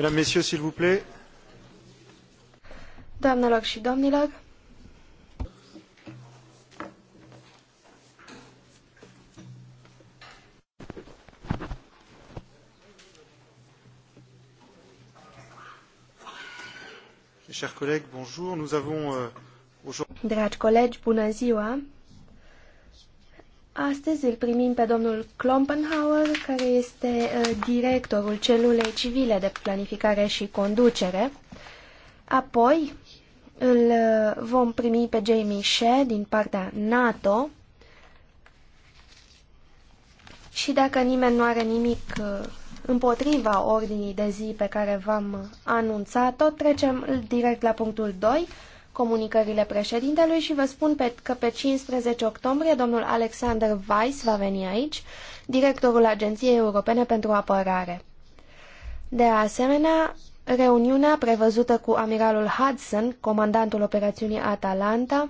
Mesdames, Messieurs, s'il vous plaît. Doamnelor și domnilor, Chers collègues, bonjour. Nous avons euh, aujourd'hui. Dragi colegi, bună ziua. Astăzi îl primim pe domnul Klompenhauer, care este uh, directorul celulei civile de planificare și conducere. Apoi îl uh, vom primi pe Jamie Shea din partea NATO. Și dacă nimeni nu are nimic uh, împotriva ordinii de zi pe care v-am anunțat-o, trecem direct la punctul 2, comunicările președintelui și vă spun pe, că pe 15 octombrie domnul Alexander Weiss va veni aici, directorul Agenției Europene pentru Apărare. De asemenea, reuniunea prevăzută cu amiralul Hudson, comandantul operațiunii Atalanta,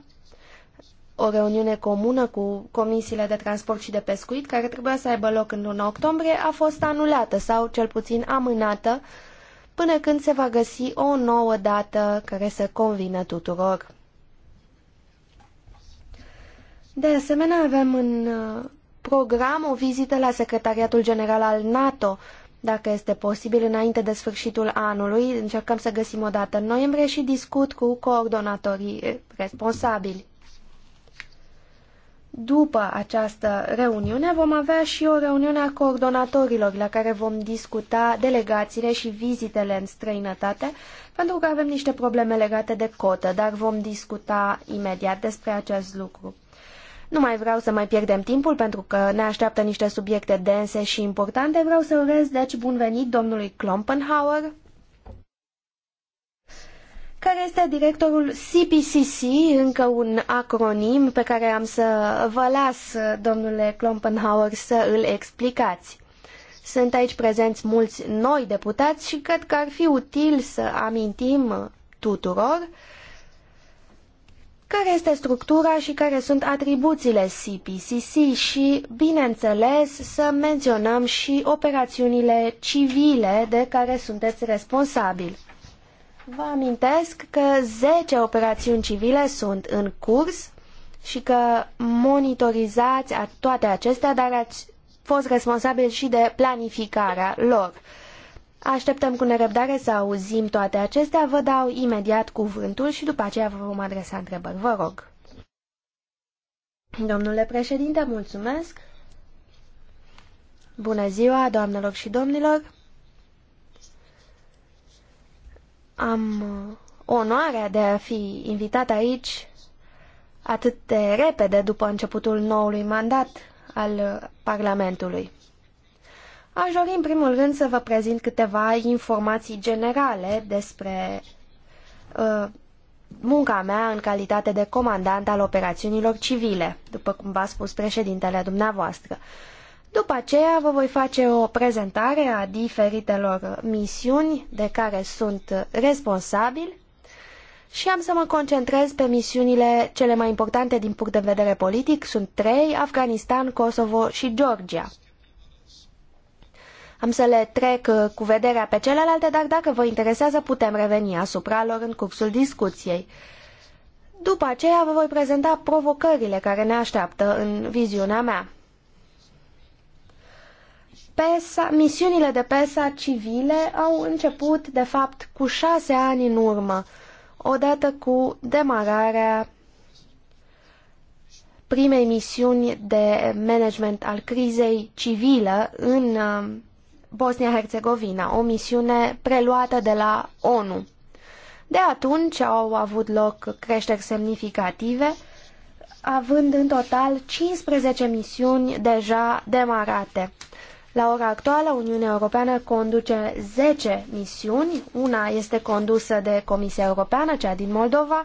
o reuniune comună cu comisiile de transport și de pescuit, care trebuia să aibă loc în luna octombrie, a fost anulată sau cel puțin amânată până când se va găsi o nouă dată care să convină tuturor. De asemenea, avem în uh, program o vizită la Secretariatul General al NATO, dacă este posibil, înainte de sfârșitul anului. Încercăm să găsim o dată în noiembrie și discut cu coordonatorii responsabili. După această reuniune vom avea și o reuniune a coordonatorilor la care vom discuta delegațiile și vizitele în străinătate, pentru că avem niște probleme legate de cotă, dar vom discuta imediat despre acest lucru. Nu mai vreau să mai pierdem timpul pentru că ne așteaptă niște subiecte dense și importante. Vreau să urez deci bun venit domnului Klompenhauer care este directorul CPCC, încă un acronim pe care am să vă las, domnule Klompenhauer, să îl explicați. Sunt aici prezenți mulți noi deputați și cred că ar fi util să amintim tuturor care este structura și care sunt atribuțiile CPCC și, bineînțeles, să menționăm și operațiunile civile de care sunteți responsabili. Vă amintesc că 10 operațiuni civile sunt în curs și că monitorizați toate acestea, dar ați fost responsabil și de planificarea lor. Așteptăm cu nerăbdare să auzim toate acestea, vă dau imediat cuvântul și după aceea vă vom adresa întrebări. Vă rog. Domnule președinte, mulțumesc. Bună ziua, doamnelor și domnilor. Am uh, onoarea de a fi invitat aici atât de repede după începutul noului mandat al uh, Parlamentului. Aș dori în primul rând să vă prezint câteva informații generale despre uh, munca mea în calitate de comandant al operațiunilor civile, după cum v-a spus președintele dumneavoastră. Uh, după aceea vă voi face o prezentare a diferitelor misiuni de care sunt responsabil și am să mă concentrez pe misiunile cele mai importante din punct de vedere politic. Sunt trei, Afganistan, Kosovo și Georgia. Am să le trec cu vederea pe celelalte, dar dacă vă interesează putem reveni asupra lor în cursul discuției. După aceea vă voi prezenta provocările care ne așteaptă în viziunea mea. PESA, misiunile de PESA civile au început, de fapt, cu șase ani în urmă, odată cu demararea primei misiuni de management al crizei civilă în um, Bosnia-Herzegovina, o misiune preluată de la ONU. De atunci au avut loc creșteri semnificative, având în total 15 misiuni deja demarate la ora actuală, Uniunea Europeană conduce 10 misiuni, una este condusă de Comisia Europeană, cea din Moldova,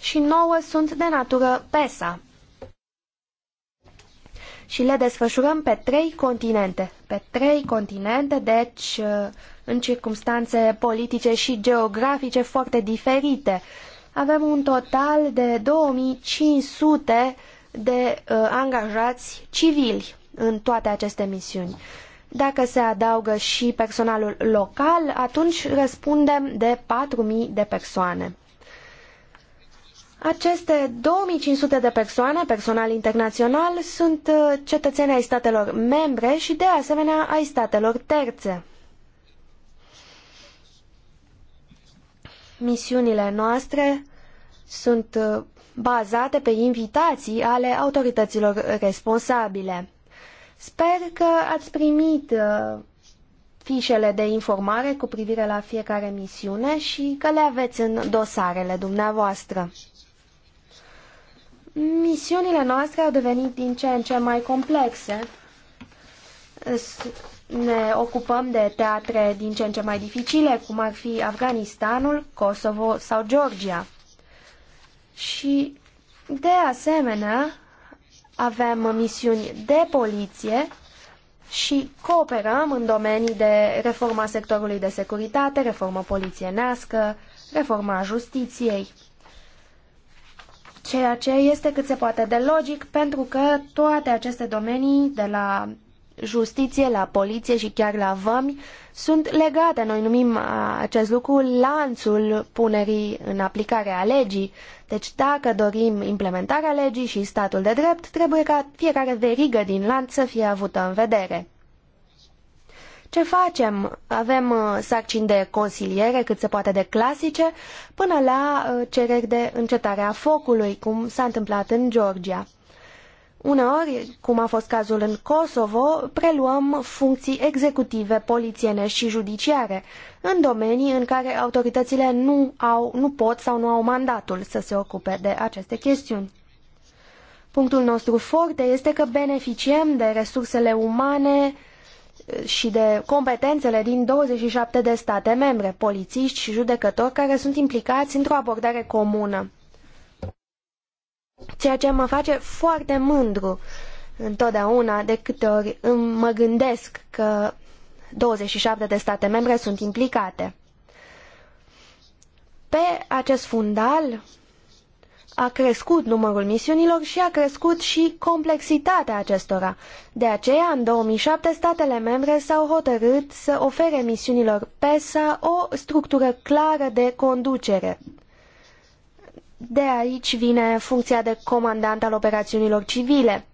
și 9 sunt de natură PESA. Și le desfășurăm pe trei continente. Pe trei continente, deci uh, în circumstanțe politice și geografice foarte diferite. Avem un total de 2500 de uh, angajați civili în toate aceste misiuni. Dacă se adaugă și personalul local, atunci răspundem de 4.000 de persoane. Aceste 2500 de persoane, personal internațional, sunt uh, cetățeni ai statelor membre și de asemenea ai statelor terțe. Misiunile noastre sunt uh, bazate pe invitații ale autorităților responsabile. Sper că ați primit uh, fișele de informare cu privire la fiecare misiune și că le aveți în dosarele dumneavoastră. Misiunile noastre au devenit din ce în ce mai complexe. Ne ocupăm de teatre din ce în ce mai dificile, cum ar fi Afganistanul, Kosovo sau Georgia. Și, de asemenea, avem misiuni de poliție și cooperăm în domenii de reforma sectorului de securitate, reformă polițienească, reforma justiției. Ceea ce este cât se poate de logic, pentru că toate aceste domenii, de la justiție, la poliție și chiar la vămi sunt legate, noi numim acest lucru lanțul punerii în aplicare a legii. Deci dacă dorim implementarea legii și statul de drept, trebuie ca fiecare verigă din lanț să fie avută în vedere. Ce facem? Avem uh, sarcini de consiliere cât se poate de clasice până la uh, cereri de încetare a focului, cum s-a întâmplat în Georgia. Uneori, cum a fost cazul în Kosovo, preluăm funcții executive, polițiene și judiciare, în domenii în care autoritățile nu, au, nu pot sau nu au mandatul să se ocupe de aceste chestiuni. Punctul nostru forte este că beneficiem de resursele umane eh, și de competențele din 27 de state membre, polițiști și judecători care sunt implicați într-o abordare comună ceea ce mă face foarte mândru întotdeauna de câte ori mă gândesc că 27 de state membre sunt implicate. Pe acest fundal a crescut numărul misiunilor și a crescut și complexitatea acestora. De aceea, în 2007, statele membre s-au hotărât să ofere misiunilor PESA o structură clară de conducere de aici vine funcția de comandant al operațiunilor civile.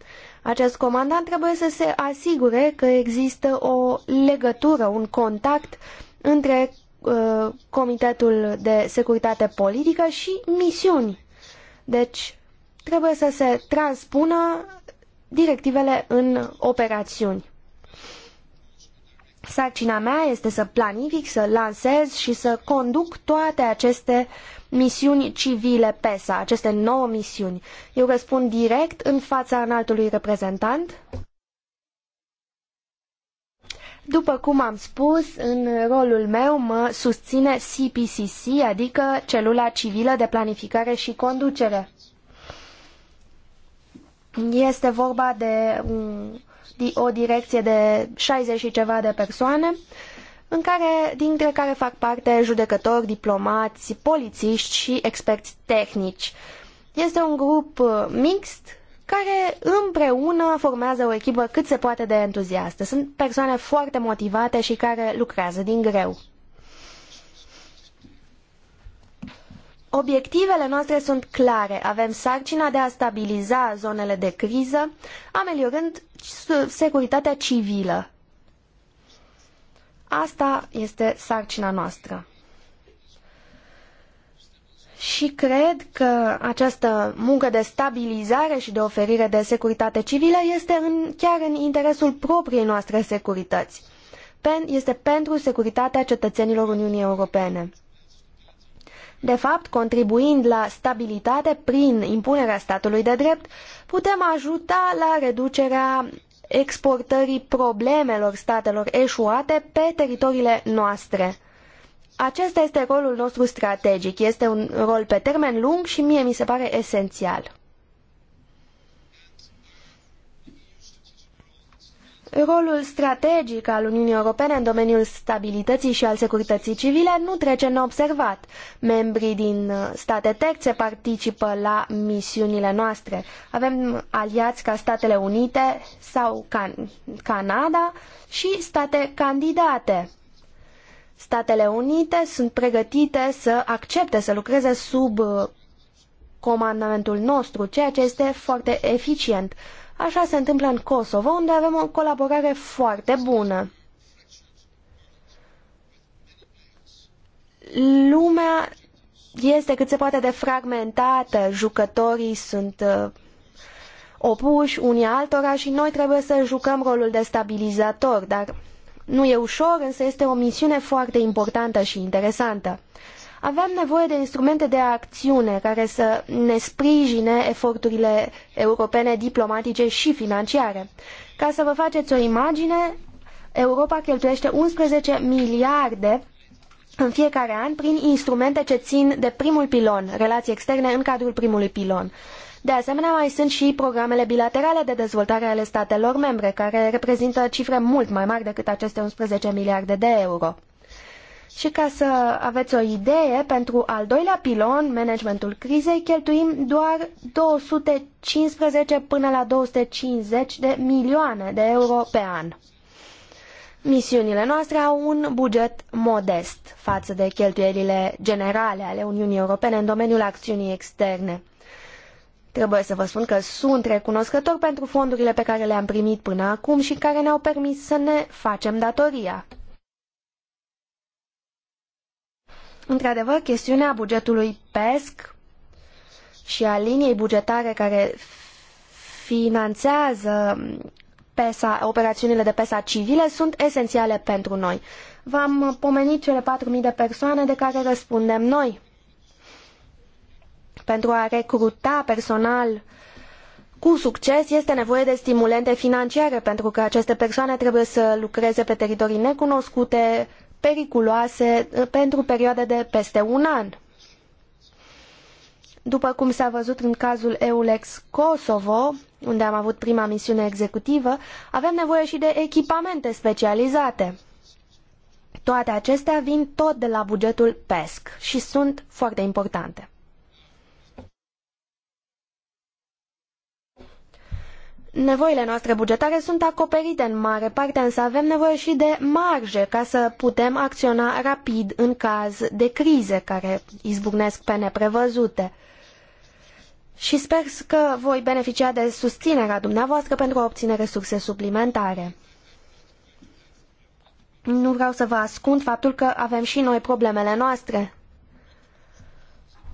Acest comandant trebuie să se asigure că există o legătură, un contact între uh, Comitetul de Securitate Politică și misiuni. Deci trebuie să se transpună directivele în operațiuni. Sarcina mea este să planific, să lansez și să conduc toate aceste misiuni civile PESA, aceste nouă misiuni. Eu răspund direct în fața înaltului reprezentant. După cum am spus, în rolul meu mă susține CPCC, adică Celula Civilă de Planificare și Conducere. Este vorba de, o direcție de 60 și ceva de persoane în care, dintre care fac parte judecători, diplomați, polițiști și experți tehnici. Este un grup uh, mixt care împreună formează o echipă cât se poate de entuziastă. Sunt persoane foarte motivate și care lucrează din greu. Obiectivele noastre sunt clare. Avem sarcina de a stabiliza zonele de criză, ameliorând securitatea civilă Asta este sarcina noastră. Și cred că această muncă de stabilizare și de oferire de securitate civilă este în, chiar în interesul propriei noastre securități. Pen, este pentru securitatea cetățenilor Uniunii Europene. De fapt, contribuind la stabilitate prin impunerea statului de drept, putem ajuta la reducerea exportării problemelor statelor eșuate pe teritoriile noastre. Acesta este rolul nostru strategic, este un rol pe termen lung și mie mi se pare esențial. Rolul strategic al Uniunii Europene în domeniul stabilității și al securității civile nu trece neobservat. Membrii din uh, state terțe participă la misiunile noastre. Avem aliați ca Statele Unite sau Can Canada și state candidate. Statele Unite sunt pregătite să accepte să lucreze sub uh, comandamentul nostru, ceea ce este foarte eficient. Așa se întâmplă în Kosovo, unde avem o colaborare foarte bună. Lumea este cât se poate de fragmentată, jucătorii sunt uh, opuși unii altora și noi trebuie să jucăm rolul de stabilizator, dar nu e ușor, însă este o misiune foarte importantă și interesantă. Avem nevoie de instrumente de acțiune care să ne sprijine eforturile europene diplomatice și financiare. Ca să vă faceți o imagine, Europa cheltuiește 11 miliarde în fiecare an prin instrumente ce țin de primul pilon, relații externe în cadrul primului pilon. De asemenea, mai sunt și programele bilaterale de dezvoltare ale statelor membre, care reprezintă cifre mult mai mari decât aceste 11 miliarde de euro. Și ca să aveți o idee, pentru al doilea pilon, managementul crizei, cheltuim doar 215 până la 250 de milioane de euro pe an. Misiunile noastre au un buget modest față de cheltuielile generale ale Uniunii Europene în domeniul acțiunii externe. Trebuie să vă spun că sunt recunoscător pentru fondurile pe care le-am primit până acum și care ne-au permis să ne facem datoria. Într-adevăr, chestiunea bugetului PESC și a liniei bugetare care finanțează PESA, operațiunile de PESA civile sunt esențiale pentru noi. V-am pomenit cele 4.000 de persoane de care răspundem noi pentru a recruta personal cu succes este nevoie de stimulente financiare pentru că aceste persoane trebuie să lucreze pe teritorii necunoscute, periculoase uh, pentru perioade de peste un an. După cum s-a văzut în cazul EULEX Kosovo, unde am avut prima misiune executivă, avem nevoie și de echipamente specializate. Toate acestea vin tot de la bugetul PESC și sunt foarte importante. Nevoile noastre bugetare sunt acoperite în mare parte, însă avem nevoie și de marje ca să putem acționa rapid în caz de crize care izbucnesc pe neprevăzute. Și sper că voi beneficia de susținerea dumneavoastră pentru a obține resurse suplimentare. Nu vreau să vă ascund faptul că avem și noi problemele noastre.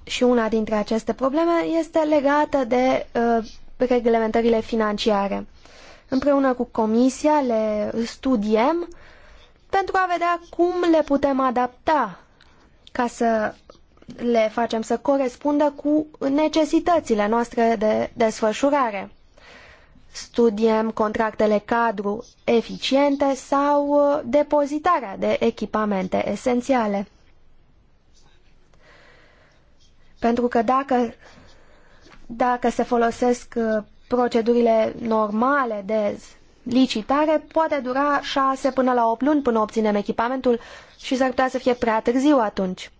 Și una dintre aceste probleme este legată de uh, reglementările financiare. Împreună cu Comisia le studiem pentru a vedea cum le putem adapta ca să le facem să corespundă cu necesitățile noastre de desfășurare. Studiem contractele cadru eficiente sau uh, depozitarea de echipamente esențiale. Pentru că dacă dacă se folosesc uh, procedurile normale de licitare, poate dura 6 până la 8 luni până obținem echipamentul și s-ar putea să fie prea târziu atunci.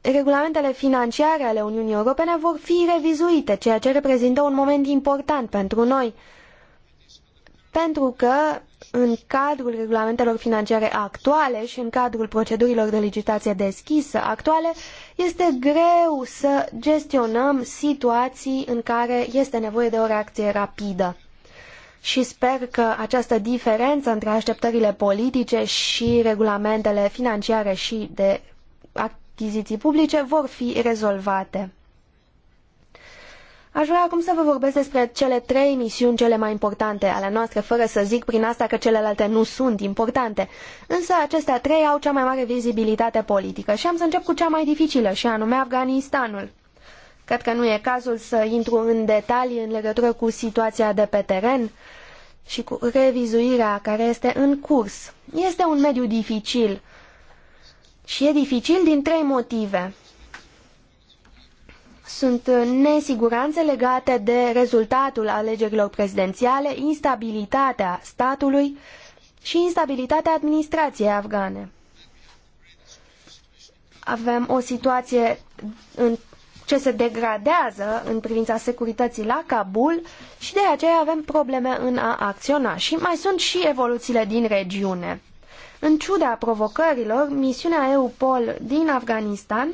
Regulamentele financiare ale Uniunii Europene vor fi revizuite, ceea ce reprezintă un moment important pentru noi, pentru că în cadrul regulamentelor financiare actuale și în cadrul procedurilor de licitație deschisă actuale, este greu să gestionăm situații în care este nevoie de o reacție rapidă. Și sper că această diferență între așteptările politice și regulamentele financiare și de achiziții publice vor fi rezolvate. Aș vrea acum să vă vorbesc despre cele trei misiuni cele mai importante ale noastre, fără să zic prin asta că celelalte nu sunt importante. Însă acestea trei au cea mai mare vizibilitate politică și am să încep cu cea mai dificilă, și anume Afganistanul. Cred că nu e cazul să intru în detalii în legătură cu situația de pe teren și cu revizuirea care este în curs. Este un mediu dificil și e dificil din trei motive sunt nesiguranțe legate de rezultatul alegerilor prezidențiale, instabilitatea statului și instabilitatea administrației afgane. Avem o situație în ce se degradează în privința securității la Kabul și de aceea avem probleme în a acționa. Și mai sunt și evoluțiile din regiune. În ciuda provocărilor, misiunea EUPOL din Afganistan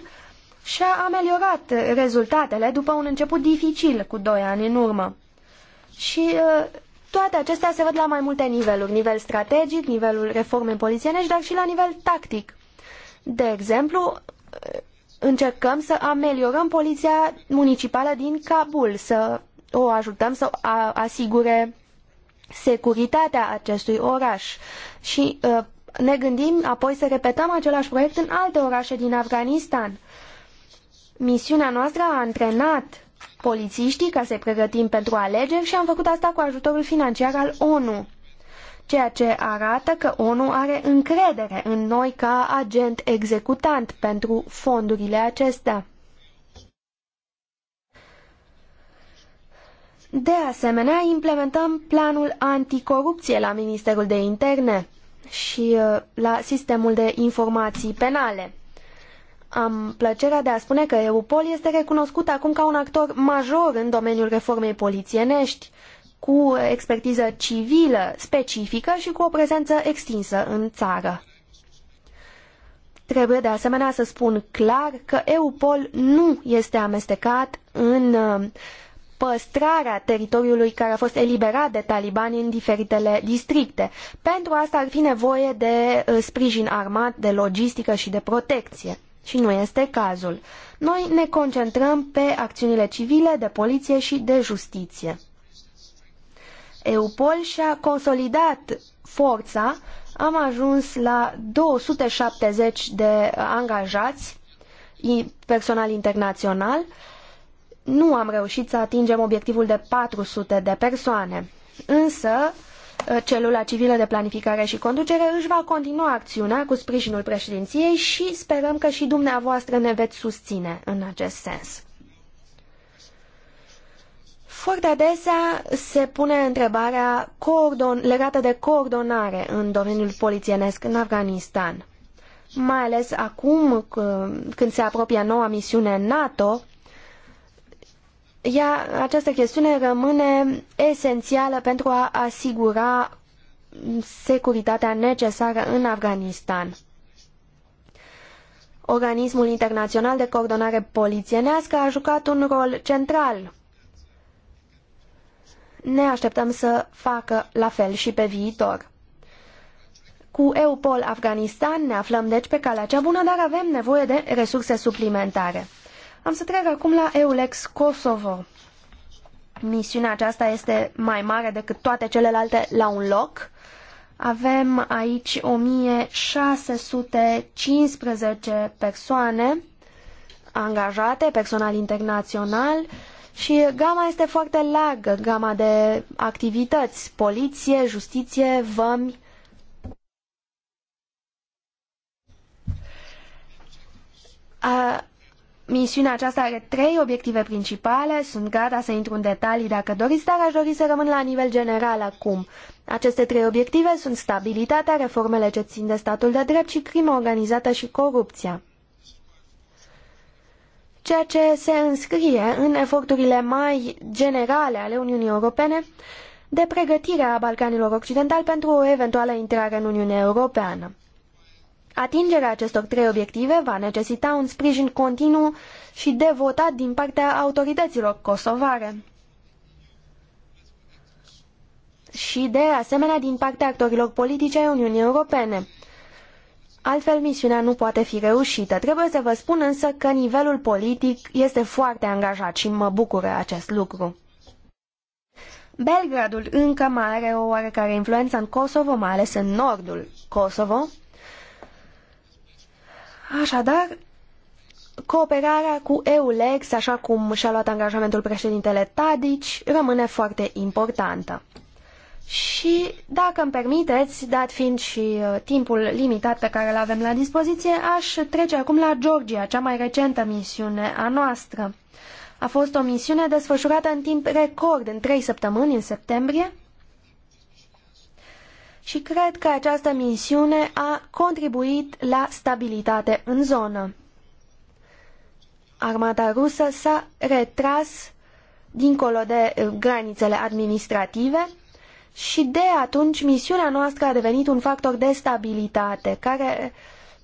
și-a ameliorat rezultatele după un început dificil cu doi ani în urmă. Și uh, toate acestea se văd la mai multe niveluri, nivel strategic, nivelul reformei polițienești, dar și la nivel tactic. De exemplu, uh, încercăm să ameliorăm poliția municipală din Kabul, să o ajutăm să asigure securitatea acestui oraș și uh, ne gândim apoi să repetăm același proiect în alte orașe din Afganistan. Misiunea noastră a antrenat polițiștii ca să-i pregătim pentru alegeri și am făcut asta cu ajutorul financiar al ONU, ceea ce arată că ONU are încredere în noi ca agent executant pentru fondurile acestea. De asemenea, implementăm planul anticorupție la Ministerul de Interne și uh, la sistemul de informații penale am plăcerea de a spune că EUPOL este recunoscut acum ca un actor major în domeniul reformei polițienești, cu expertiză civilă specifică și cu o prezență extinsă în țară. Trebuie de asemenea să spun clar că EUPOL nu este amestecat în uh, păstrarea teritoriului care a fost eliberat de talibani în diferitele districte. Pentru asta ar fi nevoie de uh, sprijin armat, de logistică și de protecție și nu este cazul. Noi ne concentrăm pe acțiunile civile, de poliție și de justiție. EUPOL și-a consolidat forța, am ajuns la 270 de angajați, personal internațional, nu am reușit să atingem obiectivul de 400 de persoane. Însă, Uh, celula Civilă de Planificare și Conducere își va continua acțiunea cu sprijinul președinției și sperăm că și dumneavoastră ne veți susține în acest sens. Foarte adesea se pune întrebarea coordon, legată de coordonare în domeniul polițienesc în Afganistan. Mai ales acum când se apropie noua misiune NATO, iar această chestiune rămâne esențială pentru a asigura securitatea necesară în Afganistan. Organismul Internațional de Coordonare Polițienească a jucat un rol central. Ne așteptăm să facă la fel și pe viitor. Cu EUPOL Afganistan ne aflăm deci pe calea cea bună, dar avem nevoie de resurse suplimentare. Am să trec acum la EULEX Kosovo. Misiunea aceasta este mai mare decât toate celelalte la un loc. Avem aici 1615 persoane angajate, personal internațional și gama este foarte largă, gama de activități, poliție, justiție, vămi. A, Misiunea aceasta are trei obiective principale, sunt gata să intru în detalii dacă doriți, dar aș dori să rămân la nivel general acum. Aceste trei obiective sunt stabilitatea, reformele ce țin de statul de drept și crima organizată și corupția. Ceea ce se înscrie în eforturile mai generale ale Uniunii Europene de pregătire a Balcanilor Occidentali pentru o eventuală intrare în Uniunea Europeană. Atingerea acestor trei obiective va necesita un sprijin continuu și devotat din partea autorităților kosovare și, de asemenea, din partea actorilor politice ai Uniunii Europene. Altfel, misiunea nu poate fi reușită. Trebuie să vă spun însă că nivelul politic este foarte angajat și mă bucură acest lucru. Belgradul încă mai are o oarecare influență în Kosovo, mai ales în nordul Kosovo, Așadar, cooperarea cu EULEX, așa cum și-a luat angajamentul președintele Tadici, rămâne foarte importantă. Și, dacă îmi permiteți, dat fiind și uh, timpul limitat pe care îl avem la dispoziție, aș trece acum la Georgia, cea mai recentă misiune a noastră. A fost o misiune desfășurată în timp record, în trei săptămâni, în septembrie, și cred că această misiune a contribuit la stabilitate în zonă. Armata rusă s-a retras dincolo de eh, granițele administrative și de atunci misiunea noastră a devenit un factor de stabilitate, care,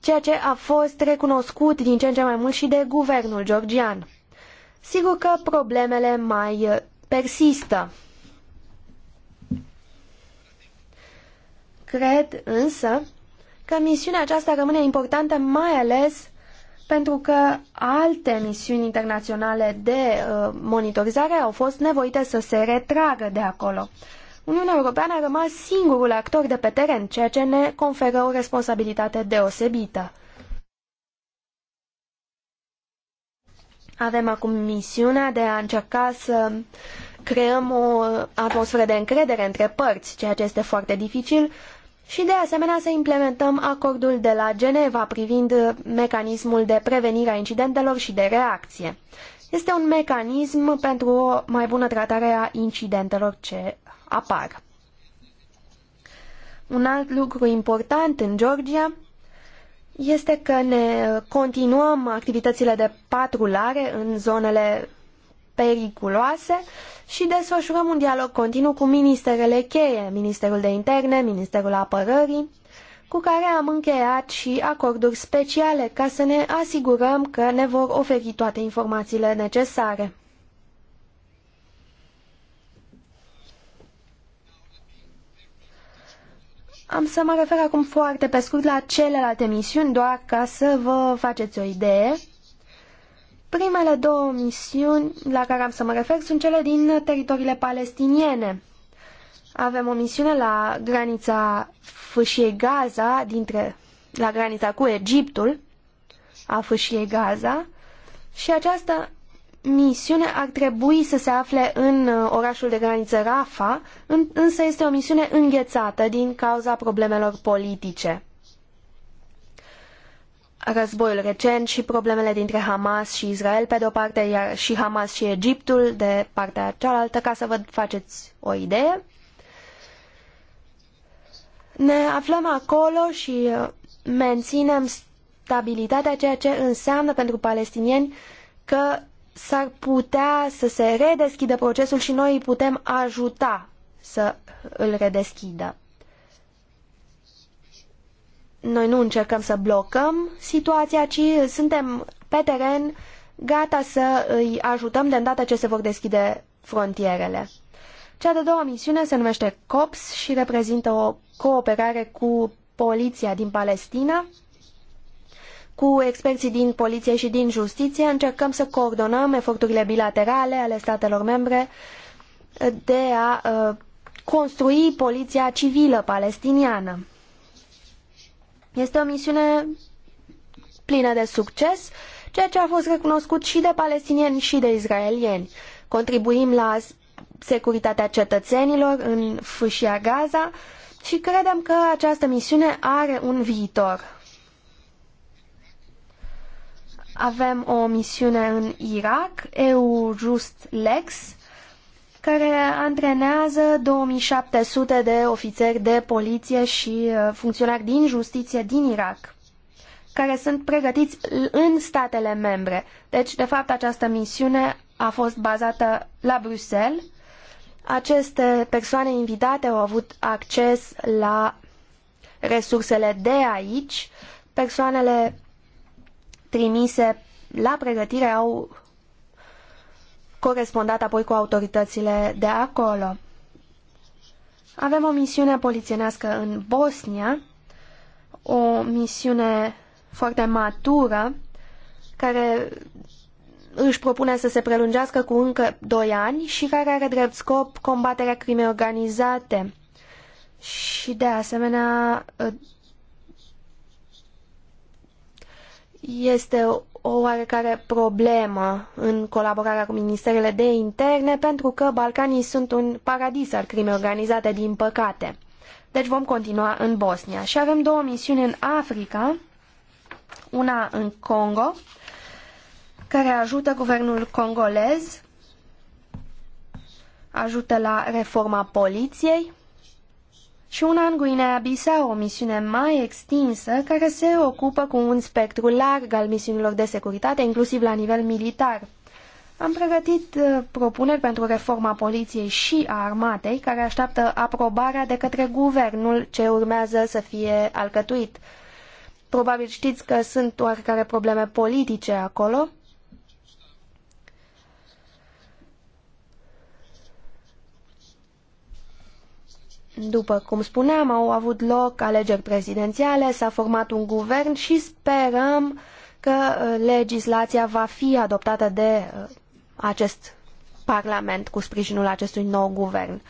ceea ce a fost recunoscut din ce în ce mai mult și de guvernul georgian. Sigur că problemele mai eh, persistă. Cred însă că misiunea aceasta rămâne importantă mai ales pentru că alte misiuni internaționale de uh, monitorizare au fost nevoite să se retragă de acolo. Uniunea Europeană a rămas singurul actor de pe teren, ceea ce ne conferă o responsabilitate deosebită. Avem acum misiunea de a încerca să creăm o atmosferă de încredere între părți, ceea ce este foarte dificil, și de asemenea să implementăm acordul de la Geneva privind uh, mecanismul de prevenire a incidentelor și de reacție. Este un mecanism pentru o mai bună tratare a incidentelor ce apar. Un alt lucru important în Georgia este că ne continuăm activitățile de patrulare în zonele periculoase și desfășurăm un dialog continuu cu ministerele cheie, Ministerul de Interne, Ministerul Apărării, cu care am încheiat și acorduri speciale ca să ne asigurăm că ne vor oferi toate informațiile necesare. Am să mă refer acum foarte pe scurt la celelalte misiuni, doar ca să vă faceți o idee. Primele două misiuni la care am să mă refer sunt cele din teritoriile palestiniene. Avem o misiune la granița fâșiei Gaza, dintre, la granița cu Egiptul, a fâșiei Gaza, și această misiune ar trebui să se afle în uh, orașul de graniță Rafa, însă este o misiune înghețată din cauza problemelor politice războiul recent și problemele dintre Hamas și Israel pe de-o parte, iar și Hamas și Egiptul de partea cealaltă, ca să vă faceți o idee. Ne aflăm acolo și uh, menținem stabilitatea, ceea ce înseamnă pentru palestinieni că s-ar putea să se redeschidă procesul și noi îi putem ajuta să îl redeschidă. Noi nu încercăm să blocăm situația, ci suntem pe teren gata să îi ajutăm de îndată ce se vor deschide frontierele. Cea de doua misiune se numește COPS și reprezintă o cooperare cu poliția din Palestina. Cu experții din poliție și din justiție încercăm să coordonăm eforturile bilaterale ale statelor membre de a uh, construi poliția civilă palestiniană. Este o misiune plină de succes, ceea ce a fost recunoscut și de palestinieni și de israelieni. Contribuim la securitatea cetățenilor în fâșia Gaza și credem că această misiune are un viitor. Avem o misiune în Irak, EU Just Lex, care antrenează 2700 de ofițeri de poliție și uh, funcționari din justiție din Irak, care sunt pregătiți în statele membre. Deci, de fapt, această misiune a fost bazată la Bruxelles. Aceste persoane invitate au avut acces la resursele de aici. Persoanele trimise la pregătire au corespondat apoi cu autoritățile de acolo. Avem o misiune polițienească în Bosnia, o misiune foarte matură, care își propune să se prelungească cu încă doi ani și care are drept scop combaterea crimei organizate și de asemenea este o oarecare problemă în colaborarea cu ministerele de interne, pentru că Balcanii sunt un paradis al crimei organizate, din păcate. Deci vom continua în Bosnia. Și avem două misiuni în Africa, una în Congo, care ajută guvernul congolez, ajută la reforma poliției, și una în Guinea-Bissau, o misiune mai extinsă, care se ocupă cu un spectru larg al misiunilor de securitate, inclusiv la nivel militar. Am pregătit uh, propuneri pentru reforma poliției și a armatei, care așteaptă aprobarea de către guvernul ce urmează să fie alcătuit. Probabil știți că sunt oarecare probleme politice acolo, După cum spuneam, au avut loc alegeri prezidențiale, s-a format un guvern și sperăm că uh, legislația va fi adoptată de uh, acest Parlament cu sprijinul acestui nou guvern.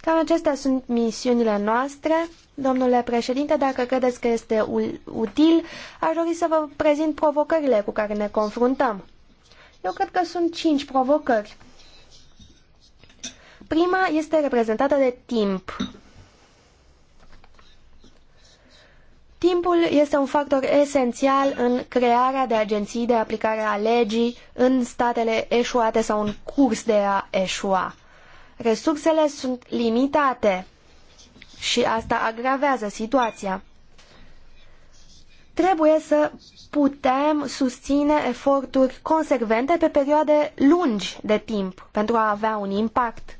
Cam acestea sunt misiunile noastre. Domnule președinte, dacă credeți că este util, aș dori să vă prezint provocările cu care ne confruntăm. Eu cred că sunt cinci provocări. Prima este reprezentată de timp. Timpul este un factor esențial în crearea de agenții de aplicare a legii în statele eșuate sau în curs de a eșua. Resursele sunt limitate și asta agravează situația. Trebuie să putem susține eforturi consecvente pe perioade lungi de timp pentru a avea un impact.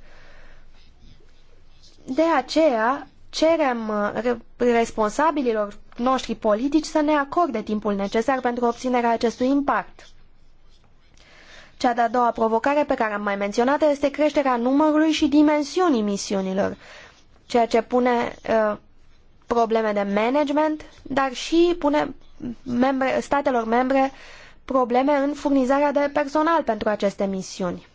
De aceea cerem uh, responsabililor noștri politici să ne acorde timpul necesar pentru obținerea acestui impact. Cea de-a doua provocare pe care am mai menționat este creșterea numărului și dimensiunii misiunilor, ceea ce pune uh, probleme de management, dar și pune membre, statelor membre probleme în furnizarea de personal pentru aceste misiuni.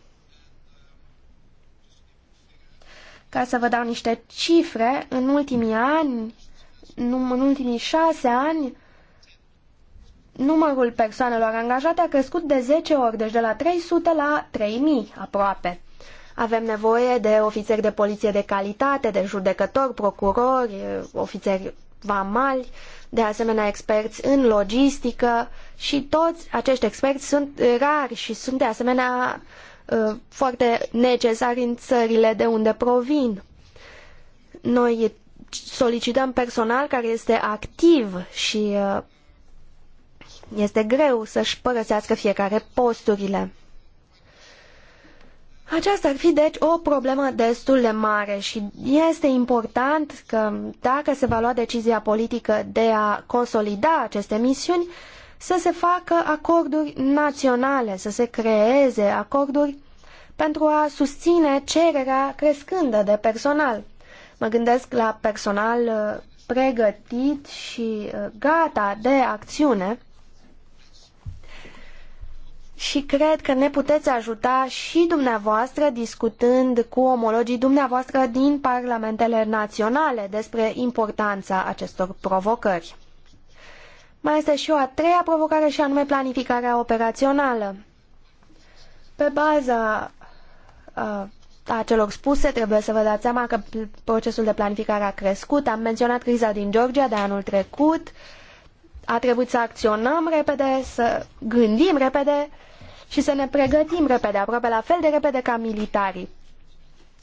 Ca să vă dau niște cifre, în ultimii ani, în ultimii șase ani, numărul persoanelor angajate a crescut de 10 ori, deci de la 300 la 3000 aproape. Avem nevoie de ofițeri de poliție de calitate, de judecători, procurori, ofițeri vamali, de asemenea experți în logistică și toți acești experți sunt rari și sunt de asemenea Uh, foarte necesari în țările de unde provin. Noi solicităm personal care este activ și uh, este greu să-și părăsească fiecare posturile. Aceasta ar fi, deci, o problemă destul de mare și este important că dacă se va lua decizia politică de a consolida aceste misiuni, să se facă acorduri naționale, să se creeze acorduri pentru a susține cererea crescândă de personal. Mă gândesc la personal uh, pregătit și uh, gata de acțiune și cred că ne puteți ajuta și dumneavoastră discutând cu omologii dumneavoastră din parlamentele naționale despre importanța acestor provocări. Mai este și o a treia provocare și anume planificarea operațională. Pe baza uh, a celor spuse, trebuie să vă dați seama că procesul de planificare a crescut. Am menționat criza din Georgia de anul trecut. A trebuit să acționăm repede, să gândim repede și să ne pregătim repede, aproape la fel de repede ca militarii.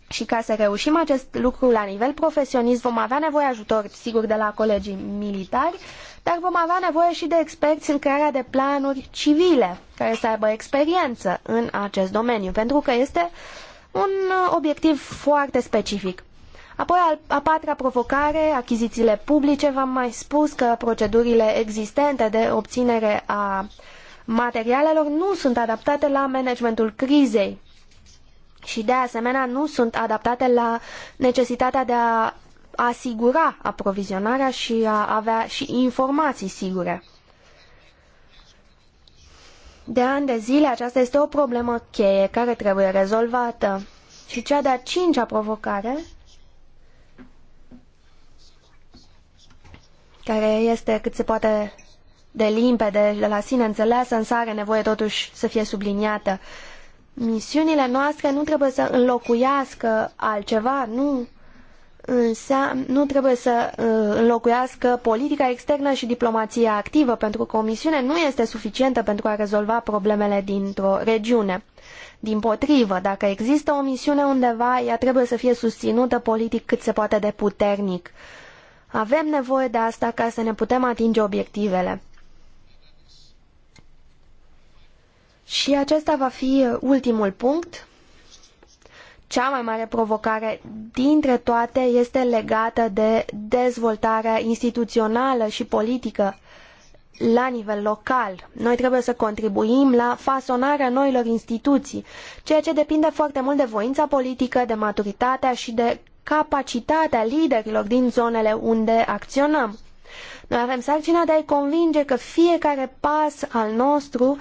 Și ca să reușim acest lucru la nivel profesionist, vom avea nevoie ajutor, sigur, de la colegii militari, dar vom avea nevoie și de experți în crearea de planuri civile care să aibă experiență în acest domeniu, pentru că este un uh, obiectiv foarte specific. Apoi, a patra provocare, achizițiile publice. V-am mai spus că procedurile existente de obținere a materialelor nu sunt adaptate la managementul crizei și, de asemenea, nu sunt adaptate la necesitatea de a asigura aprovizionarea și a avea și informații sigure. De ani de zile aceasta este o problemă cheie care trebuie rezolvată. Și cea de-a cincea provocare, care este cât se poate de limpede, de la sine înțeleasă, însă are nevoie totuși să fie subliniată. Misiunile noastre nu trebuie să înlocuiască altceva, nu nu trebuie să uh, înlocuiască politica externă și diplomația activă, pentru că o misiune nu este suficientă pentru a rezolva problemele dintr-o regiune. Din potrivă, dacă există o misiune undeva, ea trebuie să fie susținută politic cât se poate de puternic. Avem nevoie de asta ca să ne putem atinge obiectivele. Și acesta va fi ultimul punct. Cea mai mare provocare dintre toate este legată de dezvoltarea instituțională și politică la nivel local. Noi trebuie să contribuim la fasonarea noilor instituții, ceea ce depinde foarte mult de voința politică, de maturitatea și de capacitatea liderilor din zonele unde acționăm. Noi avem sarcina de a-i convinge că fiecare pas al nostru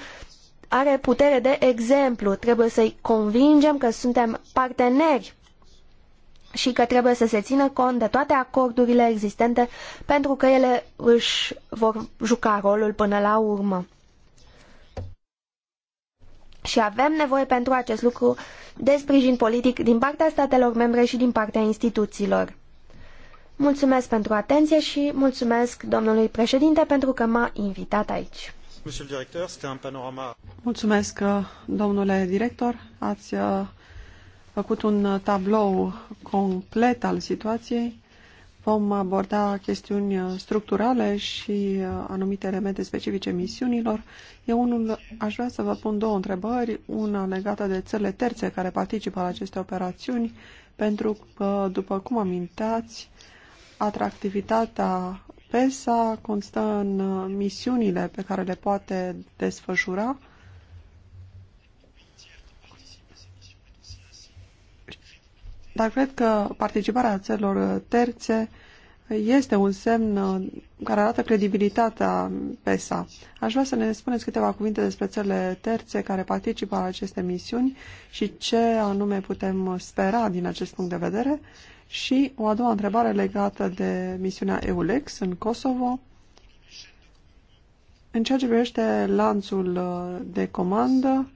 are putere de exemplu. Trebuie să-i convingem că suntem parteneri și că trebuie să se țină cont de toate acordurile existente pentru că ele își vor juca rolul până la urmă. Și avem nevoie pentru acest lucru de sprijin politic din partea statelor membre și din partea instituțiilor. Mulțumesc pentru atenție și mulțumesc domnului președinte pentru că m-a invitat aici. Mulțumesc, uh, domnule director. Ați uh, făcut un tablou complet al situației. Vom aborda chestiuni uh, structurale și anumite elemente specifice misiunilor. Eu unul, aș vrea să vă pun două întrebări, una legată de țările terțe care participă la aceste operațiuni, pentru că, după cum amintați, atractivitatea PESA constă în uh, misiunile pe care le poate desfășura dar cred că participarea țărilor terțe este un semn uh, care arată credibilitatea PESA. Aș vrea să ne spuneți câteva cuvinte despre țările terțe care participă la aceste misiuni și ce anume putem spera din acest punct de vedere și o a doua întrebare legată de misiunea EULEX în Kosovo. În ceea ce privește lanțul uh, de comandă,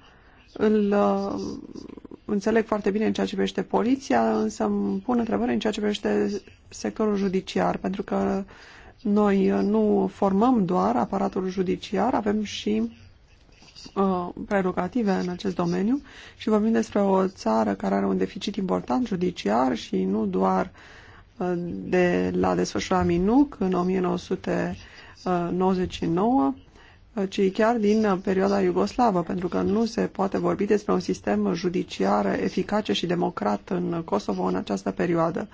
îl uh, înțeleg foarte bine în ceea ce privește poliția, însă îmi pun întrebări în ceea ce privește sectorul judiciar, pentru că noi uh, nu formăm doar aparatul judiciar, avem și Uh, prerogative în acest domeniu și vorbim despre o țară care are un deficit important judiciar și nu doar uh, de la desfășura MINUC în 1999, uh, ci chiar din perioada iugoslavă, pentru că nu se poate vorbi despre un sistem judiciar eficace și democrat în Kosovo în această perioadă.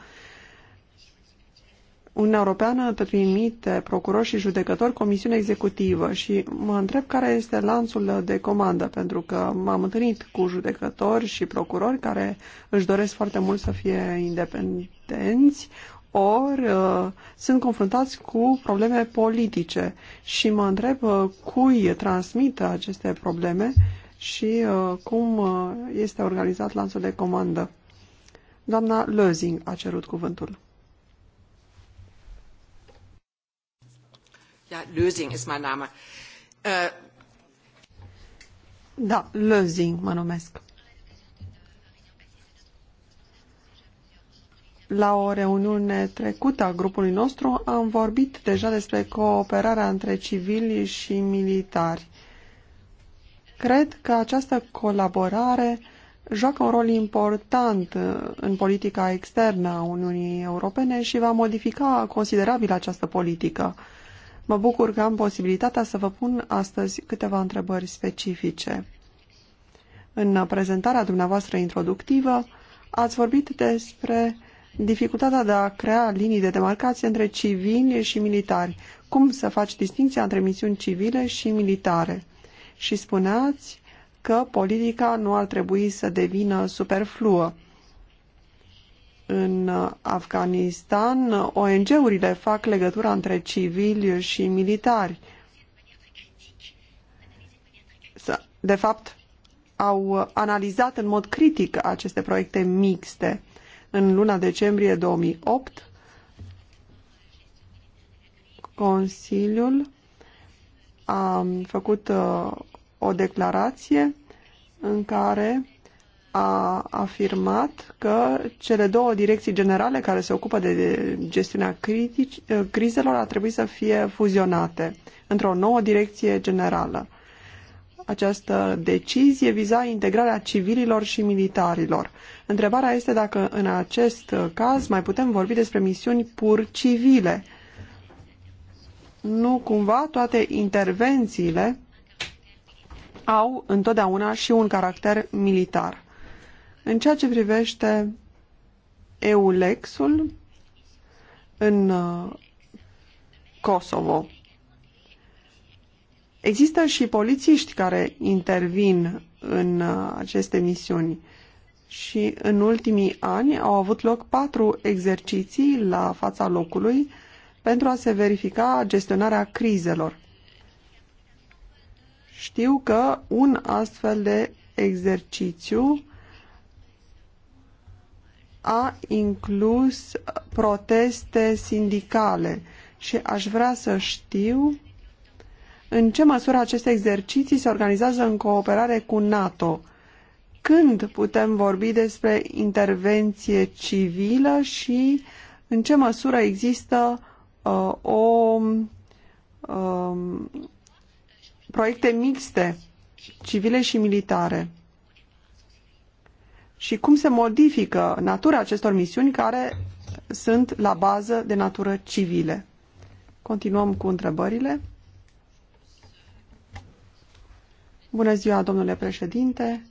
Uniunea Europeană trimite procurori și judecători comisiune executivă și mă întreb care este lanțul de comandă, pentru că m-am întâlnit cu judecători și procurori care își doresc foarte mult să fie independenți, ori uh, sunt confruntați cu probleme politice și mă întreb uh, cui transmită aceste probleme și uh, cum uh, este organizat lanțul de comandă. Doamna Lözing a cerut cuvântul. Lösing ist mein Name. Äh, da, Lösing mă numesc. La o reuniune trecută a grupului nostru am vorbit deja despre cooperarea între civili și militari. Cred că această colaborare joacă un rol important în politica externă a Uniunii Europene și va modifica considerabil această politică. Mă bucur că am posibilitatea să vă pun astăzi câteva întrebări specifice. În prezentarea dumneavoastră introductivă, ați vorbit despre dificultatea de a crea linii de demarcație între civili și militari. Cum să faci distinția între misiuni civile și militare? Și spuneați că politica nu ar trebui să devină superfluă. În Afganistan, ONG-urile fac legătura între civili și militari. De fapt, au analizat în mod critic aceste proiecte mixte. În luna decembrie 2008, Consiliul a făcut uh, o declarație în care a afirmat că cele două direcții generale care se ocupă de gestiunea critici, eh, crizelor ar trebui să fie fuzionate într-o nouă direcție generală. Această decizie viza integrarea civililor și militarilor. Întrebarea este dacă în acest caz mai putem vorbi despre misiuni pur civile. Nu cumva toate intervențiile au întotdeauna și un caracter militar. În ceea ce privește EULEX-ul în uh, Kosovo, există și polițiști care intervin în uh, aceste misiuni și în ultimii ani au avut loc patru exerciții la fața locului pentru a se verifica gestionarea crizelor. Știu că un astfel de exercițiu a inclus proteste sindicale și aș vrea să știu în ce măsură aceste exerciții se organizează în cooperare cu NATO. Când putem vorbi despre intervenție civilă și în ce măsură există uh, o um, proiecte mixte civile și militare și cum se modifică natura acestor misiuni care sunt la bază de natură civile. Continuăm cu întrebările. Bună ziua, domnule președinte.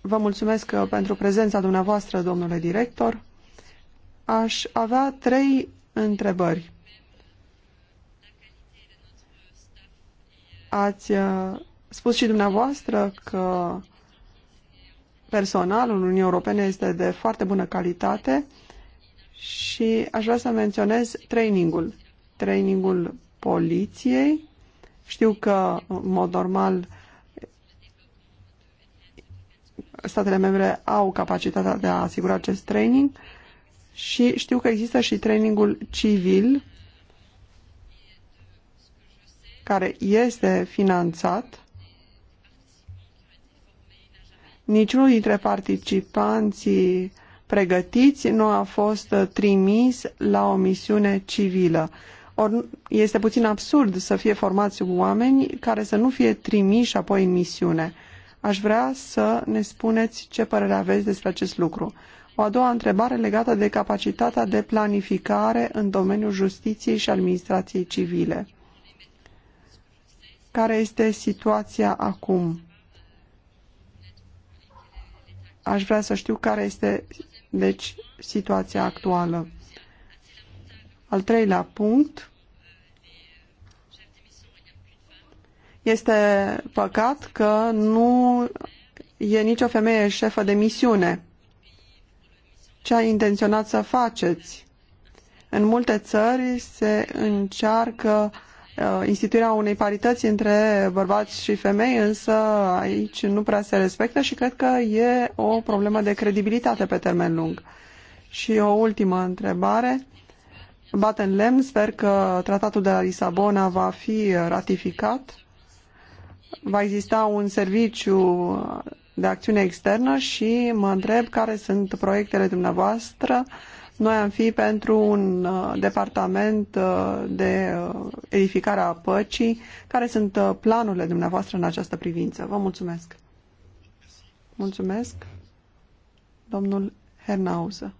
Vă mulțumesc pentru prezența dumneavoastră, domnule director. Aș avea trei întrebări. Ați uh, spus și dumneavoastră că personalul Uniunea Europene este de foarte bună calitate și aș vrea să menționez trainingul. Trainingul poliției. Știu că, în mod normal, statele membre au capacitatea de a asigura acest training și știu că există și trainingul civil care este finanțat Niciunul dintre participanții pregătiți nu a fost trimis la o misiune civilă. Or, este puțin absurd să fie formați oameni care să nu fie trimiși apoi în misiune. Aș vrea să ne spuneți ce părere aveți despre acest lucru. O a doua întrebare legată de capacitatea de planificare în domeniul justiției și administrației civile. Care este situația acum? Aș vrea să știu care este, deci, situația actuală. Al treilea punct este păcat că nu e nicio femeie șefă de misiune. Ce a intenționat să faceți? În multe țări se încearcă Uh, instituirea unei parități între bărbați și femei, însă aici nu prea se respectă și cred că e o problemă de credibilitate pe termen lung. Și o ultimă întrebare. Bat în lemn, sper că tratatul de la Lisabona va fi ratificat. Va exista un serviciu de acțiune externă și mă întreb care sunt proiectele dumneavoastră uh, noi am fi pentru un uh, departament uh, de uh, edificare a păcii. Care sunt planurile dumneavoastră în această privință? Vă mulțumesc. Mulțumesc. Domnul Hernauză.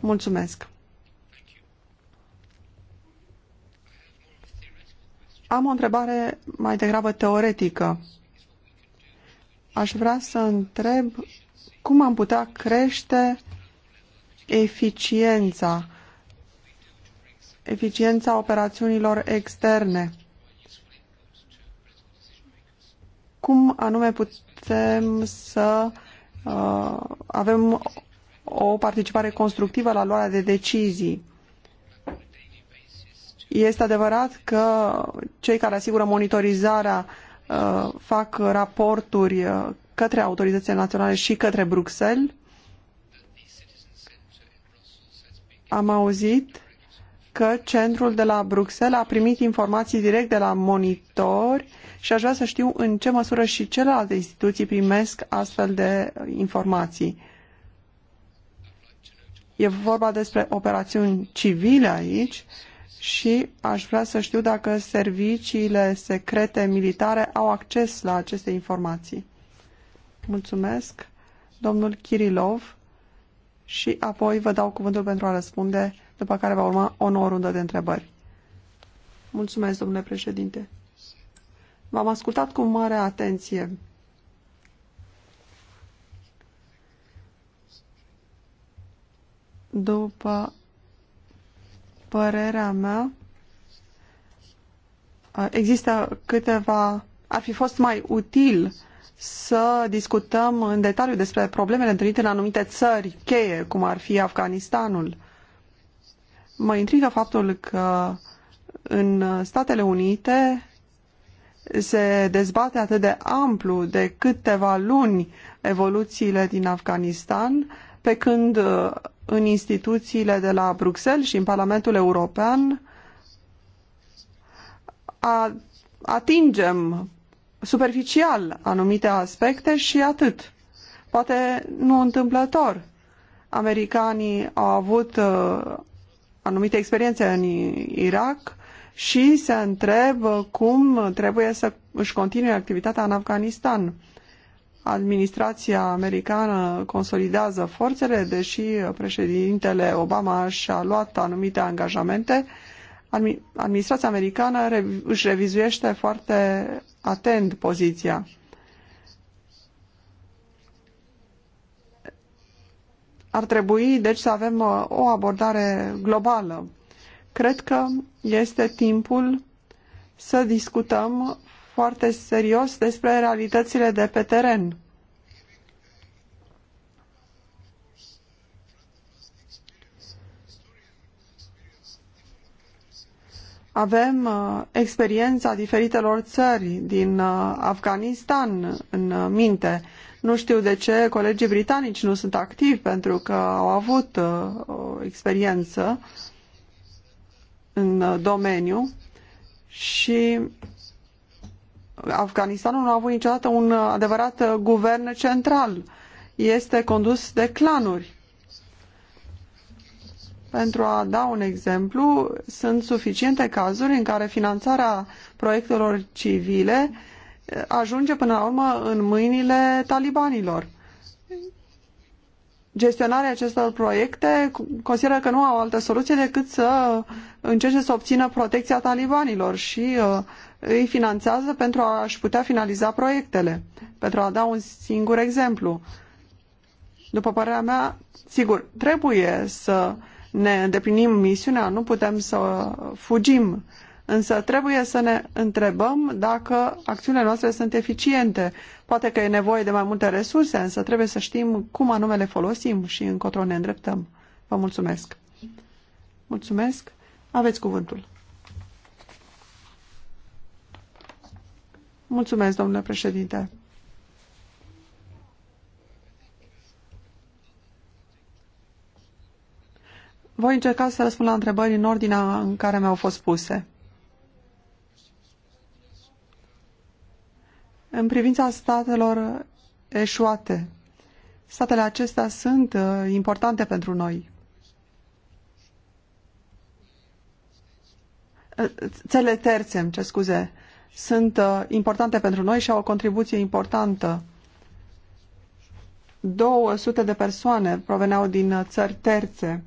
Mulțumesc. Am o întrebare mai degrabă teoretică. Aș vrea să întreb cum am putea crește eficiența, eficiența operațiunilor externe. Cum anume putem să uh, avem o participare constructivă la luarea de decizii? Este adevărat că cei care asigură monitorizarea uh, fac raporturi uh, către autoritățile naționale și către Bruxelles. Am auzit că centrul de la Bruxelles a primit informații direct de la monitori și aș vrea să știu în ce măsură și celelalte instituții primesc astfel de informații. E vorba despre operațiuni civile aici și aș vrea să știu dacă serviciile secrete militare au acces la aceste informații. Mulțumesc, domnul Kirilov, și apoi vă dau cuvântul pentru a răspunde, după care va urma o nouă rundă de întrebări. Mulțumesc, domnule președinte. V-am ascultat cu mare atenție. După părerea mea, există câteva... Ar fi fost mai util să discutăm în detaliu despre problemele întâlnite în anumite țări cheie, cum ar fi Afganistanul. Mă intrigă faptul că în Statele Unite se dezbate atât de amplu de câteva luni evoluțiile din Afganistan, pe când uh, în instituțiile de la Bruxelles și în Parlamentul European a, atingem superficial anumite aspecte și atât. Poate nu întâmplător. Americanii au avut uh, anumite experiențe în Irak și se întreb uh, cum trebuie să își continue activitatea în Afganistan. Administrația americană consolidează forțele, deși președintele Obama și-a luat anumite angajamente. Administrația americană își revizuiește foarte atent poziția. Ar trebui, deci, să avem uh, o abordare globală. Cred că este timpul să discutăm foarte serios despre realitățile de pe teren. Avem uh, experiența diferitelor țări din uh, Afganistan în uh, minte. Nu știu de ce colegii britanici nu sunt activi, pentru că au avut uh, o experiență în uh, domeniu și Afganistanul nu a avut niciodată un uh, adevărat uh, guvern central. Este condus de clanuri. Pentru a da un exemplu, sunt suficiente cazuri în care finanțarea proiectelor civile eh, ajunge până la urmă în mâinile talibanilor. Gestionarea acestor proiecte consideră că nu au altă soluție decât să încerce să obțină protecția talibanilor și eh, îi finanțează pentru a-și putea finaliza proiectele. Pentru a da un singur exemplu. După părerea mea, sigur, trebuie să uh, ne îndeplinim misiunea, nu putem să fugim. Însă trebuie să ne întrebăm dacă acțiunile noastre sunt eficiente. Poate că e nevoie de mai multe resurse, însă trebuie să știm cum anume le folosim și încotro ne îndreptăm. Vă mulțumesc! Mulțumesc! Aveți cuvântul! Mulțumesc, domnule președinte! Voi încerca să răspund la întrebări în ordinea în care mi-au fost puse. În privința statelor eșuate, statele acestea sunt uh, importante pentru noi. Uh, țele terțe, îmi cer scuze, sunt uh, importante pentru noi și au o contribuție importantă. 200 de persoane proveneau din țări terțe.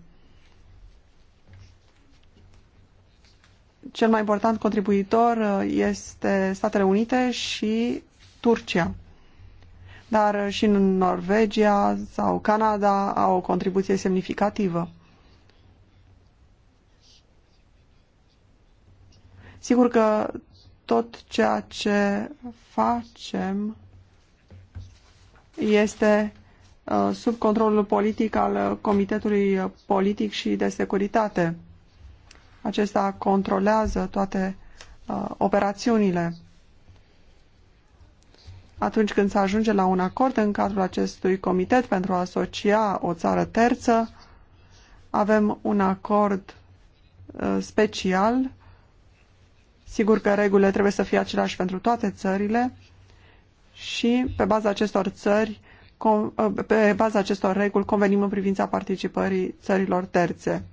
cel mai important contribuitor uh, este Statele Unite și Turcia. Dar uh, și în Norvegia sau Canada au o contribuție semnificativă. Sigur că tot ceea ce facem este uh, sub controlul politic al Comitetului Politic și de Securitate. Acesta controlează toate uh, operațiunile. Atunci când se ajunge la un acord în cadrul acestui comitet pentru a asocia o țară terță, avem un acord uh, special. Sigur că regulile trebuie să fie aceleași pentru toate țările și pe baza acestor țări uh, pe baza acestor reguli convenim în privința participării țărilor terțe.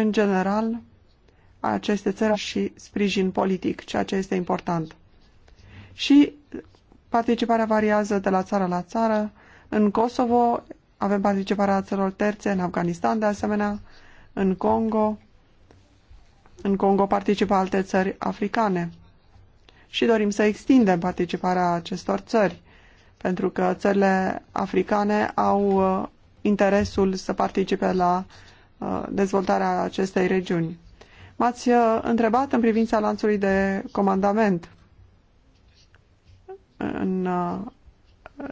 În general, aceste țări și sprijin politic, ceea ce este important. Și participarea variază de la țară la țară. În Kosovo avem participarea țărilor terțe, în Afganistan de asemenea, în Congo. În Congo participă alte țări africane. Și dorim să extindem participarea acestor țări, pentru că țările africane au uh, interesul să participe la uh, Uh, dezvoltarea acestei regiuni. M-ați uh, întrebat în privința lanțului de comandament în uh,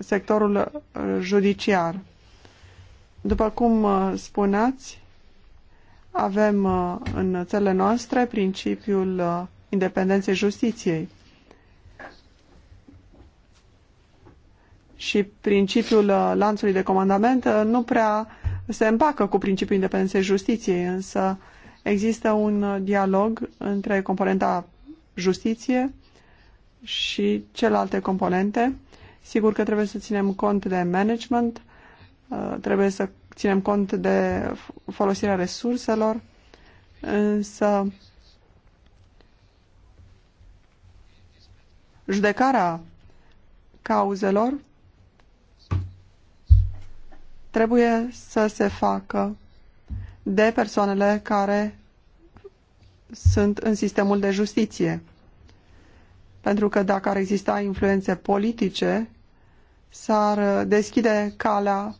sectorul judiciar. După cum spuneați, avem în țările noastre principiul independenței justiției și principiul lanțului de comandament nu prea se împacă cu principiul independenței justiției, însă există un dialog între componenta justiție și celelalte componente. Sigur că trebuie să ținem cont de management, uh, trebuie să ținem cont de folosirea resurselor, însă judecarea cauzelor trebuie să se facă de persoanele care sunt în sistemul de justiție. Pentru că dacă ar exista influențe politice, s-ar deschide calea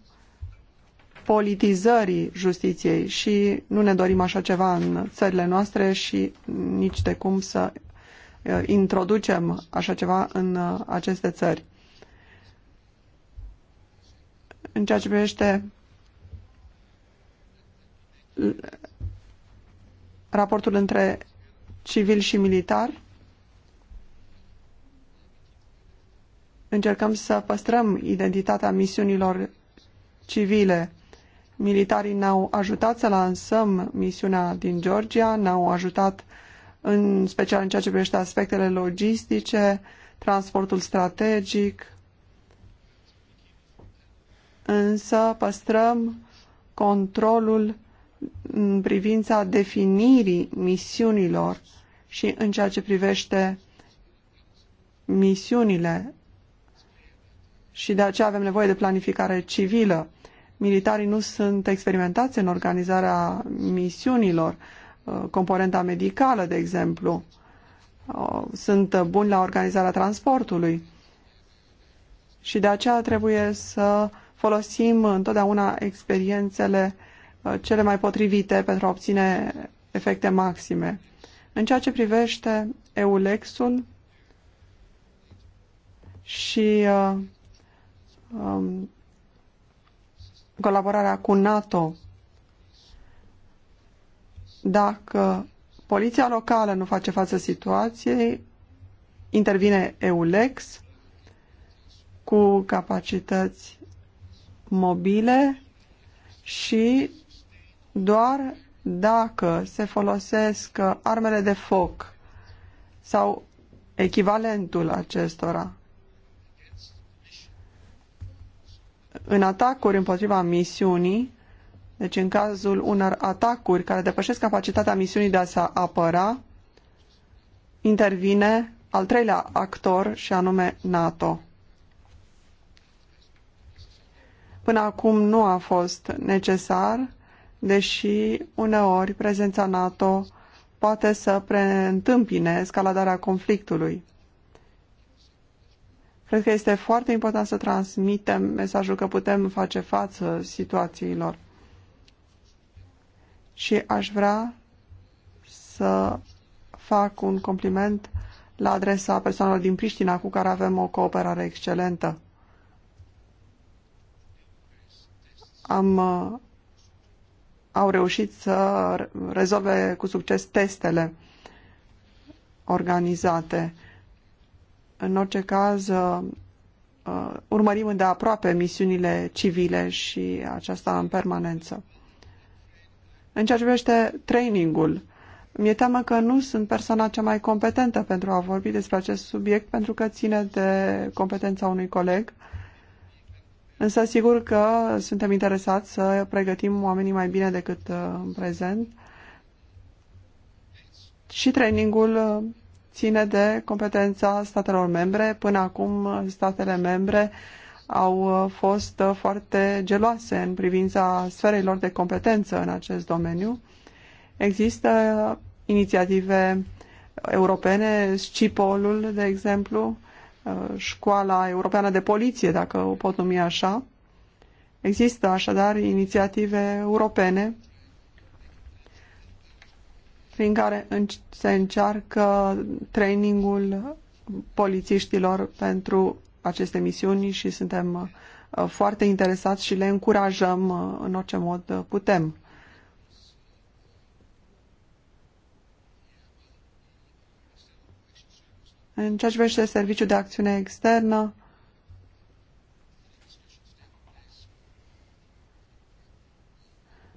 politizării justiției și nu ne dorim așa ceva în țările noastre și nici de cum să uh, introducem așa ceva în uh, aceste țări în ceea ce privește raportul între civil și militar. Încercăm să păstrăm identitatea misiunilor civile. Militarii ne-au ajutat să lansăm misiunea din Georgia, ne-au ajutat în special în ceea ce privește aspectele logistice, transportul strategic, însă păstrăm controlul în privința definirii misiunilor și în ceea ce privește misiunile și de aceea avem nevoie de planificare civilă. Militarii nu sunt experimentați în organizarea misiunilor, uh, componenta medicală, de exemplu. Uh, sunt buni la organizarea transportului și de aceea trebuie să folosim întotdeauna experiențele uh, cele mai potrivite pentru a obține efecte maxime. În ceea ce privește EULEX-ul și uh, um, colaborarea cu NATO, dacă poliția locală nu face față situației, intervine EULEX cu capacități mobile și doar dacă se folosesc armele de foc sau echivalentul acestora. În atacuri împotriva misiunii, deci în cazul unor atacuri care depășesc capacitatea misiunii de a se apăra, intervine al treilea actor și anume NATO. Până acum nu a fost necesar, deși uneori prezența NATO poate să preîntâmpine escaladarea conflictului. Cred că este foarte important să transmitem mesajul că putem face față situațiilor. Și aș vrea să fac un compliment la adresa persoanelor din Priștina cu care avem o cooperare excelentă. am, uh, au reușit să rezolve cu succes testele organizate. În orice caz, uh, uh, urmărim îndeaproape misiunile civile și aceasta în permanență. În ceea ce privește trainingul, mi-e teamă că nu sunt persoana cea mai competentă pentru a vorbi despre acest subiect, pentru că ține de competența unui coleg. Uh, Însă sigur că suntem interesați să pregătim oamenii mai bine decât uh, în prezent. Și trainingul uh, ține de competența statelor membre. Până acum statele membre au uh, fost foarte geloase în privința sferelor de competență în acest domeniu. Există inițiative europene, SCIPOL-ul, de exemplu, Uh, școala Europeană de Poliție, dacă o pot numi așa. Există așadar inițiative europene prin care se încearcă trainingul polițiștilor pentru aceste misiuni și suntem uh, foarte interesați și le încurajăm uh, în orice mod putem. În ceea ce privește serviciul de acțiune externă,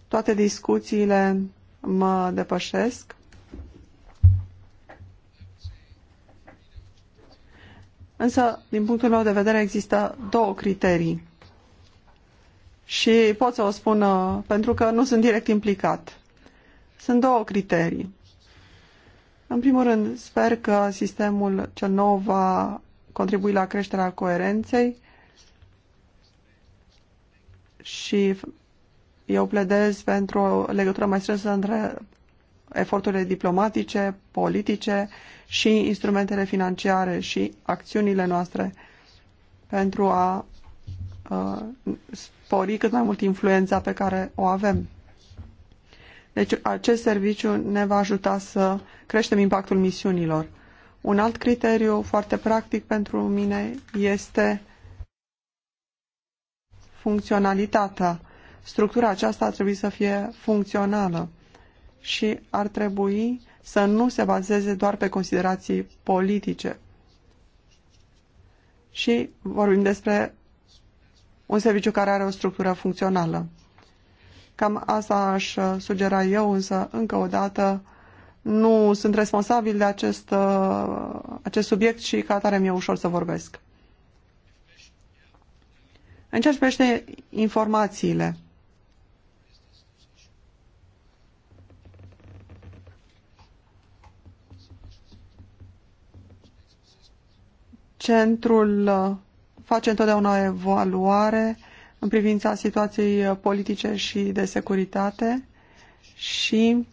toate discuțiile mă depășesc. Însă, din punctul meu de vedere, există două criterii. Și pot să o spun uh, pentru că nu sunt direct implicat. Sunt două criterii. În primul rând, sper că sistemul cel nou va contribui la creșterea coerenței și eu pledez pentru o legătură mai strânsă între eforturile diplomatice, politice și instrumentele financiare și acțiunile noastre pentru a uh, spori cât mai mult influența pe care o avem. Deci acest serviciu ne va ajuta să creștem impactul misiunilor. Un alt criteriu foarte practic pentru mine este funcționalitatea. Structura aceasta ar trebui să fie funcțională și ar trebui să nu se bazeze doar pe considerații politice. Și vorbim despre un serviciu care are o structură funcțională. Cam asta aș uh, sugera eu, însă, încă o dată, nu sunt responsabil de acest, uh, acest subiect și ca atare mi-e ușor să vorbesc. În ceea ce privește informațiile, centrul uh, face întotdeauna o evaluare în privința situației uh, politice și de securitate și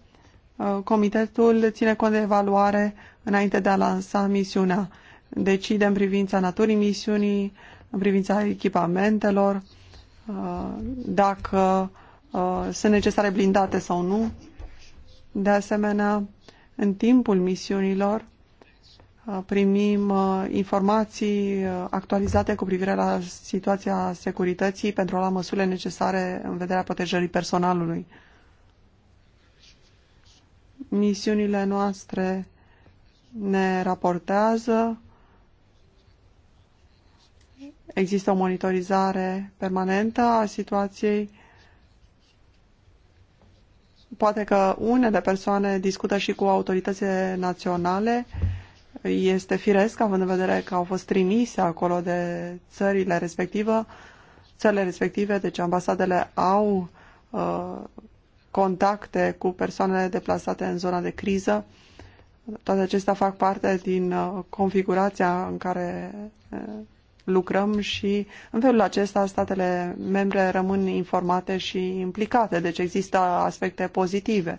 uh, comitetul ține cont de evaluare înainte de a lansa misiunea. Decide în privința naturii misiunii, în privința echipamentelor, uh, dacă sunt necesare blindate sau nu. De asemenea, în timpul misiunilor Uh, primim uh, informații uh, actualizate cu privire la situația securității pentru a lua măsurile necesare în vederea protejării personalului. Misiunile noastre ne raportează, există o monitorizare permanentă a situației poate că unele persoane discută și cu autoritățile naționale este firesc, având în vedere că au fost trimise acolo de țările respective, țările respective, deci ambasadele au uh, contacte cu persoanele deplasate în zona de criză. Toate acestea fac parte din uh, configurația în care uh, lucrăm și în felul acesta statele membre rămân informate și implicate, deci există aspecte pozitive.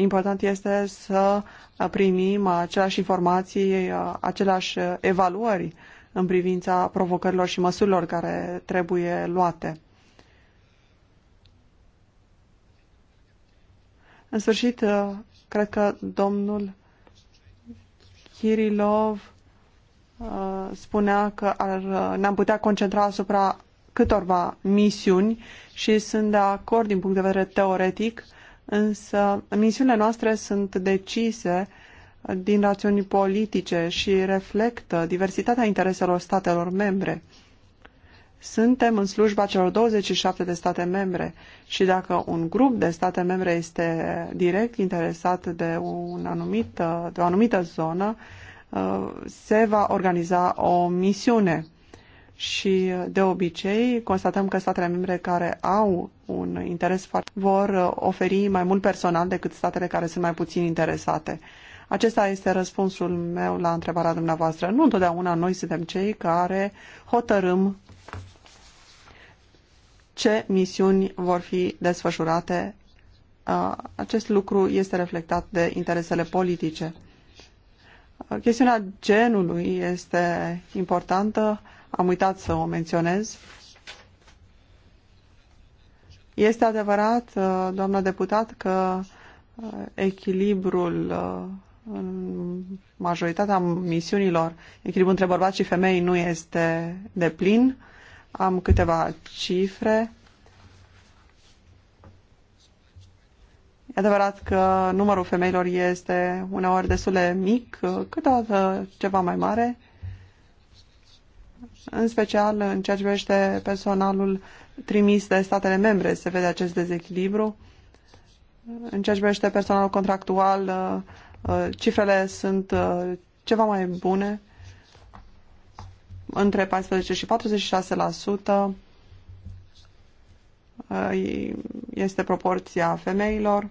important este să primim aceleași informații, aceleași evaluări în privința provocărilor și măsurilor care trebuie luate. În sfârșit, cred că domnul Kirilov uh, spunea că ne-am putea concentra asupra câtorva misiuni și sunt de acord din punct de vedere teoretic însă misiunile noastre sunt decise din rațiuni politice și reflectă diversitatea intereselor statelor membre. Suntem în slujba celor 27 de state membre și dacă un grup de state membre este direct interesat de, un anumită, de o anumită zonă, uh, se va organiza o misiune și uh, de obicei constatăm că statele membre care au un interes foarte vor uh, oferi mai mult personal decât statele care sunt mai puțin interesate. Acesta este răspunsul meu la întrebarea dumneavoastră. Nu întotdeauna noi suntem cei care hotărâm ce misiuni vor fi desfășurate. Uh, acest lucru este reflectat de interesele politice. Chestiunea genului este importantă am uitat să o menționez. Este adevărat, uh, doamnă deputat, că uh, echilibrul uh, în majoritatea misiunilor, echilibrul între bărbați și femei nu este de plin. Am câteva cifre. E adevărat că numărul femeilor este uneori destul de mic, câteodată ceva mai mare în special în ceea ce privește personalul trimis de statele membre, se vede acest dezechilibru. În ceea ce privește personalul contractual, uh, uh, cifrele sunt uh, ceva mai bune, între 14 și 46% este proporția femeilor.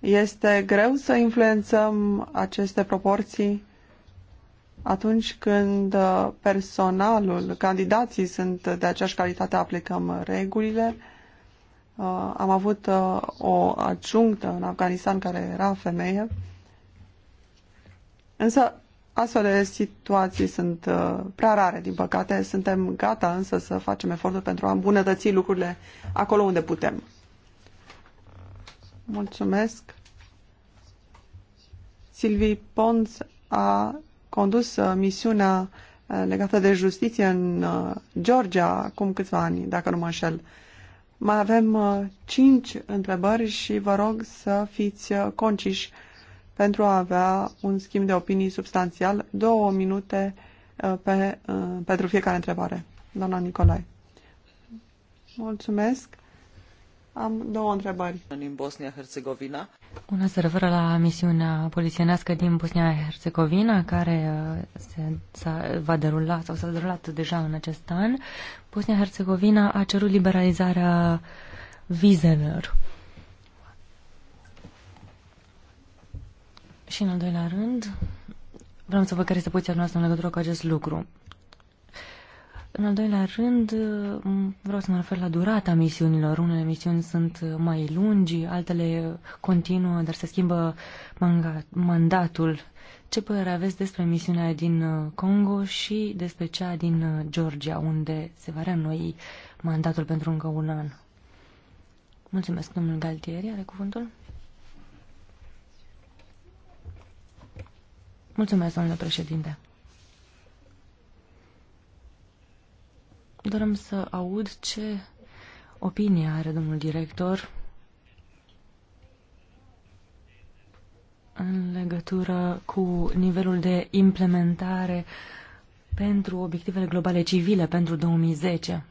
Este greu să influențăm aceste proporții atunci când uh, personalul, candidații sunt de aceeași calitate, aplicăm regulile. Uh, am avut uh, o adjunctă în Afganistan care era femeie. Însă astfel de situații sunt prea rare, din păcate. Suntem gata însă să facem eforturi pentru a îmbunătăți lucrurile acolo unde putem. Mulțumesc. Silvi Pons a condus uh, misiunea uh, legată de justiție în uh, Georgia acum câțiva ani, dacă nu mă înșel. Mai avem cinci întrebări și vă rog să fiți conciși pentru a avea un schimb de opinii substanțial. Două minute pe, pentru fiecare întrebare. Doamna Nicolae. Mulțumesc. Am două întrebări. În Bosnia-Herzegovina. Una se referă la misiunea polițienească din Bosnia-Herzegovina, care uh, se, va derula sau s-a derulat deja în acest an. Bosnia-Herzegovina a cerut liberalizarea vizelor. Și în al doilea rând, vreau să vă care este poziția noastră în legătură cu acest lucru. În al doilea rând, vreau să mă refer la durata misiunilor. Unele misiuni sunt mai lungi, altele continuă, dar se schimbă manga, mandatul. Ce părere aveți despre misiunea din uh, Congo și despre cea din uh, Georgia, unde se va reînnoi mandatul pentru încă un an? Mulțumesc, domnul Galtieri. Are cuvântul? Mulțumesc, domnule președinte. Dorem să aud ce opinie are domnul director în legătură cu nivelul de implementare pentru obiectivele globale civile pentru 2010.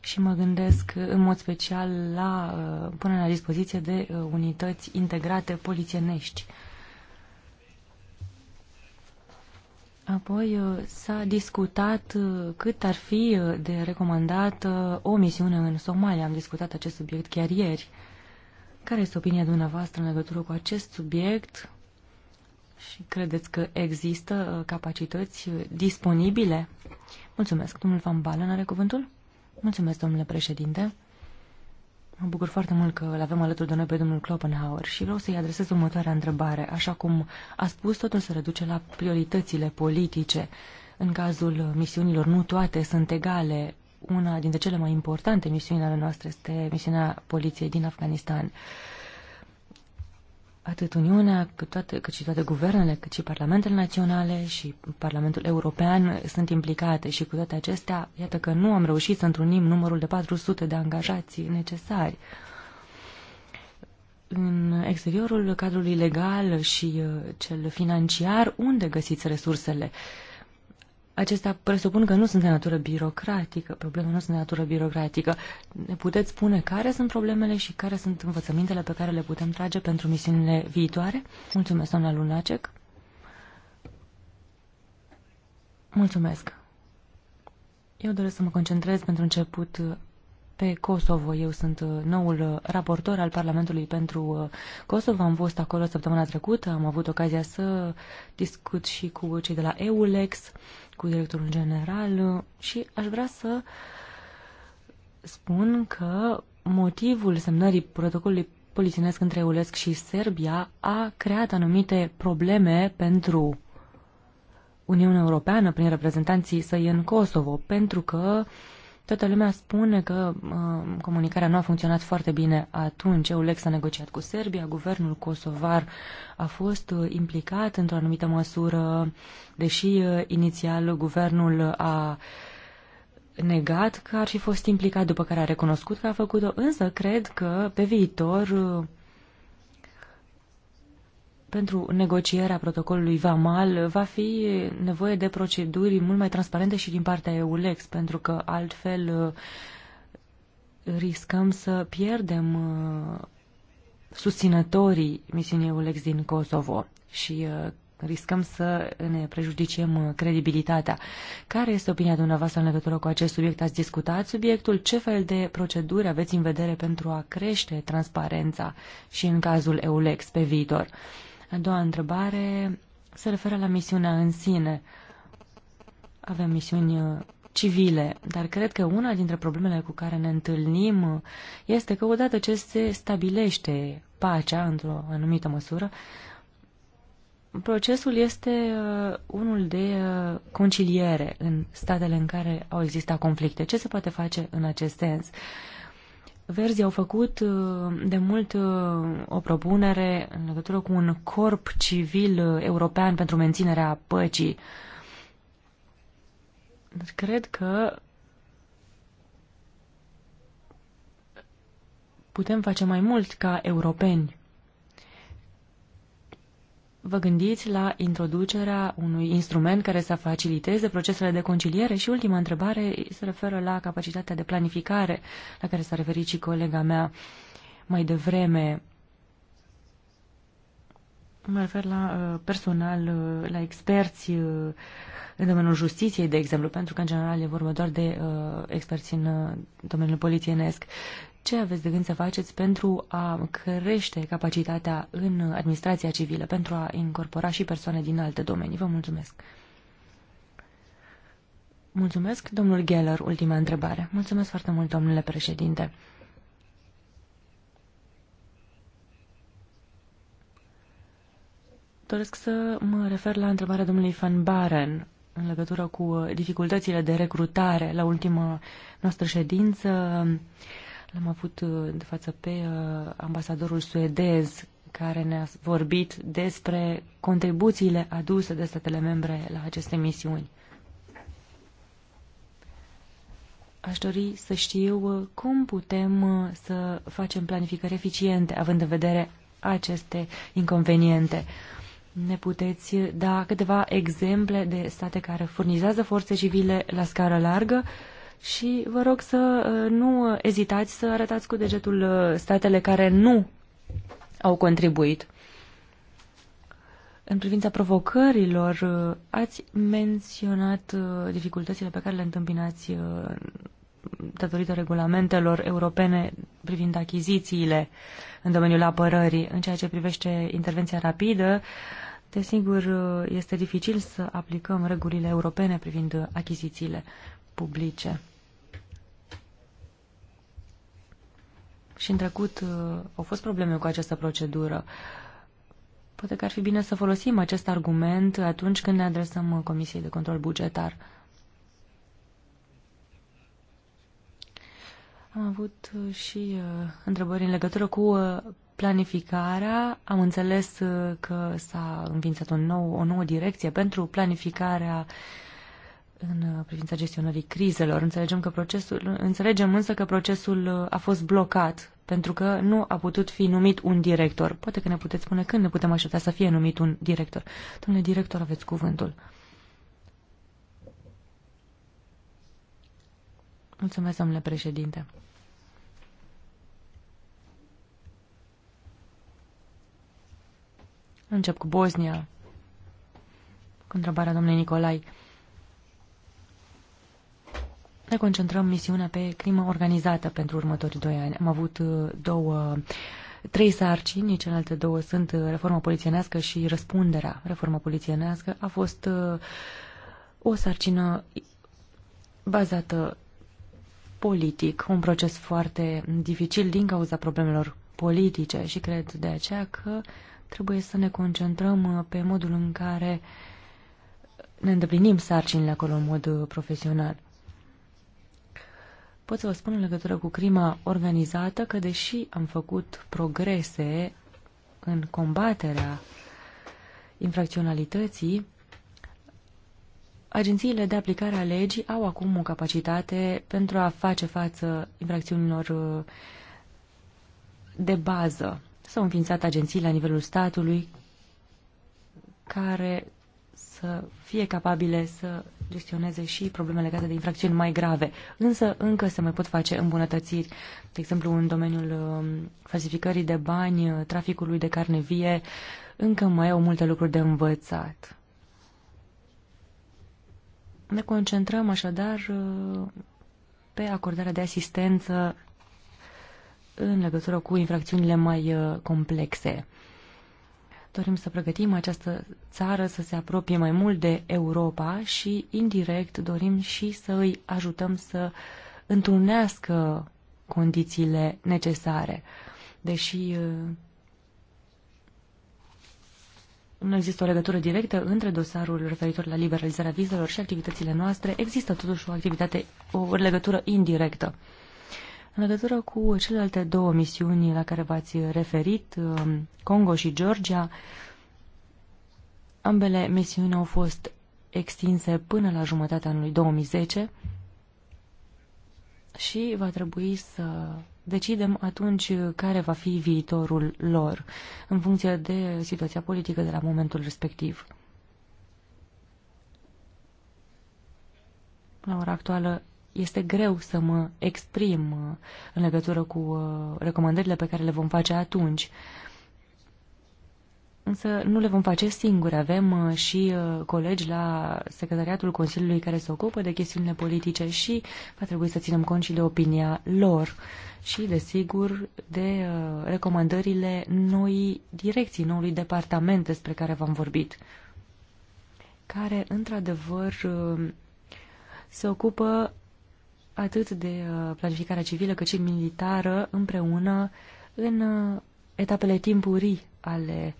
Și mă gândesc în mod special la uh, punerea la dispoziție de uh, unități integrate polițienești. Uh, Apoi uh, s-a discutat uh, cât ar fi uh, de recomandat o misiune în Somalia. Am discutat acest subiect chiar ieri. Care este opinia dumneavoastră în legătură cu acest subiect? Și credeți că există capacități disponibile? Mulțumesc. Domnul Van Balen are cuvântul? Mulțumesc, domnule președinte. Mă bucur foarte mult că îl avem alături de noi pe domnul Kloppenhauer și vreau să-i adresez următoarea întrebare. Așa cum a spus, totul se reduce la prioritățile politice. În cazul misiunilor, nu toate sunt egale. Una dintre cele mai importante misiuni ale noastre este misiunea poliției din Afganistan. Uh, atât Uniunea, cât, toate, cât și toate guvernele, cât și parlamentele naționale și Parlamentul European sunt implicate și cu toate acestea, iată că nu am reușit să întrunim numărul de 400 de angajați necesari. În exteriorul cadrului legal și uh, cel financiar, unde găsiți resursele? Uh, acestea presupun că nu sunt de natură birocratică, probleme nu sunt de natură birocratică. Ne puteți spune care sunt problemele și care sunt învățămintele pe care le putem trage pentru misiunile viitoare? Mulțumesc, doamna Lunacek. Mulțumesc. Eu doresc să mă concentrez pentru început pe Kosovo. Eu sunt uh, noul uh, raportor al Parlamentului pentru uh, Kosovo. Am fost acolo săptămâna trecută, am avut ocazia să discut și cu cei de la EULEX cu directorul general și aș vrea să spun că motivul semnării protocolului polițienesc între Eulesc și Serbia a creat anumite probleme pentru Uniunea Europeană prin reprezentanții săi în Kosovo, pentru că uh, Toată lumea spune că uh, comunicarea nu a funcționat foarte bine atunci. EULEX a negociat cu Serbia, guvernul kosovar a fost uh, implicat într-o anumită măsură, deși uh, inițial guvernul a negat că ar fi fost implicat, după care a recunoscut că a făcut-o, însă cred că pe viitor uh, pentru negocierea protocolului VAMAL va fi nevoie de proceduri mult mai transparente și din partea EULEX, pentru că altfel uh, riscăm să pierdem uh, susținătorii misiunii EULEX din Kosovo și uh, riscăm să ne prejudiciem credibilitatea. Care este opinia dumneavoastră în legătură cu acest subiect? Ați discutat subiectul? Ce fel de proceduri aveți în vedere pentru a crește transparența și în cazul EULEX pe viitor? A doua întrebare se referă la misiunea în sine. Avem misiuni uh, civile, dar cred că una dintre problemele cu care ne întâlnim uh, este că odată ce se stabilește pacea într-o anumită măsură, procesul este uh, unul de conciliere în statele în care au existat conflicte. Ce se poate face în acest sens? Verzi au făcut uh, de mult uh, o propunere în legătură cu un corp civil uh, european pentru menținerea păcii. Deci cred că putem face mai mult ca europeni vă gândiți la introducerea unui instrument care să faciliteze procesele de conciliere? Și ultima întrebare se referă la capacitatea de planificare la care s-a referit și colega mea mai devreme. Mă refer la uh, personal, uh, la experți uh, în domeniul justiției, de exemplu, pentru că, în general, e vorba doar de experți în domeniul polițienesc ce aveți de gând să faceți pentru a crește capacitatea în administrația civilă, pentru a incorpora și persoane din alte domenii? Vă mulțumesc! Mulțumesc, domnul Geller, ultima întrebare. Mulțumesc foarte mult, domnule președinte. Doresc să mă refer la întrebarea domnului Van Baren în legătură cu dificultățile de recrutare la ultima noastră ședință. L-am avut uh, de față pe uh, ambasadorul suedez care ne-a vorbit despre contribuțiile aduse de statele membre la aceste misiuni. Aș dori să știu uh, cum putem să facem planificări eficiente, având în vedere aceste inconveniente. Ne puteți da câteva exemple de state care furnizează forțe civile la scară largă, uh, și vă rog să uh, nu ezitați să arătați cu degetul uh, statele care nu au contribuit. În privința provocărilor, uh, ați menționat dificultățile pe care le întâmpinați datorită regulamentelor europene privind achizițiile în domeniul apărării. În ceea ce privește intervenția rapidă, desigur, este dificil să aplicăm regulile europene privind achizițiile publice. Și în trecut uh, au fost probleme cu această procedură. Poate că ar fi bine să folosim acest argument atunci când ne adresăm uh, Comisiei de Control Bugetar. Am avut uh, și întrebări în legătură cu planificarea. Am înțeles că s-a înființat o nouă, o nouă direcție pentru planificarea uh, în uh, privința gestionării crizelor. Înțelegem, că procesul, înțelegem însă că procesul uh, a fost blocat pentru că nu a putut fi numit un director. Poate că ne puteți spune când ne putem aștepta să fie numit un director. Domnule director, aveți cuvântul. Mulțumesc, domnule președinte. Încep cu Bosnia, cu întrebarea domnului Nicolai ne concentrăm misiunea pe crimă organizată pentru următorii doi ani. Am avut uh, două, trei sarcini, celelalte două sunt uh, reforma polițienească și răspunderea. Reforma polițienească a fost uh, o sarcină bazată politic, un proces foarte dificil din cauza problemelor politice și cred de aceea că trebuie să ne concentrăm pe modul în care ne îndeplinim sarcinile acolo în mod profesional pot să vă spun în legătură cu crima organizată că deși am făcut progrese în combaterea infracționalității, agențiile de aplicare a legii au acum o capacitate pentru a face față infracțiunilor uh, de bază. S-au înființat agenții la nivelul statului care să fie capabile să gestioneze și probleme legate de infracțiuni mai grave. Însă încă se mai pot face îmbunătățiri, de exemplu în domeniul um, falsificării de bani, traficului de carne vie, încă mai au multe lucruri de învățat. Ne concentrăm așadar uh, pe acordarea de asistență în legătură cu infracțiunile mai uh, complexe. Dorim să pregătim această țară să se apropie mai mult de Europa și, indirect, dorim și să îi ajutăm să întrunească condițiile necesare. Deși uh, nu există o legătură directă între dosarul referitor la liberalizarea vizelor și activitățile noastre, există totuși o activitate, o legătură indirectă. În legătură cu celelalte două misiuni la care v-ați referit, um, Congo și Georgia, ambele misiuni au fost extinse până la jumătatea anului 2010 și va trebui să decidem atunci care va fi viitorul lor, în funcție de situația politică de la momentul respectiv. La ora actuală, este greu să mă exprim uh, în legătură cu uh, recomandările pe care le vom face atunci. Însă nu le vom face singuri. Avem uh, și colegi la Secretariatul Consiliului care se ocupă de chestiunile politice și va trebui să ținem cont și de opinia lor și, desigur, de recomandările noii direcții, noului departament despre care v-am vorbit, care, într-adevăr, se ocupă atât de uh, planificarea civilă cât și militară împreună în uh, etapele timpurii ale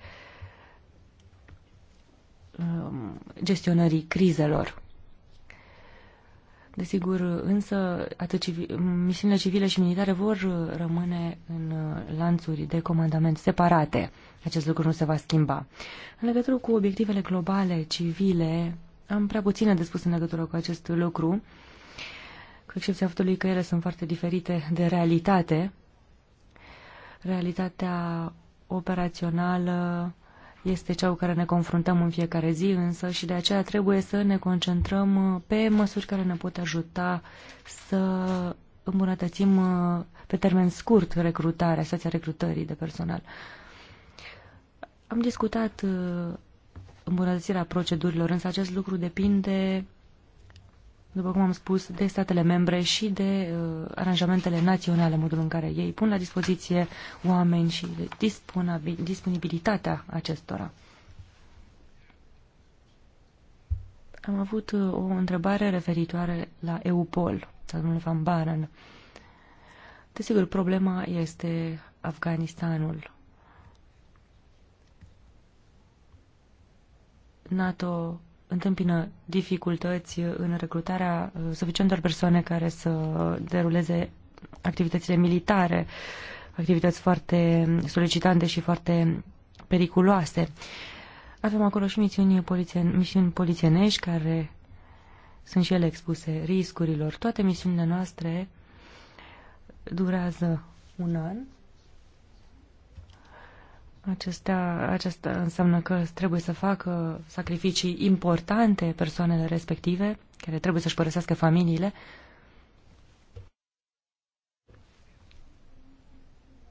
um, gestionării crizelor. Desigur, însă, atât civil, misiunile civile și militare vor uh, rămâne în lanțuri de comandament separate. Acest lucru nu se va schimba. În legătură cu obiectivele globale civile, am prea puțin de spus în legătură cu acest lucru cu excepția faptului că ele sunt foarte diferite de realitate. Realitatea operațională este cea cu care ne confruntăm în fiecare zi, însă și de aceea trebuie să ne concentrăm pe măsuri care ne pot ajuta să îmbunătățim uh, pe termen scurt recrutarea, situația recrutării de personal. Am discutat uh, îmbunătățirea procedurilor, însă acest lucru depinde după cum am spus, de statele membre și de uh, aranjamentele naționale, modul în care ei pun la dispoziție oameni și de disponibilitatea acestora. Am avut uh, o întrebare referitoare la EUPOL, la domnul Van Baren. Desigur, problema este Afganistanul. NATO întâmpină dificultăți în recrutarea uh, suficientor persoane care să deruleze activitățile militare, activități foarte solicitante și foarte periculoase. Avem acolo și misiuni, poliție, misiuni polițienești care sunt și ele expuse riscurilor. Toate misiunile noastre durează un an Acestea, acesta înseamnă că trebuie să facă sacrificii importante persoanele respective, care trebuie să-și părăsească familiile.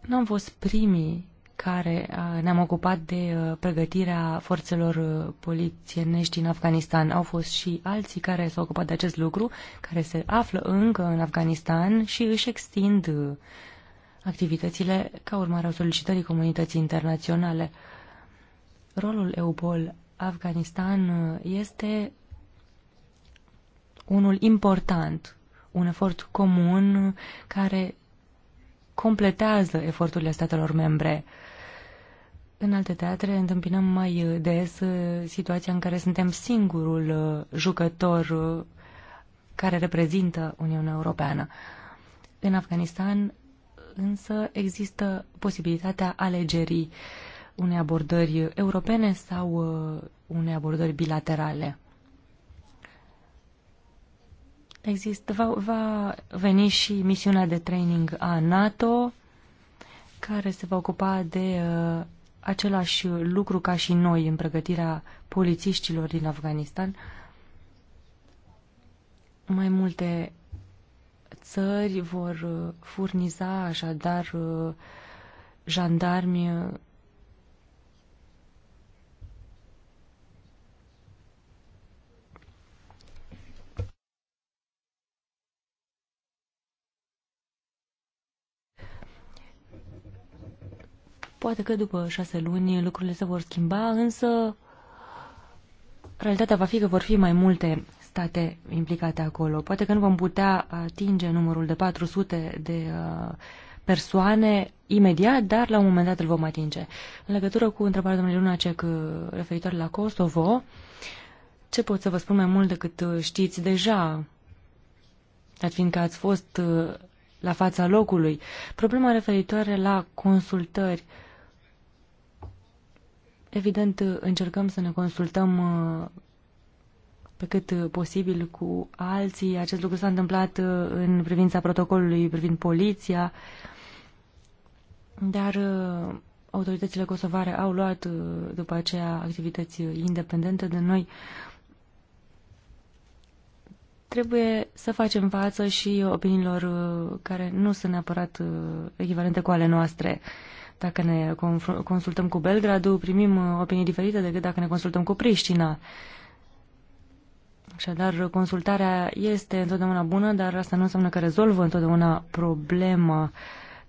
Nu am fost primii care ne-am ocupat de pregătirea forțelor polițienești în Afganistan. Au fost și alții care s-au ocupat de acest lucru, care se află încă în Afganistan și își extind activitățile ca urmare a solicitării comunității internaționale. Rolul EUPOL Afganistan uh, este unul important, un efort comun uh, care completează eforturile statelor membre. În alte teatre întâmpinăm mai uh, des situația în care suntem singurul jucător care reprezintă Uniunea Europeană. În Afganistan însă există posibilitatea alegerii unei abordări europene sau uh, unei abordări bilaterale. Există, va, va veni și misiunea de training a NATO, care se va ocupa de uh, același lucru ca și noi în pregătirea polițiștilor din Afganistan. Mai multe țări vor uh, furniza așadar uh, jandarmi uh, Poate că după șase luni lucrurile se vor schimba, însă realitatea va fi că vor fi mai multe state implicate acolo. Poate că nu vom putea atinge numărul de 400 de uh, persoane imediat, dar la un moment dat îl vom atinge. În legătură cu întrebarea domnului Lunacek uh, referitor la Kosovo, ce pot să vă spun mai mult decât uh, știți deja, dar fiindcă ați fost la fața locului? Problema referitoare la consultări. Evident, încercăm să ne consultăm pe cât uh, posibil cu alții. Acest lucru s-a întâmplat uh, în privința protocolului privind poliția, dar uh, autoritățile kosovare au luat după aceea activități independente de noi. Trebuie să facem față și opiniilor care nu sunt neapărat echivalente cu ale noastre. Dacă ne consultăm cu Belgradul, primim opinii diferite decât dacă ne consultăm cu Priștina Așadar, consultarea este întotdeauna bună, dar asta nu înseamnă că rezolvă întotdeauna problema.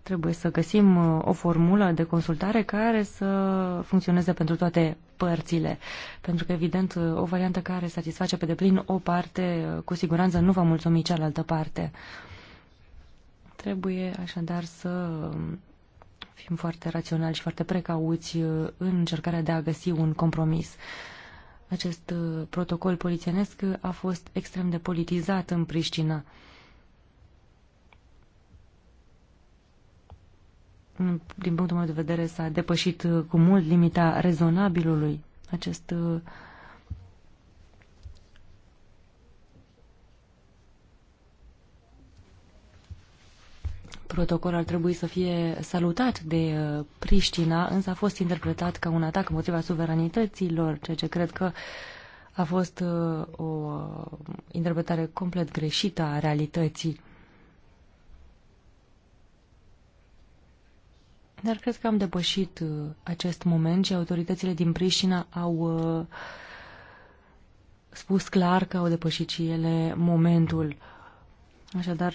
Trebuie să găsim uh, o formulă de consultare care să funcționeze pentru toate părțile. Pentru că, evident, uh, o variantă care satisface pe deplin o parte, uh, cu siguranță nu va mulțumi cealaltă parte. Trebuie, așadar, să um, fim foarte raționali și foarte precauți în încercarea de a găsi un compromis. Acest uh, protocol polițienesc a fost extrem de politizat în Priștina. Din punctul meu de vedere s-a depășit uh, cu mult limita rezonabilului acest uh, protocol ar trebui să fie salutat de uh, Priștina, însă a fost interpretat ca un atac împotriva suveranităților, ceea ce cred că a fost uh, o uh, interpretare complet greșită a realității. Dar cred că am depășit acest moment și autoritățile din Priștina au spus clar că au depășit și ele momentul. Așadar,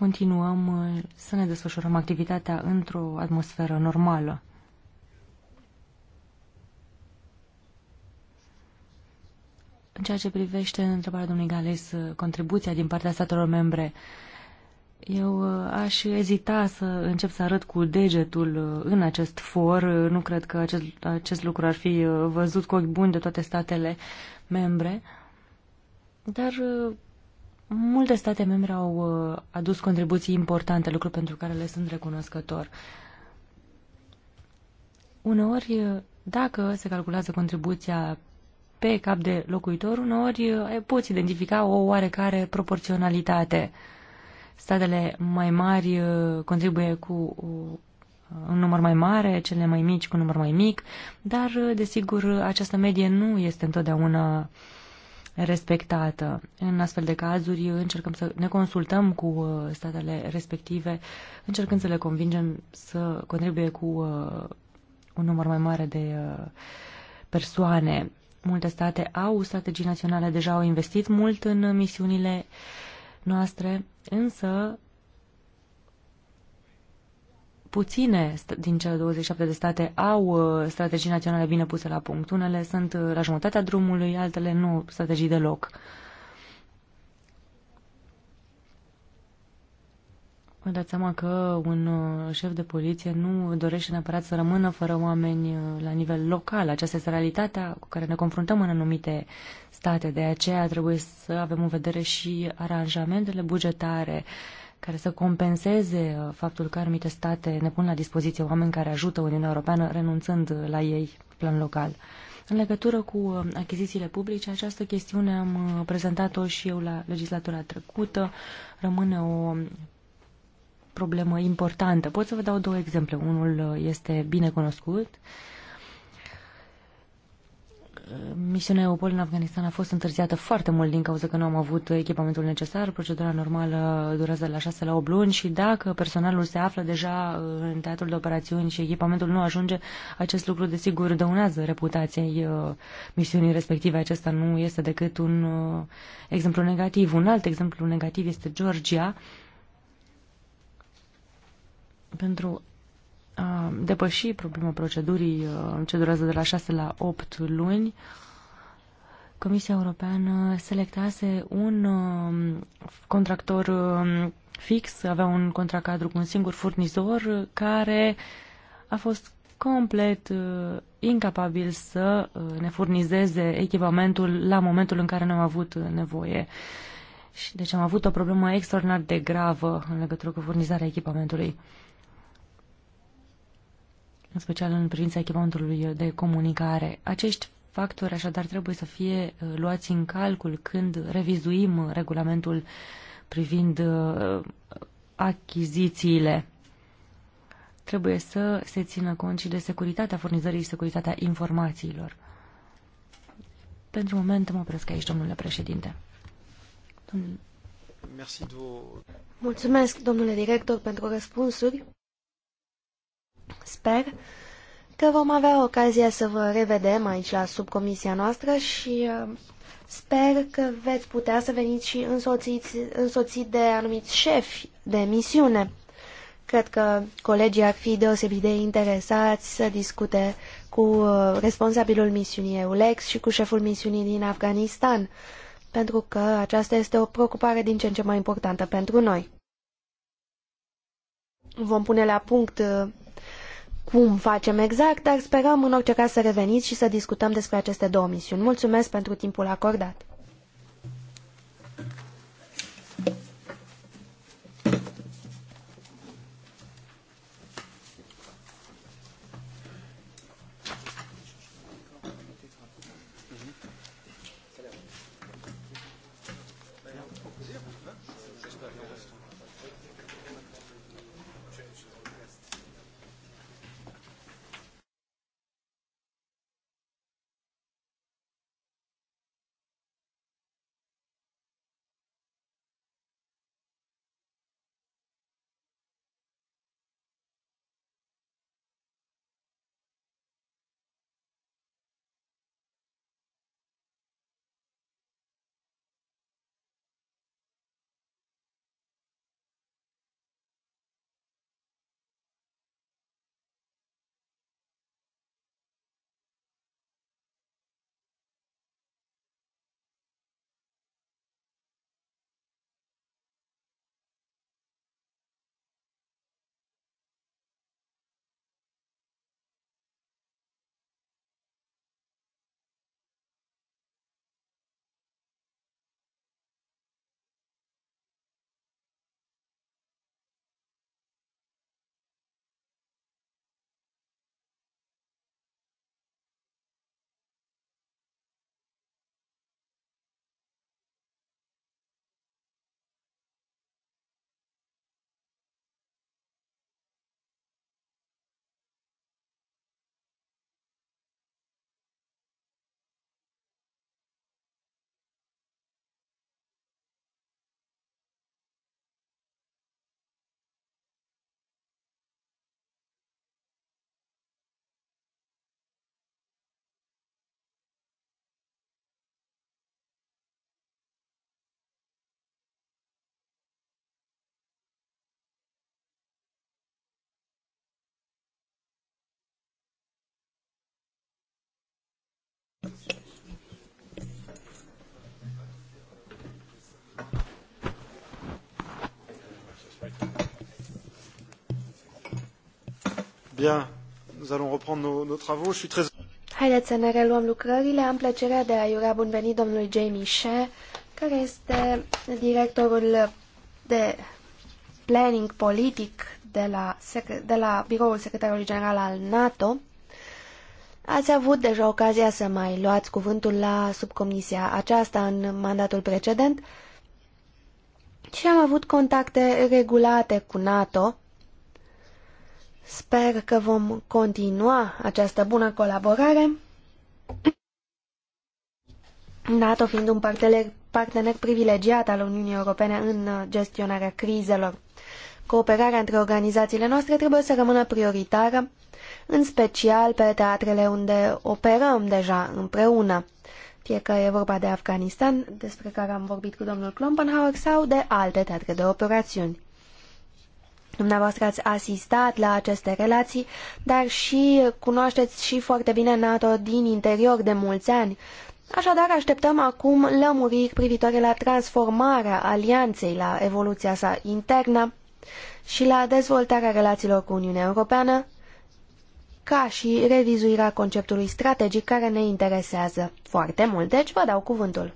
continuăm uh, să ne desfășurăm activitatea într-o atmosferă normală. În ceea ce privește întrebarea domnului Gales, uh, contribuția din partea statelor membre, eu uh, aș ezita să încep să arăt cu degetul în acest for. Nu cred că acest, acest lucru ar fi văzut cu ochi buni de toate statele membre. Dar Multe state membre au uh, adus contribuții importante, lucruri pentru care le sunt recunoscător. Uneori, uh, dacă se calculează contribuția pe cap de locuitor, uneori uh, poți identifica o oarecare proporționalitate. Statele mai mari contribuie cu un număr mai mare, cele mai mici cu un număr mai mic, dar, desigur, această medie nu este întotdeauna uh, respectată. În astfel de cazuri încercăm să ne consultăm cu uh, statele respective, încercând să le convingem să contribuie cu uh, un număr mai mare de uh, persoane. Multe state au strategii naționale, deja au investit mult în misiunile noastre, însă Puține din cele 27 de state au uh, strategii naționale bine puse la punct. Unele sunt uh, la jumătatea drumului, altele nu strategii deloc. Vă dați seama că un uh, șef de poliție nu dorește neapărat să rămână fără oameni la nivel local. Aceasta este realitatea cu care ne confruntăm în anumite state. De aceea trebuie să avem în vedere și aranjamentele bugetare uh, care să compenseze uh, faptul că anumite state ne pun la dispoziție oameni care ajută Uniunea Europeană renunțând la ei plan local. În legătură cu uh, achizițiile publice, această chestiune am uh, prezentat-o și eu la legislatura trecută. Rămâne o um, problemă importantă. Pot să vă dau două exemple. Unul este bine cunoscut, misiunea EUPOL în Afganistan a fost întârziată foarte mult din cauza că nu am avut echipamentul necesar. Procedura normală durează de la 6 la 8 luni și dacă personalul se află deja uh, în teatrul de operațiuni și echipamentul nu ajunge, acest lucru desigur dăunează reputației uh, misiunii respective. Acesta nu este decât un uh, exemplu negativ. Un alt exemplu negativ este Georgia. Pentru depăși problema procedurii uh, ce durează de la 6 la 8 luni, Comisia Europeană selectase un um, contractor um, fix, avea un contract cadru cu un singur furnizor care a fost complet uh, incapabil să uh, ne furnizeze echipamentul la momentul în care ne-am avut nevoie. Și deci am avut o problemă extraordinar de gravă în legătură cu furnizarea echipamentului în special în privința echipamentului de comunicare. Acești factori așadar trebuie să fie uh, luați în calcul când revizuim uh, regulamentul privind uh, achizițiile. Trebuie să se țină cont și de securitatea furnizării și securitatea informațiilor. Pentru moment mă opresc aici, domnule președinte. Domnule... Mulțumesc, domnule director, pentru răspunsuri. Sper că vom avea ocazia să vă revedem aici la subcomisia noastră și uh, sper că veți putea să veniți și însoțiți, însoțiți de anumiți șefi de misiune. Cred că colegii ar fi deosebit de interesați să discute cu uh, responsabilul misiunii EULEX și cu șeful misiunii din Afganistan, pentru că aceasta este o preocupare din ce în ce mai importantă pentru noi. Vom pune la punct uh, cum facem exact, dar sperăm în orice caz să reveniți și să discutăm despre aceste două misiuni. Mulțumesc pentru timpul acordat. Bien, nous allons reprendre nos, nos travaux. Je suis très... Haideți să ne reluăm lucrările. Am plăcerea de a iura bun venit domnului Jamie Shea, care este directorul de planning politic de la, de la biroul secretarului general al NATO. Ați avut deja ocazia să mai luați cuvântul la subcomisia aceasta în mandatul precedent și am avut contacte regulate cu NATO Sper că vom continua această bună colaborare, NATO fiind un partener, partener privilegiat al Uniunii Europene în gestionarea crizelor. Cooperarea între organizațiile noastre trebuie să rămână prioritară, în special pe teatrele unde operăm deja împreună, fie că e vorba de Afganistan, despre care am vorbit cu domnul Klompenhauer, sau de alte teatre de operațiuni. Dumneavoastră ați asistat la aceste relații, dar și cunoașteți și foarte bine NATO din interior de mulți ani. Așadar, așteptăm acum lămuriri privitoare la transformarea alianței, la evoluția sa internă și la dezvoltarea relațiilor cu Uniunea Europeană, ca și revizuirea conceptului strategic care ne interesează foarte mult. Deci vă dau cuvântul.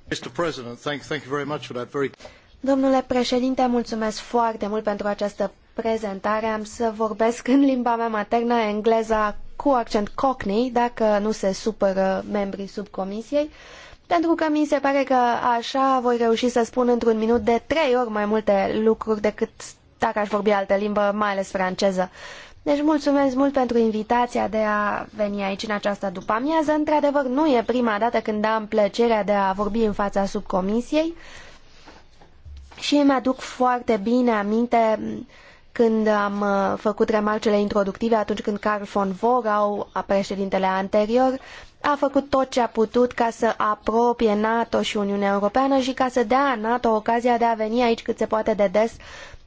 Domnule președinte, mulțumesc foarte mult pentru această prezentare. Am să vorbesc în limba mea maternă, engleza, cu accent cockney, dacă nu se supără membrii subcomisiei, pentru că mi se pare că așa voi reuși să spun într-un minut de trei ori mai multe lucruri decât dacă aș vorbi altă limbă, mai ales franceză. Deci mulțumesc mult pentru invitația de a veni aici în această după-amiază. Într-adevăr, nu e prima dată când am plăcerea de a vorbi în fața subcomisiei și îmi aduc foarte bine aminte când am uh, făcut remarcele introductive atunci când Carl von Vorau, președintele anterior, a făcut tot ce a putut ca să apropie NATO și Uniunea Europeană și ca să dea NATO ocazia de a veni aici cât se poate de des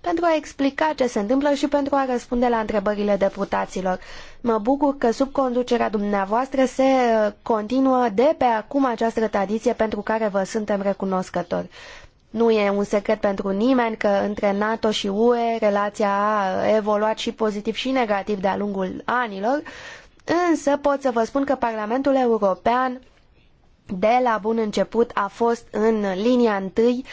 pentru a explica ce se întâmplă și pentru a răspunde la întrebările deputaților. Mă bucur că sub conducerea dumneavoastră se uh, continuă de pe acum această tradiție pentru care vă suntem recunoscători. Nu e un secret pentru nimeni că între NATO și UE relația a evoluat și pozitiv și negativ de-a lungul anilor, însă pot să vă spun că Parlamentul European de la bun început a fost în linia întâi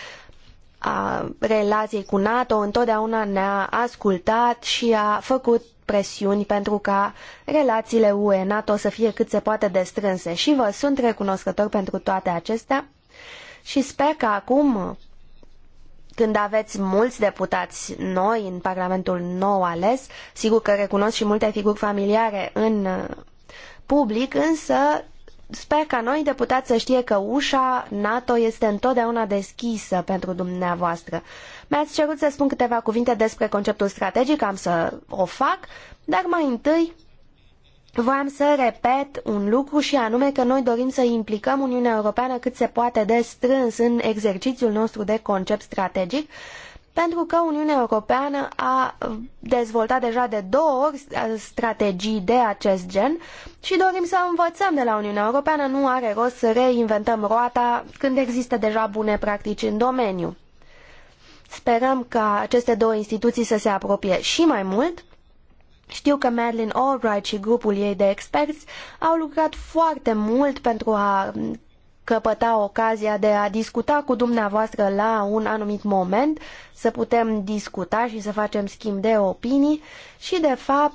a relației cu NATO, întotdeauna ne-a ascultat și a făcut presiuni pentru ca relațiile UE-NATO să fie cât se poate de strânse și vă sunt recunoscător pentru toate acestea și sper că acum, când aveți mulți deputați noi în Parlamentul nou ales, sigur că recunosc și multe figuri familiare în uh, public, însă sper ca noi deputați să știe că ușa NATO este întotdeauna deschisă pentru dumneavoastră. Mi-ați cerut să spun câteva cuvinte despre conceptul strategic, am să o fac, dar mai întâi Voiam să repet un lucru și anume că noi dorim să implicăm Uniunea Europeană cât se poate de strâns în exercițiul nostru de concept strategic, pentru că Uniunea Europeană a dezvoltat deja de două ori strategii de acest gen și dorim să învățăm de la Uniunea Europeană. Nu are rost să reinventăm roata când există deja bune practici în domeniu. Sperăm ca aceste două instituții să se apropie și mai mult știu că Madeline Albright și grupul ei de experți au lucrat foarte mult pentru a căpăta ocazia de a discuta cu dumneavoastră la un anumit moment, să putem discuta și să facem schimb de opinii și, de fapt,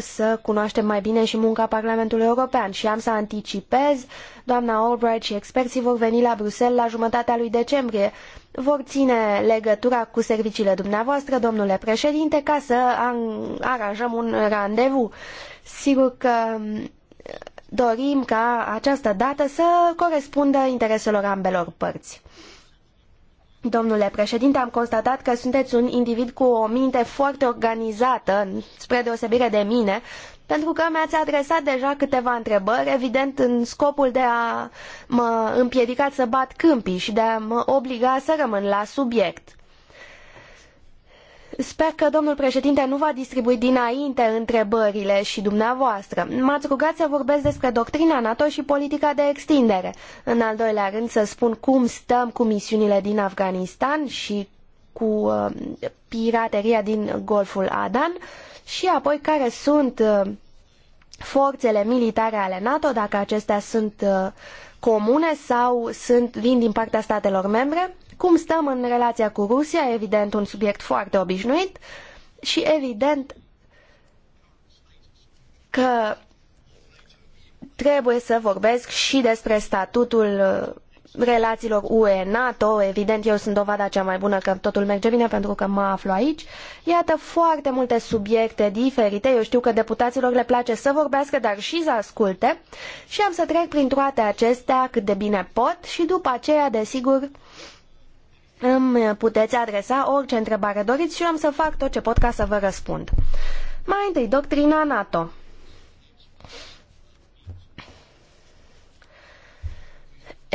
să cunoaștem mai bine și munca Parlamentului European. Și am să anticipez, doamna Albright și experții vor veni la Bruxelles la jumătatea lui decembrie. Vor ține legătura cu serviciile dumneavoastră, domnule președinte, ca să aranjăm un randevu. Sigur că dorim ca această dată să corespundă intereselor ambelor părți. Domnule președinte, am constatat că sunteți un individ cu o minte foarte organizată, spre deosebire de mine, pentru că mi-ați adresat deja câteva întrebări, evident în scopul de a mă împiedica să bat câmpii și de a mă obliga să rămân la subiect. Sper că domnul președinte nu va distribui dinainte întrebările și dumneavoastră. M-ați rugat să vorbesc despre doctrina NATO și politica de extindere. În al doilea rând să spun cum stăm cu misiunile din Afganistan și cu uh, pirateria din Golful Adan și apoi care sunt uh, forțele militare ale NATO, dacă acestea sunt uh, comune sau sunt, vin din partea statelor membre cum stăm în relația cu Rusia, evident un subiect foarte obișnuit și evident că trebuie să vorbesc și despre statutul uh, relațiilor UE-NATO. Evident, eu sunt dovada cea mai bună că totul merge bine pentru că mă aflu aici. Iată foarte multe subiecte diferite. Eu știu că deputaților le place să vorbească, dar și să asculte. Și am să trec prin toate acestea cât de bine pot și după aceea, desigur, îmi puteți adresa orice întrebare doriți și eu am să fac tot ce pot ca să vă răspund. Mai întâi, doctrina NATO.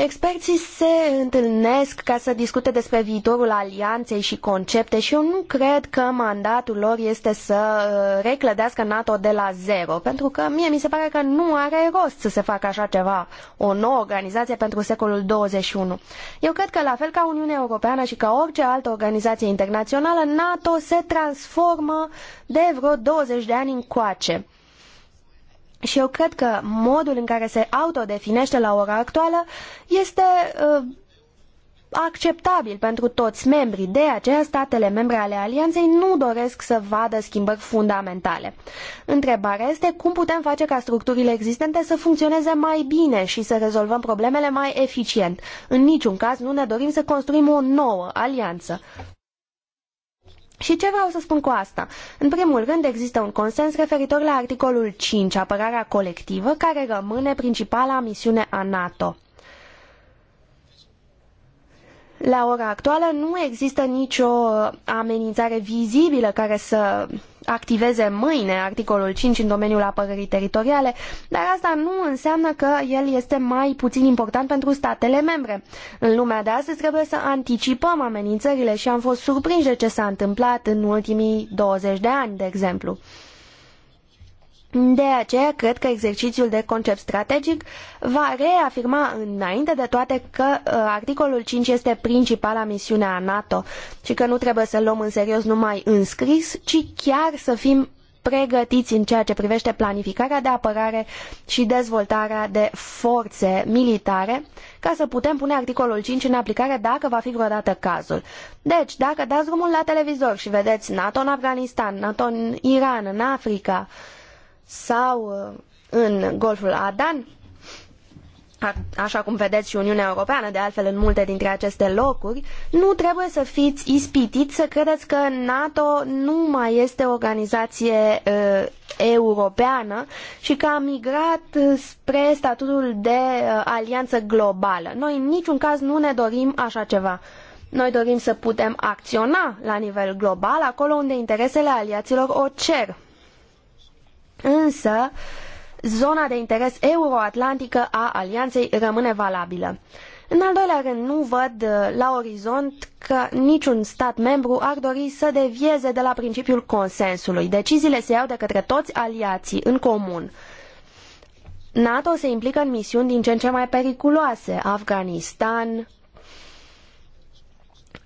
Experții se întâlnesc ca să discute despre viitorul alianței și concepte și eu nu cred că mandatul lor este să uh, reclădească NATO de la zero, pentru că mie mi se pare că nu are rost să se facă așa ceva, o nouă organizație pentru secolul 21. Eu cred că la fel ca Uniunea Europeană și ca orice altă organizație internațională, NATO se transformă de vreo 20 de ani încoace. Și eu cred că modul în care se autodefinește la ora actuală este uh, acceptabil pentru toți membrii. De aceea, statele membre ale Alianței nu doresc să vadă schimbări fundamentale. Întrebarea este cum putem face ca structurile existente să funcționeze mai bine și să rezolvăm problemele mai eficient. În niciun caz nu ne dorim să construim o nouă alianță. Și ce vreau să spun cu asta? În primul rând, există un consens referitor la articolul 5, apărarea colectivă, care rămâne principala misiune a NATO. La ora actuală nu există nicio amenințare vizibilă care să activeze mâine articolul 5 în domeniul apărării teritoriale, dar asta nu înseamnă că el este mai puțin important pentru statele membre. În lumea de astăzi trebuie să anticipăm amenințările și am fost surprinși de ce s-a întâmplat în ultimii 20 de ani, de exemplu. De aceea, cred că exercițiul de concept strategic va reafirma înainte de toate că uh, articolul 5 este principala misiune a NATO și că nu trebuie să luăm în serios numai înscris, ci chiar să fim pregătiți în ceea ce privește planificarea de apărare și dezvoltarea de forțe militare ca să putem pune articolul 5 în aplicare dacă va fi vreodată cazul. Deci, dacă dați drumul la televizor și vedeți NATO în Afganistan, NATO în Iran, în Africa, uh, sau uh, în Golful Adan, așa cum vedeți și Uniunea Europeană, de altfel în multe dintre aceste locuri, nu trebuie să fiți ispitiți să credeți că NATO nu mai este o organizație uh, europeană și că a migrat spre statutul de uh, alianță globală. Noi în niciun caz nu ne dorim așa ceva. Noi dorim să putem acționa la nivel global acolo unde interesele aliaților o cer Însă, zona de interes euroatlantică a alianței rămâne valabilă. În al doilea rând, nu văd uh, la orizont că niciun stat membru ar dori să devieze de la principiul consensului. Deciziile se iau de către toți aliații în comun. NATO se implică în misiuni din ce în ce mai periculoase. Afganistan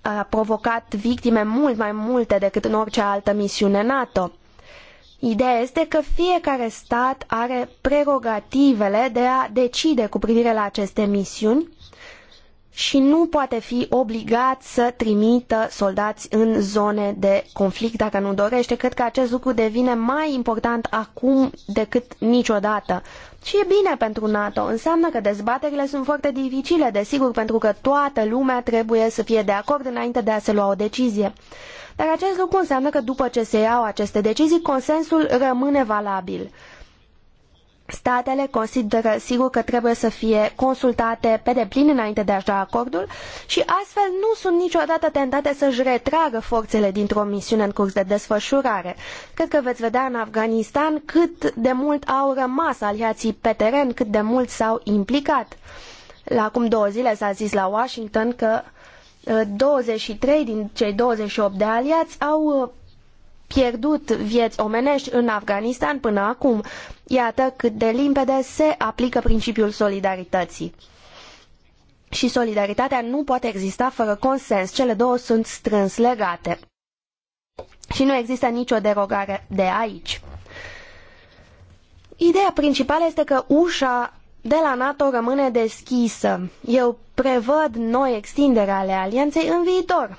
a provocat victime mult mai multe decât în orice altă misiune NATO. Ideea este că fiecare stat are prerogativele de a decide cu privire la aceste misiuni și nu poate fi obligat să trimită soldați în zone de conflict dacă nu dorește. Cred că acest lucru devine mai important acum decât niciodată. Și e bine pentru NATO. Înseamnă că dezbaterile sunt foarte dificile, desigur, pentru că toată lumea trebuie să fie de acord înainte de a se lua o decizie. Dar acest lucru înseamnă că după ce se iau aceste decizii, consensul rămâne valabil. Statele consideră sigur că trebuie să fie consultate pe deplin înainte de a-și da acordul și astfel nu sunt niciodată tentate să-și retragă forțele dintr-o misiune în curs de desfășurare. Cred că veți vedea în Afganistan cât de mult au rămas aliații pe teren, cât de mult s-au implicat. La acum două zile s-a zis la Washington că 23 din cei 28 de aliați au uh, pierdut vieți omenești în Afganistan până acum. Iată cât de limpede se aplică principiul solidarității. Și solidaritatea nu poate exista fără consens. Cele două sunt strâns legate. Și nu există nicio derogare de aici. Ideea principală este că ușa de la NATO rămâne deschisă. Eu prevăd noi extindere ale alianței în viitor.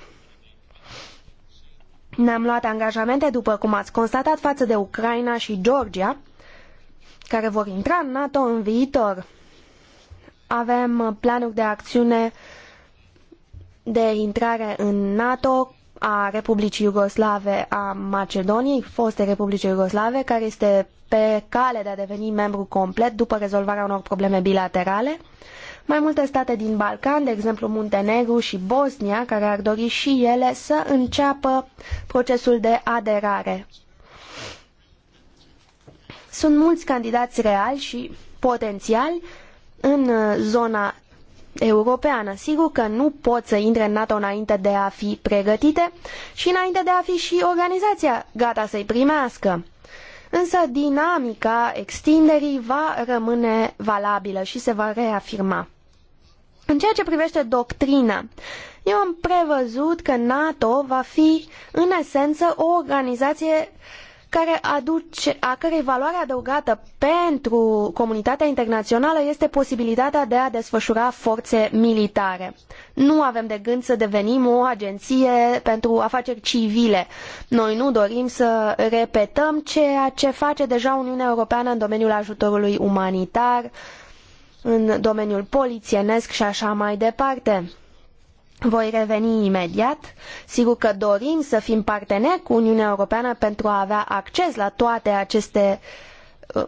Ne-am luat angajamente, după cum ați constatat, față de Ucraina și Georgia, care vor intra în NATO în viitor. Avem planuri de acțiune de intrare în NATO a Republicii Iugoslave a Macedoniei, foste Republicii Iugoslave, care este pe cale de a deveni membru complet după rezolvarea unor probleme bilaterale. Mai multe state din Balcan, de exemplu Muntenegru și Bosnia, care ar dori și ele să înceapă procesul de aderare. Sunt mulți candidați reali și potențiali în zona europeană. Sigur că nu pot să intre în NATO înainte de a fi pregătite și înainte de a fi și organizația gata să-i primească. Însă dinamica extinderii va rămâne valabilă și se va reafirma. În ceea ce privește doctrina, eu am prevăzut că NATO va fi, în esență, o organizație uh, care aduce, a cărei valoare adăugată pentru comunitatea internațională este posibilitatea de a desfășura forțe militare. Nu avem de gând să devenim o agenție pentru afaceri civile. Noi nu dorim să repetăm ceea ce face deja Uniunea Europeană în domeniul ajutorului umanitar, în domeniul polițienesc și așa mai departe. Voi reveni imediat. Sigur că dorim să fim parteneri cu Uniunea Europeană pentru a avea acces la toate aceste uh,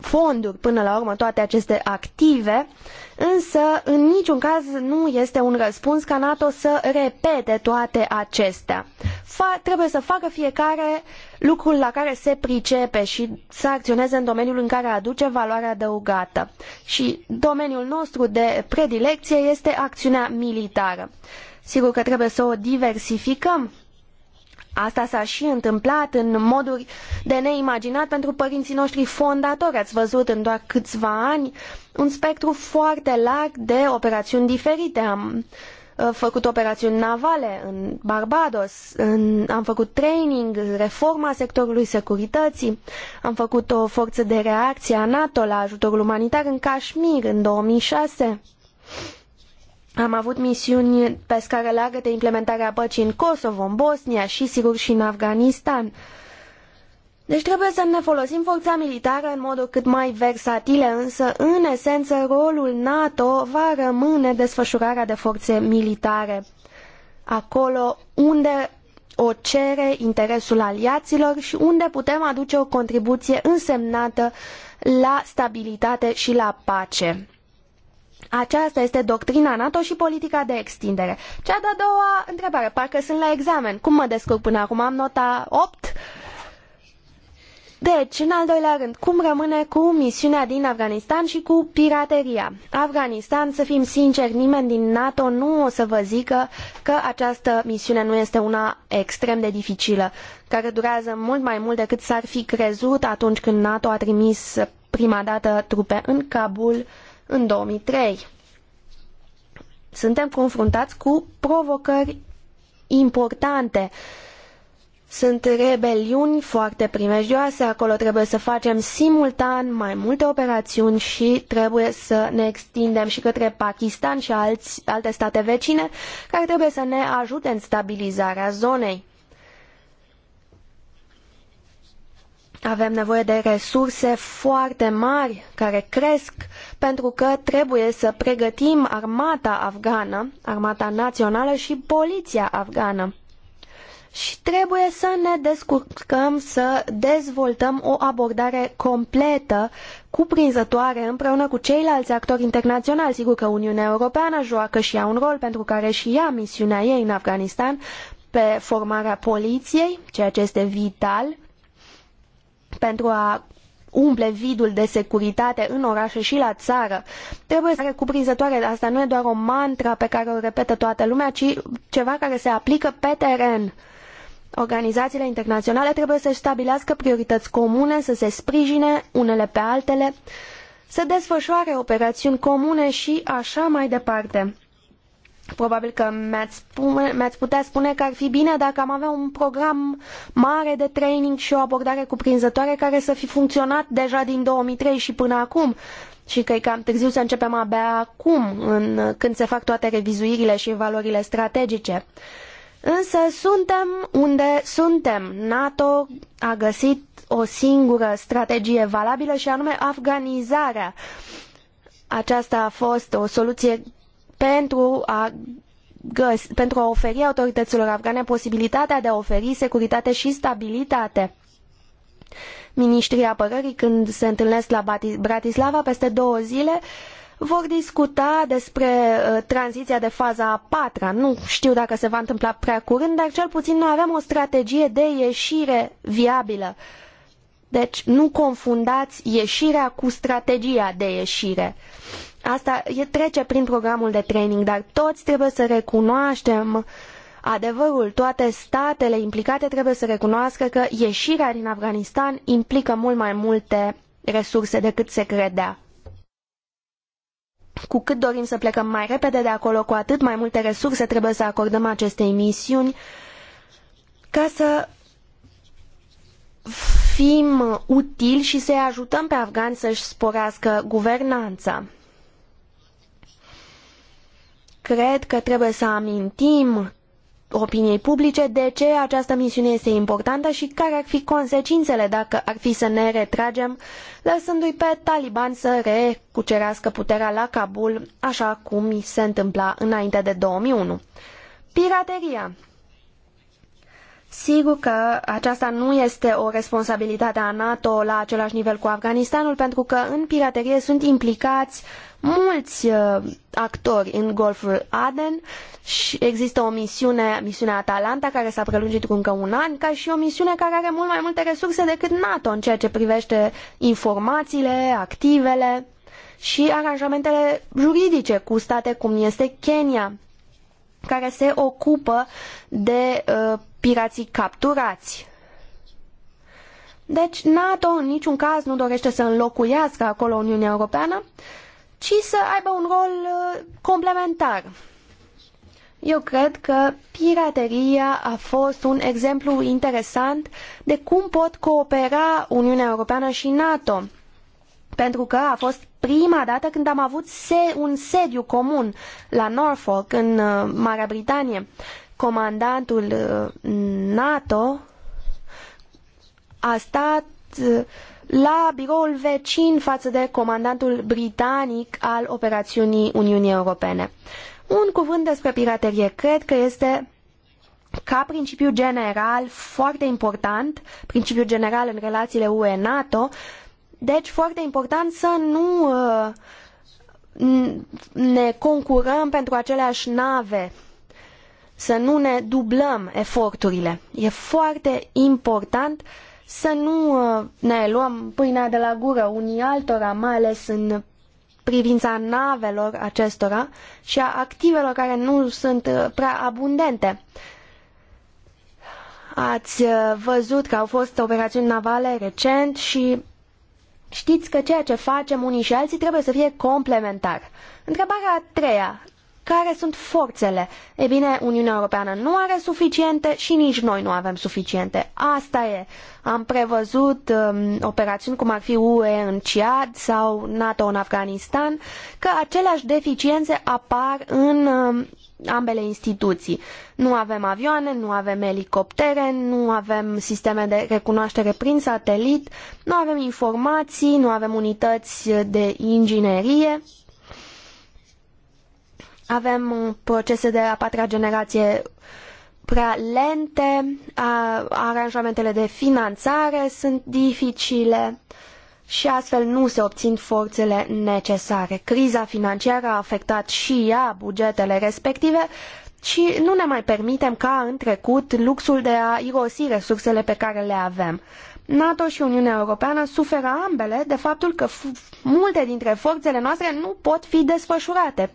fonduri până la urmă toate aceste active, însă în niciun caz nu este un răspuns ca NATO să repete toate acestea. Fa trebuie să facă fiecare lucrul la care se pricepe și să acționeze în domeniul în care aduce valoare adăugată. Și domeniul nostru de predilecție este acțiunea militară. Sigur că trebuie să o diversificăm, Asta s-a și întâmplat în moduri de neimaginat pentru părinții noștri fondatori. Ați văzut în doar câțiva ani un spectru foarte larg de operațiuni diferite. Am uh, făcut operațiuni navale în Barbados, în, am făcut training, reforma sectorului securității, am făcut o forță de reacție a NATO la ajutorul umanitar în Kashmir în 2006. Am avut misiuni pe scară largă de implementare a păcii în Kosovo, în Bosnia și, sigur, și în Afganistan. Deci trebuie să ne folosim forța militară în moduri cât mai versatile, însă, în esență, rolul NATO va rămâne desfășurarea de forțe militare. Acolo unde o cere interesul aliaților și unde putem aduce o contribuție însemnată la stabilitate și la pace. Aceasta este doctrina NATO și politica de extindere. Cea de-a doua întrebare, parcă sunt la examen. Cum mă descurc până acum? Am nota opt. Deci, în al doilea rând, cum rămâne cu misiunea din Afganistan și cu pirateria? Afganistan, să fim sinceri, nimeni din NATO nu o să vă zică că această misiune nu este una extrem de dificilă, care durează mult mai mult decât s-ar fi crezut atunci când NATO a trimis prima dată trupe în Kabul în 2003. Suntem confruntați cu provocări importante. Sunt rebeliuni foarte primejdioase, acolo trebuie să facem simultan mai multe operațiuni și trebuie să ne extindem și către Pakistan și alți, alte state vecine care trebuie să ne ajute în stabilizarea zonei. Avem nevoie de resurse foarte mari care cresc pentru că trebuie să pregătim armata afgană, armata națională și poliția afgană. Și trebuie să ne descurcăm să dezvoltăm o abordare completă, cuprinzătoare, împreună cu ceilalți actori internaționali. Sigur că Uniunea Europeană joacă și ea un rol pentru care și ea misiunea ei în Afganistan pe formarea poliției, ceea ce este vital, pentru a umple vidul de securitate în orașe și la țară. Trebuie să cuprinzătoare, asta nu e doar o mantra pe care o repetă toată lumea, ci ceva care se aplică pe teren. Organizațiile internaționale trebuie să-și stabilească priorități comune, să se sprijine unele pe altele, să desfășoare operațiuni comune și așa mai departe. Probabil că mi-ați, putea spune că ar fi bine dacă am avea un program mare de training și o abordare cuprinzătoare care să fi funcționat deja din 2003 și până acum. Și că e cam târziu să începem abia acum, în, când se fac toate revizuirile și valorile strategice. Însă suntem unde suntem. NATO a găsit o singură strategie valabilă și anume afganizarea. Aceasta a fost o soluție pentru a pentru a oferi autorităților afgane posibilitatea de a oferi securitate și stabilitate. Ministrii apărării, când se întâlnesc la Bratislava peste două zile, vor discuta despre uh, tranziția de faza a patra. Nu știu dacă se va întâmpla prea curând, dar cel puțin noi avem o strategie de ieșire viabilă. Deci nu confundați ieșirea cu strategia de ieșire. Uh, Asta e, trece prin programul de training, dar toți trebuie să recunoaștem adevărul. Toate statele implicate trebuie să recunoască că ieșirea din Afganistan implică mult mai multe resurse decât se credea. Cu cât dorim să plecăm mai repede de acolo, cu atât mai multe resurse trebuie să acordăm acestei misiuni ca să fim utili și să-i ajutăm pe afgani să-și sporească guvernanța. Cred că trebuie să amintim opiniei publice de ce această misiune este importantă și care ar fi consecințele dacă ar fi să ne retragem, lăsându-i pe taliban să recucerească puterea la Kabul, așa cum se întâmpla înainte de 2001. Pirateria Sigur că aceasta nu este o responsabilitate a NATO la același nivel cu Afganistanul, pentru că în piraterie sunt implicați mulți uh, actori în Golful Aden și există o misiune, misiunea Atalanta, care s-a prelungit cu încă un an, ca și o misiune care are mult mai multe resurse decât NATO în ceea ce privește informațiile, activele și aranjamentele juridice cu state cum este Kenya, care se ocupă de uh, pirații capturați. Deci NATO în niciun caz nu dorește să înlocuiască acolo Uniunea Europeană, ci să aibă un rol uh, complementar. Eu cred că pirateria a fost un exemplu interesant de cum pot coopera Uniunea Europeană și NATO. Pentru că a fost prima dată când am avut un sediu comun la Norfolk, în uh, Marea Britanie comandantul uh, NATO a stat uh, la biroul vecin față de comandantul britanic al operațiunii Uniunii Europene. Un cuvânt despre piraterie. Cred că este ca principiu general foarte important, principiu general în relațiile UE-NATO, deci foarte important să nu uh, ne concurăm pentru aceleași nave să nu ne dublăm eforturile. E foarte important să nu uh, ne luăm pâinea de la gură unii altora, mai ales în privința navelor acestora și a activelor care nu sunt uh, prea abundente. Ați uh, văzut că au fost operațiuni navale recent și știți că ceea ce facem unii și alții trebuie să fie complementar. Întrebarea a treia care sunt forțele? E bine, Uniunea Europeană nu are suficiente și nici noi nu avem suficiente. Asta e. Am prevăzut um, operațiuni cum ar fi UE în Ciad sau NATO în Afganistan, că aceleași deficiențe apar în um, ambele instituții. Nu avem avioane, nu avem elicoptere, nu avem sisteme de recunoaștere prin satelit, nu avem informații, nu avem unități de inginerie. Avem uh, procese de a patra generație prea lente, a, aranjamentele de finanțare sunt dificile și astfel nu se obțin forțele necesare. Criza financiară a afectat și ea bugetele respective și nu ne mai permitem ca în trecut luxul de a irosi resursele pe care le avem. NATO și Uniunea Europeană suferă ambele de faptul că multe dintre forțele noastre nu pot fi desfășurate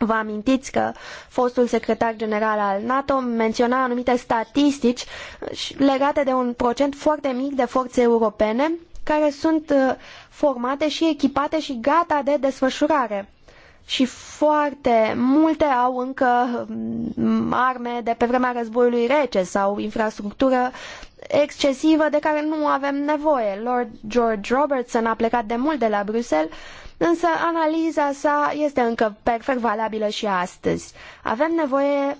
Vă amintiți că fostul secretar general al NATO menționa anumite statistici legate de un procent foarte mic de forțe europene care sunt uh, formate și echipate și gata de desfășurare. Și foarte multe au încă mm, arme de pe vremea războiului rece sau infrastructură excesivă de care nu avem nevoie. Lord George Robertson a plecat de mult de la Bruxelles însă analiza sa este încă perfect valabilă și astăzi. Avem nevoie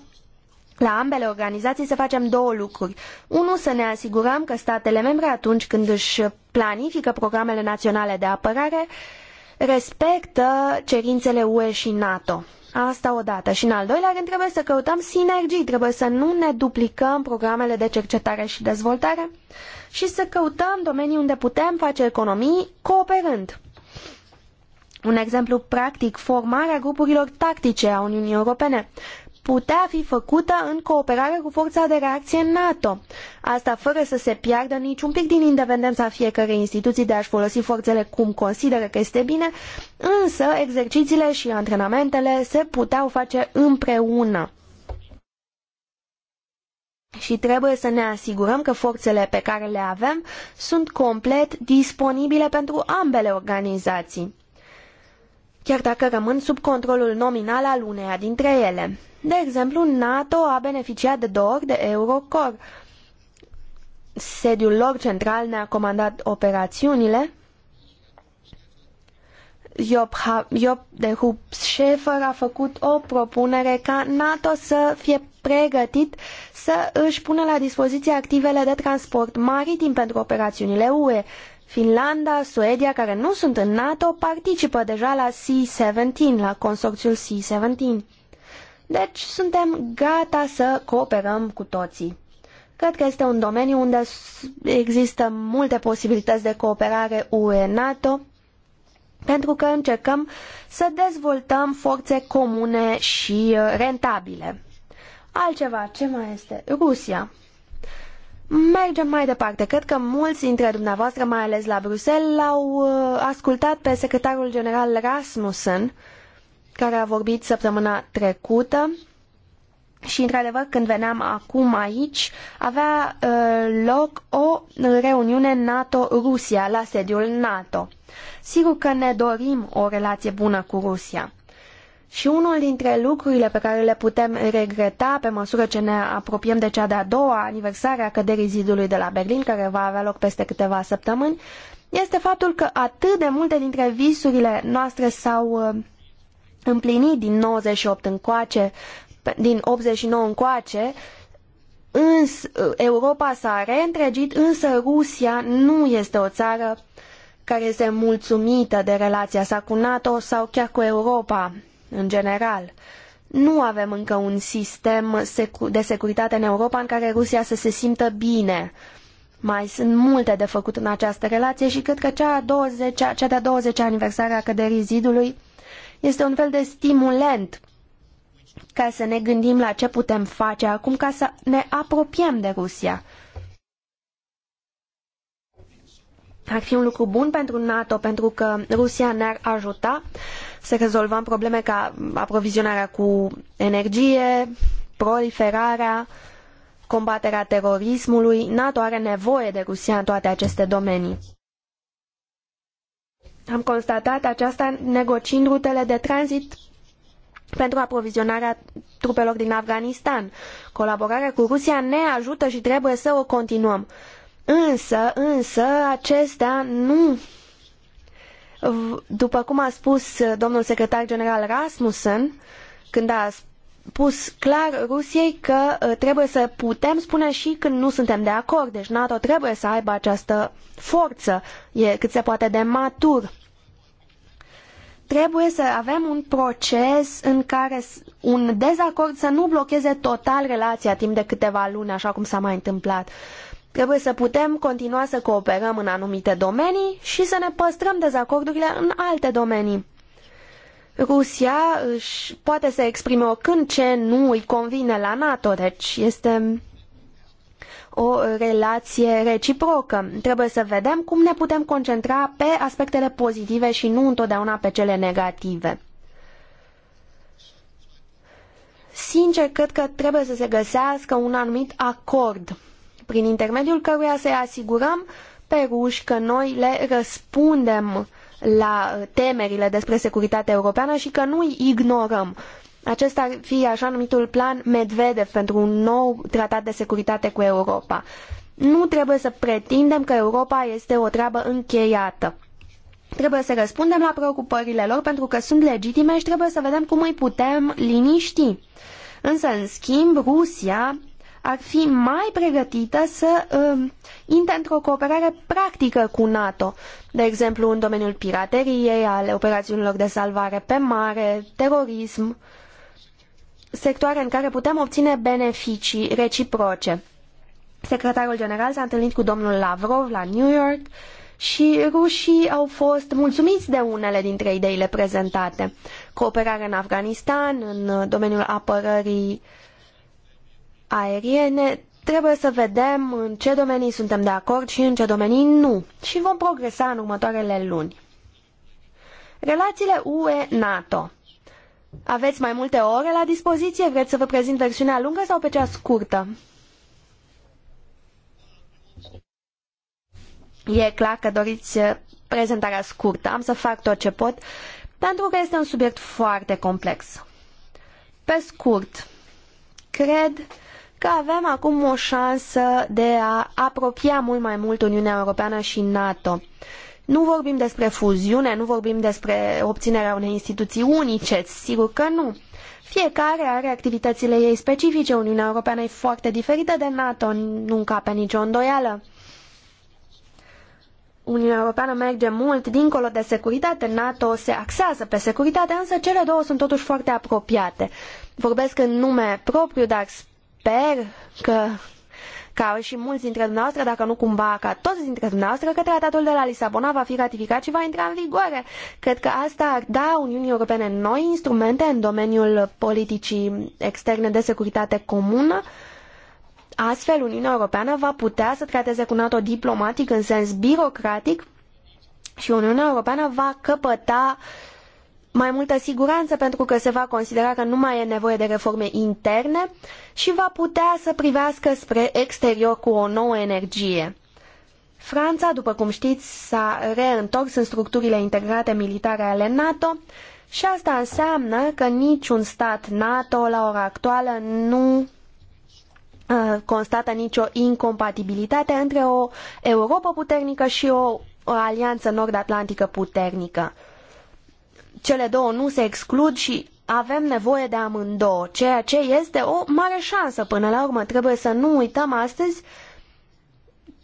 la ambele organizații să facem două lucruri. Unu, să ne asigurăm că statele membre, atunci când își planifică programele naționale de apărare, respectă cerințele UE și NATO. Asta odată. Și în al doilea rând trebuie să căutăm sinergii, trebuie să nu ne duplicăm programele de cercetare și dezvoltare și să căutăm domenii unde putem face economii cooperând. Un exemplu practic, formarea grupurilor tactice a Uniunii Europene putea fi făcută în cooperare cu forța de reacție NATO. Asta fără să se piardă niciun pic din independența fiecărei instituții de a-și folosi forțele cum consideră că este bine, însă exercițiile și antrenamentele se puteau face împreună. Și trebuie să ne asigurăm că forțele pe care le avem sunt complet disponibile pentru ambele organizații chiar dacă rămân sub controlul nominal al uneia dintre ele. De exemplu, NATO a beneficiat de două ori de Eurocor. Sediul lor central ne-a comandat operațiunile. Job, Job de Hub Schaefer a făcut o propunere ca NATO să fie pregătit să își pună la dispoziție activele de transport maritim pentru operațiunile UE Finlanda, Suedia, care nu sunt în NATO, participă deja la C-17, la consorțiul C-17. Deci suntem gata să cooperăm cu toții. Cred că este un domeniu unde există multe posibilități de cooperare UE-NATO, pentru că încercăm să dezvoltăm forțe comune și uh, rentabile. Altceva, ce mai este? Rusia. Mergem mai departe. Cred că mulți dintre dumneavoastră, mai ales la Bruxelles, l-au uh, ascultat pe secretarul general Rasmussen, care a vorbit săptămâna trecută și, într-adevăr, când veneam acum aici, avea uh, loc o reuniune NATO-Rusia la sediul NATO. Sigur că ne dorim o relație bună cu Rusia. Și unul dintre lucrurile pe care le putem regreta pe măsură ce ne apropiem de cea de-a doua aniversare a căderii zidului de la Berlin, care va avea loc peste câteva săptămâni, este faptul că atât de multe dintre visurile noastre s-au uh, împlinit din 98 încoace, din 89 încoace, uh, Europa s-a reîntregit, însă Rusia nu este o țară care este mulțumită de relația sa cu NATO sau chiar cu Europa în general. Nu avem încă un sistem de securitate în Europa în care Rusia să se simtă bine. Mai sunt multe de făcut în această relație și cred că cea, 20, cea de-a 20 -a aniversare a căderii zidului este un fel de stimulent ca să ne gândim la ce putem face acum ca să ne apropiem de Rusia. ar fi un lucru bun pentru NATO, pentru că Rusia ne-ar ajuta să rezolvăm probleme ca aprovizionarea cu energie, proliferarea, combaterea terorismului. NATO are nevoie de Rusia în toate aceste domenii. Am constatat aceasta negociind rutele de tranzit pentru aprovizionarea trupelor din Afganistan. Colaborarea cu Rusia ne ajută și trebuie să o continuăm. Însă, însă, acestea nu, după cum a spus domnul secretar general Rasmussen, când a spus clar Rusiei că uh, trebuie să putem spune și când nu suntem de acord. Deci NATO trebuie să aibă această forță, e cât se poate de matur. Trebuie să avem un proces în care un dezacord să nu blocheze total relația timp de câteva luni, așa cum s-a mai întâmplat. Uh, Trebuie să putem continua să cooperăm în anumite domenii și să ne păstrăm dezacordurile în alte domenii. Rusia își poate să exprime oricând ce nu îi convine la NATO, deci este o relație reciprocă. Trebuie să vedem cum ne putem concentra pe aspectele pozitive și nu întotdeauna pe cele negative. Sincer, cred că trebuie să se găsească un anumit acord prin intermediul căruia să asigurăm pe ruși că noi le răspundem la temerile despre securitatea europeană și că nu îi ignorăm. Acesta ar fi așa numitul plan Medvedev pentru un nou tratat de securitate cu Europa. Nu trebuie să pretindem că Europa este o treabă încheiată. Trebuie să răspundem la preocupările lor pentru că sunt legitime și trebuie să vedem cum îi putem liniști. Însă, în schimb, Rusia ar fi mai pregătită să uh, intre într-o cooperare practică cu NATO, de exemplu în domeniul pirateriei, ale operațiunilor de salvare pe mare, terorism, sectoare în care putem obține beneficii reciproce. Secretarul general s-a întâlnit cu domnul Lavrov la New York și rușii au fost mulțumiți de unele dintre ideile prezentate. Cooperare în Afganistan, în domeniul apărării uh, aeriene, trebuie să vedem în ce domenii suntem de acord și în ce domenii nu și vom progresa în următoarele luni. Relațiile UE-NATO Aveți mai multe ore la dispoziție? Vreți să vă prezint versiunea lungă sau pe cea scurtă? E clar că doriți uh, prezentarea scurtă. Am să fac tot ce pot, pentru că este un subiect foarte complex. Pe scurt, cred că avem acum o șansă de a apropia mult mai mult Uniunea Europeană și NATO. Nu vorbim despre fuziune, nu vorbim despre obținerea unei instituții unice, sigur că nu. Fiecare are activitățile ei specifice, Uniunea Europeană e foarte diferită de NATO, nu încape nicio îndoială. Uniunea Europeană merge mult dincolo de securitate, NATO se axează pe securitate, însă cele două sunt totuși foarte apropiate. Vorbesc în nume propriu, dar sper că ca și mulți dintre dumneavoastră, dacă nu cumva ca toți dintre dumneavoastră, că tratatul de la Lisabona va fi ratificat și va intra în vigoare. Cred că asta ar da Uniunii Europene noi instrumente în domeniul politicii externe de securitate comună. Astfel, Uniunea Europeană va putea să trateze cu NATO diplomatic în sens birocratic și Uniunea Europeană va căpăta uh, mai multă siguranță pentru că se va considera că nu mai e nevoie de reforme interne și va putea să privească spre exterior cu o nouă energie. Franța, după cum știți, s-a reîntors în structurile integrate militare ale NATO și asta înseamnă că niciun stat NATO la ora actuală nu uh, constată nicio incompatibilitate între o Europa puternică și o, o alianță nord-atlantică puternică cele două nu se exclud și avem nevoie de amândouă, ceea ce este o mare șansă până la urmă. Trebuie să nu uităm astăzi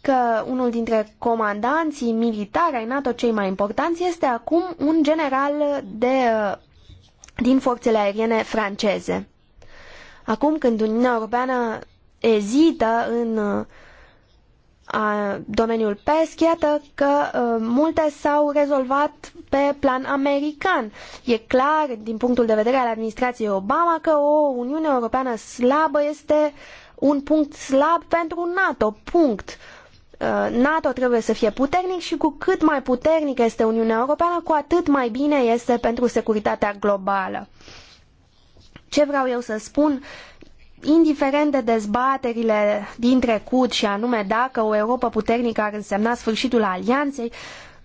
că unul dintre comandanții militari ai NATO cei mai importanți este acum un general de, din forțele aeriene franceze. Acum când Uniunea Europeană ezită în domeniul PESC, iată că multe s-au rezolvat pe plan american. E clar, din punctul de vedere al administrației Obama, că o Uniune Europeană slabă este un punct slab pentru NATO, punct. NATO trebuie să fie puternic și cu cât mai puternică este Uniunea Europeană, cu atât mai bine este pentru securitatea globală. Ce vreau eu să spun indiferent de dezbaterile din trecut și anume dacă o Europa puternică ar însemna sfârșitul alianței,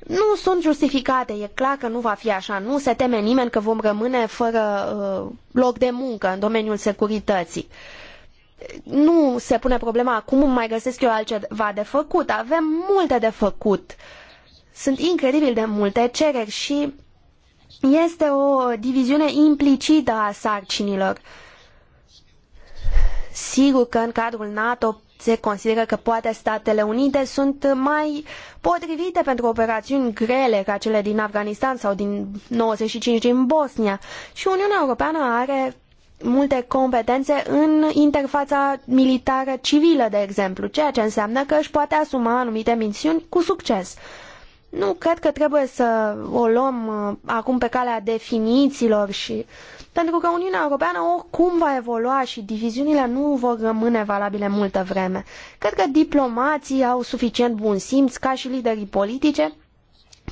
nu sunt justificate. E clar că nu va fi așa. Nu se teme nimeni că vom rămâne fără uh, loc de muncă în domeniul securității. Nu se pune problema cum mai găsesc eu altceva de făcut. Avem multe de făcut. Sunt incredibil de multe cereri și este o diviziune implicită a sarcinilor. Uh, Sigur că în cadrul NATO se consideră că poate Statele Unite sunt mai potrivite pentru operațiuni grele ca cele din Afganistan sau din 95 din Bosnia și Uniunea Europeană are multe competențe în interfața militară civilă, de exemplu, ceea ce înseamnă că își poate asuma anumite misiuni cu succes. Nu, cred că trebuie să o luăm uh, acum pe calea definițiilor și pentru că Uniunea Europeană oricum va evolua și diviziunile nu vor rămâne valabile multă vreme. Cred că diplomații au suficient bun simț ca și liderii politice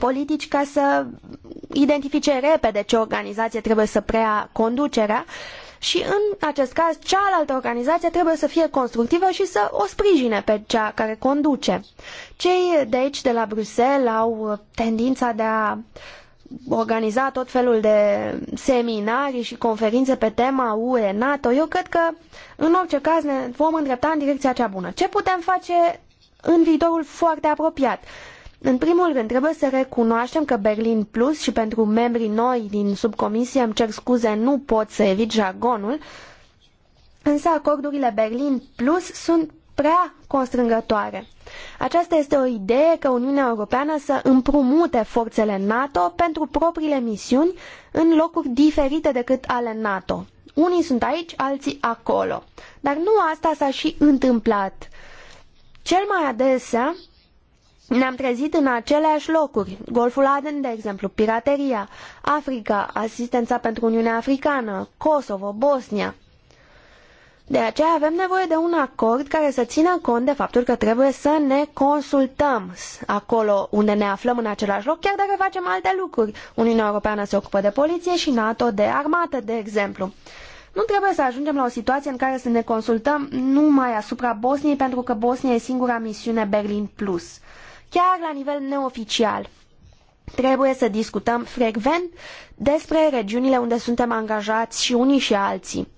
politici ca să identifice repede ce organizație trebuie să preia conducerea și în acest caz cealaltă organizație trebuie să fie constructivă și să o sprijine pe cea care conduce. Cei de aici, de la Bruxelles, au uh, tendința de a organiza tot felul de seminarii și conferințe pe tema UE, NATO. Eu cred că, în orice caz, ne vom îndrepta în direcția cea bună. Ce putem face în viitorul foarte apropiat? În primul rând, trebuie să recunoaștem că Berlin Plus și pentru membrii noi din subcomisie, îmi cer scuze, nu pot să evit jargonul, însă acordurile Berlin Plus sunt prea constrângătoare. Aceasta este o idee că Uniunea Europeană să împrumute forțele NATO pentru propriile misiuni în locuri diferite decât ale NATO. Unii sunt aici, alții acolo. Dar nu asta s-a și întâmplat. Cel mai adesea, ne-am trezit în aceleași locuri. Golful Aden, de exemplu, pirateria, Africa, asistența pentru Uniunea Africană, Kosovo, Bosnia. De aceea avem nevoie de un acord care să țină cont de faptul că trebuie să ne consultăm acolo unde ne aflăm în același loc, chiar dacă facem alte lucruri. Uniunea Europeană se ocupă de poliție și NATO de armată, de exemplu. Nu trebuie să ajungem la o situație în care să ne consultăm numai asupra Bosniei, pentru că Bosnia e singura misiune Berlin Plus chiar la nivel neoficial. Trebuie să discutăm frecvent despre regiunile unde suntem angajați și unii și alții.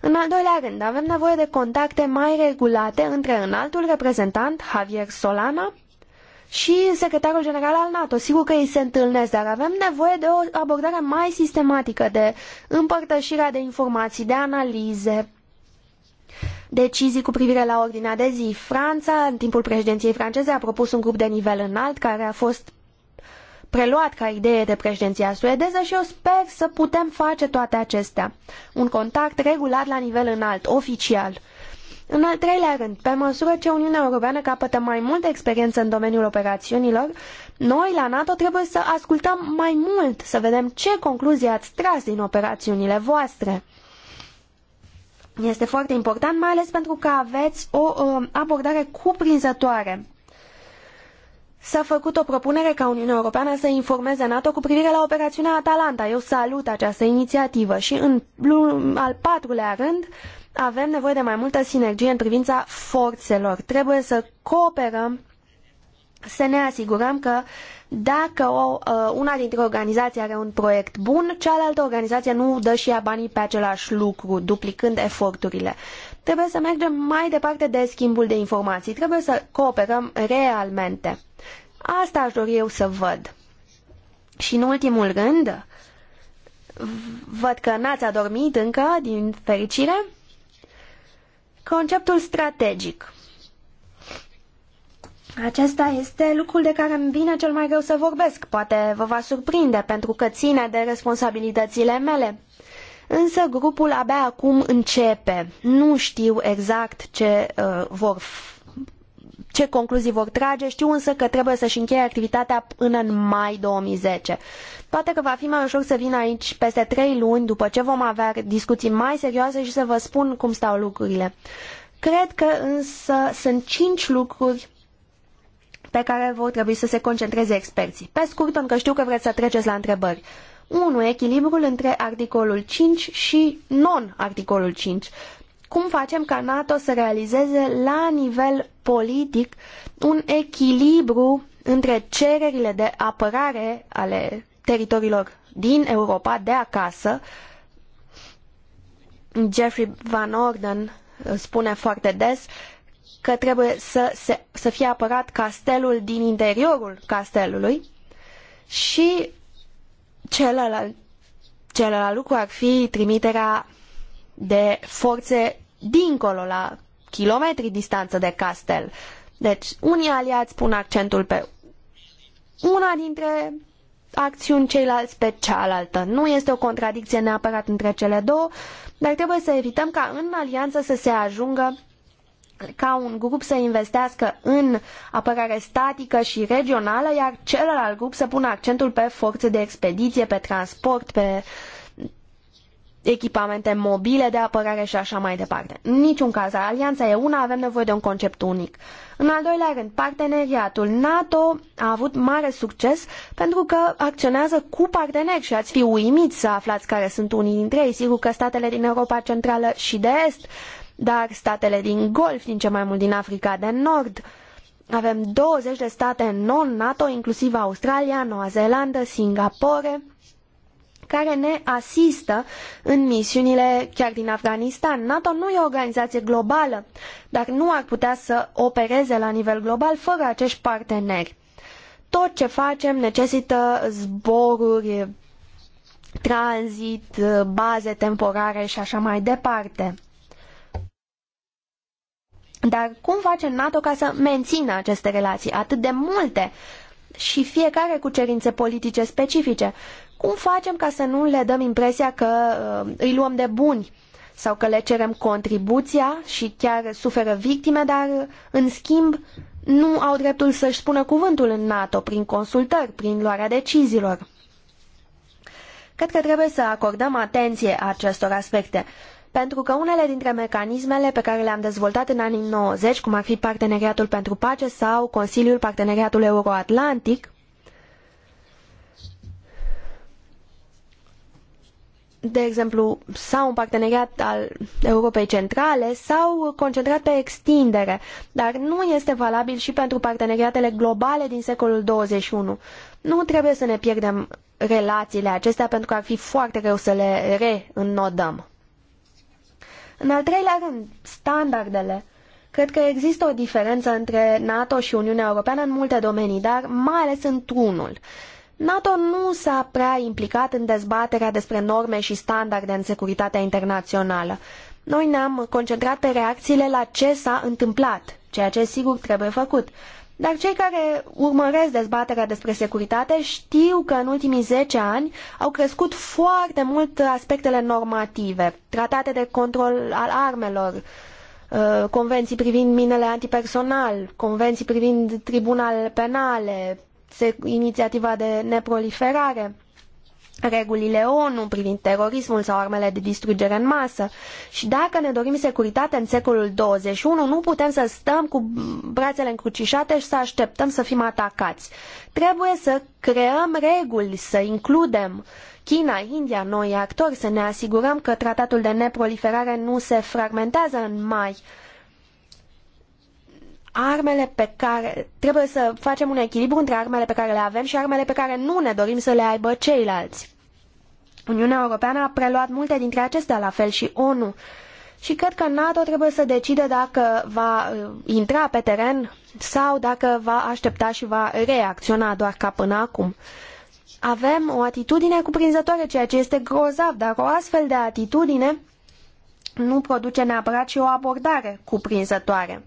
În al doilea rând, avem nevoie de contacte mai regulate între înaltul reprezentant, Javier Solana, și secretarul general al NATO. Sigur că ei se întâlnesc, dar avem nevoie de o abordare mai sistematică de împărtășirea de informații, de analize, decizii cu privire la ordinea de zi. Franța, în timpul președinției franceze, a propus un grup de nivel înalt care a fost preluat ca idee de președinția suedeză și eu sper să putem face toate acestea. Un contact regulat la nivel înalt, oficial. În al treilea rând, pe măsură ce Uniunea Europeană capătă mai multă experiență în domeniul operațiunilor, noi la NATO trebuie să ascultăm mai mult, să vedem ce concluzii ați tras din operațiunile voastre. Este foarte important, mai ales pentru că aveți o um, abordare cuprinzătoare. S-a făcut o propunere ca Uniunea Europeană să informeze NATO cu privire la operațiunea Atalanta. Eu salut această inițiativă și în al patrulea rând avem nevoie de mai multă sinergie în privința forțelor. Trebuie să cooperăm, să ne asigurăm că dacă o, uh, una dintre organizații are un proiect bun, cealaltă organizație nu dă și ea banii pe același lucru, duplicând eforturile. Trebuie să mergem mai departe de schimbul de informații, trebuie să cooperăm realmente. Asta aș dori eu să văd. Și în ultimul rând, văd că n-ați adormit încă, din fericire, conceptul strategic. Acesta este lucrul de care îmi vine cel mai greu să vorbesc. Poate vă va surprinde, pentru că ține de responsabilitățile mele. Însă grupul abia acum începe. Nu știu exact ce uh, vor ce concluzii vor trage, știu însă că trebuie să-și încheie activitatea până în mai 2010. Poate că va fi mai ușor să vin aici peste trei luni, după ce vom avea discuții mai serioase și să vă spun cum stau lucrurile. Cred că însă sunt cinci lucruri pe care vor trebui să se concentreze experții. Pe scurt, pentru că știu că vreți să treceți la întrebări. 1. Echilibrul între articolul 5 și non-articolul 5. Cum facem ca NATO să realizeze la nivel politic un echilibru între cererile de apărare ale teritoriilor din Europa, de acasă, Jeffrey Van Orden spune foarte des, că trebuie să, se, să fie apărat castelul din interiorul castelului și celălalt, celălalt lucru ar fi trimiterea de forțe dincolo, la kilometri distanță de castel. Deci, unii aliați pun accentul pe una dintre acțiuni, ceilalți pe cealaltă. Nu este o contradicție neapărat între cele două, dar trebuie să evităm ca în alianță să se ajungă ca un grup să investească în apărare statică și regională, iar celălalt grup să pună accentul pe forțe de expediție, pe transport, pe echipamente mobile de apărare și așa mai departe. În niciun caz, alianța e una, avem nevoie de un concept unic. În al doilea rând, parteneriatul NATO a avut mare succes pentru că acționează cu parteneri și ați fi uimiți să aflați care sunt unii dintre ei. Sigur că statele din Europa Centrală și de Est dar statele din Golf, din ce mai mult din Africa de Nord. Avem 20 de state non-NATO, inclusiv Australia, Noua Zeelandă, Singapore, care ne asistă în misiunile chiar din Afganistan. NATO nu e o organizație globală, dar nu ar putea să opereze la nivel global fără acești parteneri. Tot ce facem necesită zboruri, tranzit, baze temporare și așa mai departe. Dar cum face NATO ca să mențină aceste relații atât de multe și fiecare cu cerințe politice specifice? Cum facem ca să nu le dăm impresia că uh, îi luăm de buni sau că le cerem contribuția și chiar suferă victime, dar uh, în schimb nu au dreptul să-și spună cuvântul în NATO prin consultări, prin luarea deciziilor? Cred că trebuie să acordăm atenție acestor aspecte pentru că unele dintre mecanismele pe care le-am dezvoltat în anii 90, cum ar fi Parteneriatul pentru Pace sau Consiliul Parteneriatul Euroatlantic, de exemplu, sau un parteneriat al Europei Centrale, s-au concentrat pe extindere, dar nu este valabil și pentru parteneriatele globale din secolul 21. Nu trebuie să ne pierdem relațiile acestea pentru că ar fi foarte greu să le reînnodăm. În al treilea rând, standardele. Cred că există o diferență între NATO și Uniunea Europeană în multe domenii, dar mai ales într-unul. NATO nu s-a prea implicat în dezbaterea despre norme și standarde în securitatea internațională. Noi ne-am concentrat pe reacțiile la ce s-a întâmplat, ceea ce sigur trebuie făcut. Dar cei care urmăresc dezbaterea despre securitate știu că în ultimii zece ani au crescut foarte mult aspectele normative, tratate de control al armelor, uh, convenții privind minele antipersonal, convenții privind tribunalele penale, inițiativa de neproliferare regulile ONU privind terorismul sau armele de distrugere în masă. Și dacă ne dorim securitate în secolul 21, nu putem să stăm cu brațele încrucișate și să așteptăm să fim atacați. Trebuie să creăm reguli, să includem China, India, noi actori, să ne asigurăm că tratatul de neproliferare nu se fragmentează în mai. Armele pe care trebuie să facem un echilibru între armele pe care le avem și armele pe care nu ne dorim să le aibă ceilalți. Uniunea Europeană a preluat multe dintre acestea, la fel și ONU. Și cred că NATO trebuie să decide dacă va uh, intra pe teren sau dacă va aștepta și va reacționa doar ca până acum. Avem o atitudine cuprinzătoare, ceea ce este grozav, dar o astfel de atitudine nu produce neapărat și o abordare cuprinzătoare.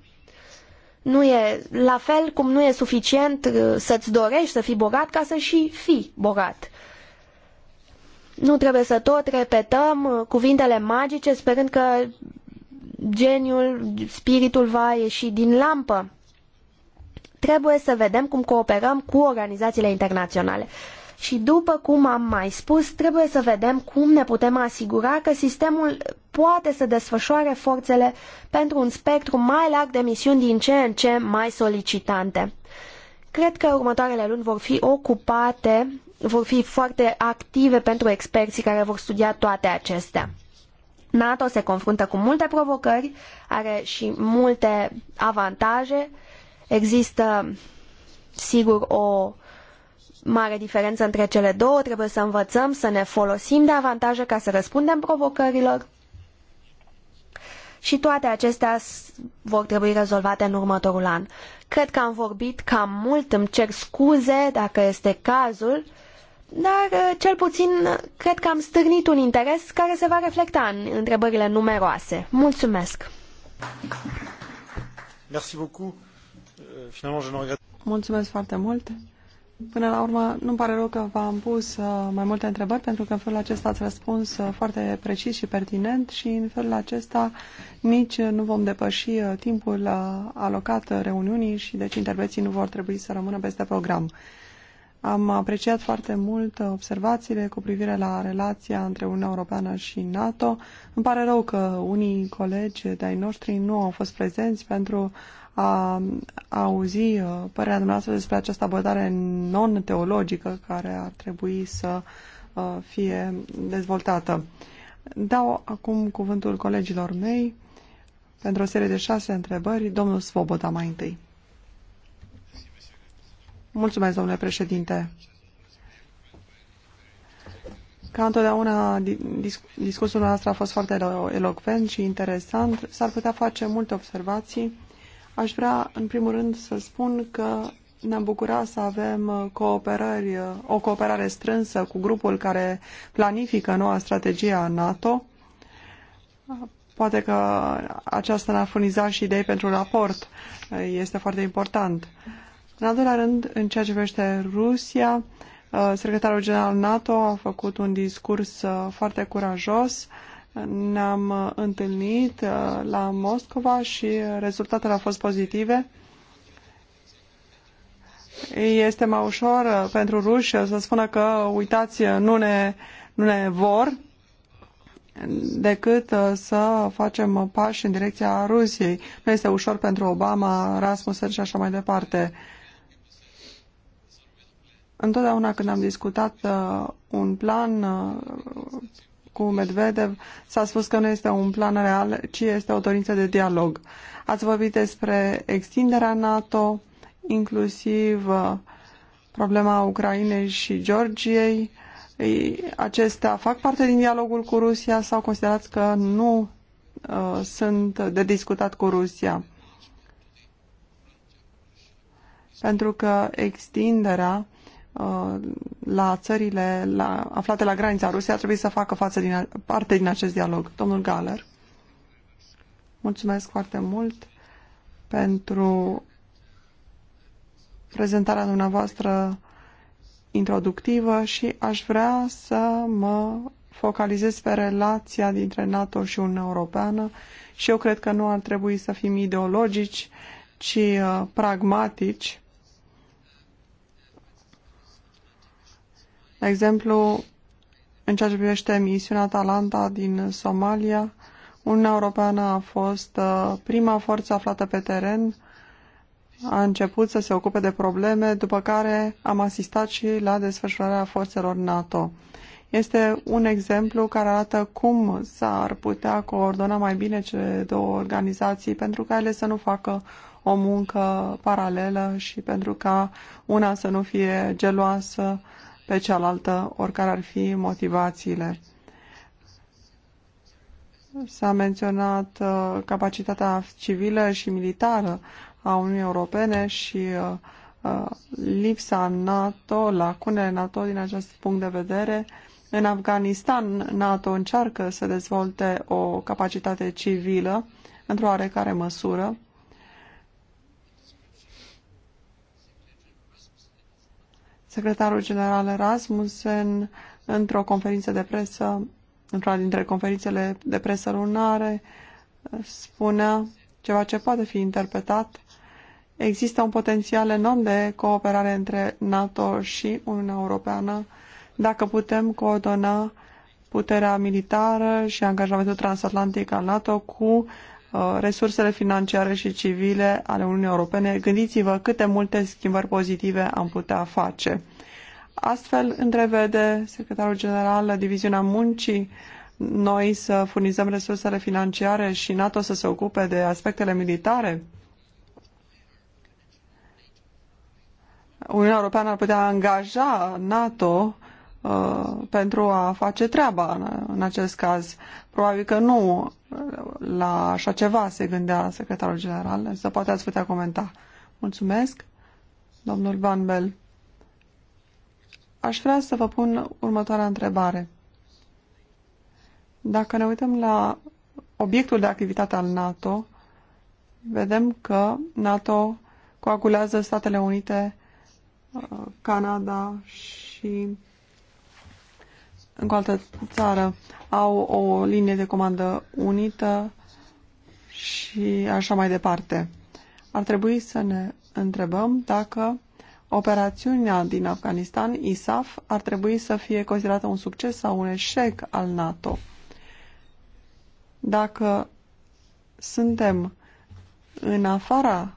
Nu e la fel cum nu e suficient uh, să-ți dorești să fii bogat ca să și fii bogat. Nu trebuie să tot repetăm uh, cuvintele magice sperând că geniul, spiritul va ieși din lampă. Trebuie să vedem cum cooperăm cu organizațiile internaționale. Și după cum am mai spus, trebuie să vedem cum ne putem asigura că sistemul poate să desfășoare forțele pentru un spectru mai larg de misiuni din ce în ce mai solicitante. Cred că următoarele luni vor fi ocupate vor fi foarte active pentru experții care vor studia toate acestea. NATO se confruntă cu multe provocări, are și multe avantaje. Există, sigur, o mare diferență între cele două. Trebuie să învățăm să ne folosim de avantaje ca să răspundem provocărilor. Și toate acestea vor trebui rezolvate în următorul an. Cred că am vorbit cam mult, îmi cer scuze dacă este cazul. Uh, dar uh, cel puțin cred că am stârnit un interes care se va reflecta în întrebările numeroase. Mulțumesc! Euh, Mulțumesc foarte mult! Până la urmă, nu-mi pare rău că v-am pus uh, mai multe întrebări, pentru că în felul acesta ați răspuns uh, foarte precis și pertinent și în felul acesta nici nu vom depăși timpul alocat reuniunii și deci intervenții nu vor trebui să rămână peste program. Am apreciat foarte mult observațiile cu privire la relația între Uniunea Europeană și NATO. Îmi pare rău că unii colegi de-ai noștri nu au fost prezenți pentru a, auzi părerea dumneavoastră despre această abordare non-teologică care ar trebui să uh, fie dezvoltată. Dau acum cuvântul colegilor mei pentru o serie de șase întrebări. Domnul Svoboda mai întâi. Mulțumesc, domnule președinte. Ca întotdeauna, discursul noastră a fost foarte elocvent și interesant. S-ar putea face multe observații. Aș vrea, în primul rând, să spun că ne-am bucurat să avem cooperări, o cooperare strânsă cu grupul care planifică noua strategie a NATO. Poate că aceasta ne-a furnizat și idei pentru raport. Este foarte important. În al doilea rând, în ceea ce privește Rusia, uh, secretarul general NATO a făcut un discurs uh, foarte curajos. Ne-am uh, întâlnit la Moscova și rezultatele au fost pozitive. Este mai ușor pentru ruși să spună că, uitați, nu ne, nu ne vor, decât să facem pași în direcția Rusiei. Nu este ușor pentru Obama, Rasmussen și așa mai departe. Întotdeauna când am discutat uh, un plan uh, cu Medvedev, s-a spus că nu este un plan real, ci este o dorință de dialog. Ați vorbit despre extinderea NATO, inclusiv uh, problema Ucrainei și Georgiei. Acestea fac parte din dialogul cu Rusia sau considerați că nu uh, sunt de discutat cu Rusia? Pentru că extinderea la țările la, aflate la granița Rusiei ar trebui să facă față din, parte din acest dialog. Domnul Galer. Mulțumesc foarte mult pentru prezentarea dumneavoastră introductivă și aș vrea să mă focalizez pe relația dintre NATO și Uniunea Europeană și eu cred că nu ar trebui să fim ideologici, ci uh, pragmatici exemplu, în ceea ce privește misiunea Atalanta din Somalia, Uniunea Europeană a fost uh, prima forță aflată pe teren, a început să se ocupe de probleme, după care am asistat și la desfășurarea forțelor NATO. Este un exemplu care arată cum s-ar putea coordona mai bine cele două organizații pentru ca ele să nu facă o muncă paralelă și pentru ca una să nu fie geloasă pe cealaltă, oricare ar fi motivațiile. S-a menționat uh, capacitatea civilă și militară a Uniunii Europene și uh, uh, lipsa NATO, lacunele NATO din acest punct de vedere. În Afganistan, NATO încearcă să dezvolte o capacitate civilă într-o oarecare măsură. Secretarul general Erasmussen, într-o conferință de presă, într-una dintre conferințele de presă lunare, spunea ceva ce poate fi interpretat. Există un potențial enorm de cooperare între NATO și Uniunea Europeană dacă putem coordona puterea militară și angajamentul transatlantic al NATO cu Uh, resursele financiare și civile ale Uniunii Europene, gândiți-vă câte multe schimbări pozitive am putea face. Astfel, întrevede secretarul general la Diviziunea Muncii noi să furnizăm resursele financiare și NATO să se ocupe de aspectele militare? Uniunea Europeană ar putea angaja NATO Uh, pentru a face treaba în acest caz. Probabil că nu la așa ceva se gândea secretarul general, însă deci poate ați putea comenta. Mulțumesc, domnul Van Bell. Aș vrea să vă pun următoarea întrebare. Dacă ne uităm la obiectul de activitate al NATO, vedem că NATO coagulează Statele Unite, uh, Canada și în altă țară au o linie de comandă unită și așa mai departe. Ar trebui să ne întrebăm dacă operațiunea din Afganistan, ISAF, ar trebui să fie considerată un succes sau un eșec al NATO. Dacă suntem în afara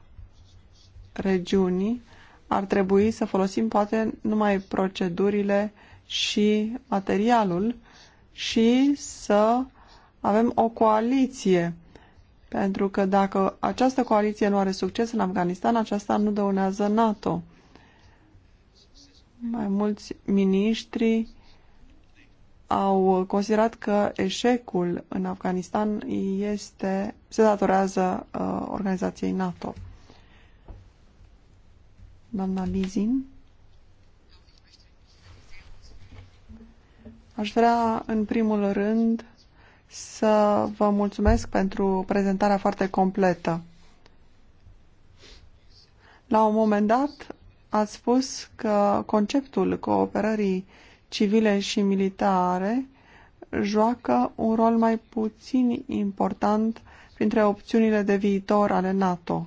regiunii, ar trebui să folosim poate numai procedurile uh, și materialul și să avem o coaliție. Pentru că dacă această coaliție nu are succes în Afganistan, aceasta nu dăunează NATO. Mai mulți miniștri au considerat că eșecul în Afganistan este, se datorează uh, organizației NATO. Doamna Lizin. Aș vrea, în primul rând, să vă mulțumesc pentru prezentarea foarte completă. La un moment dat ați spus că conceptul cooperării civile și militare joacă un rol mai puțin important printre opțiunile de viitor ale NATO.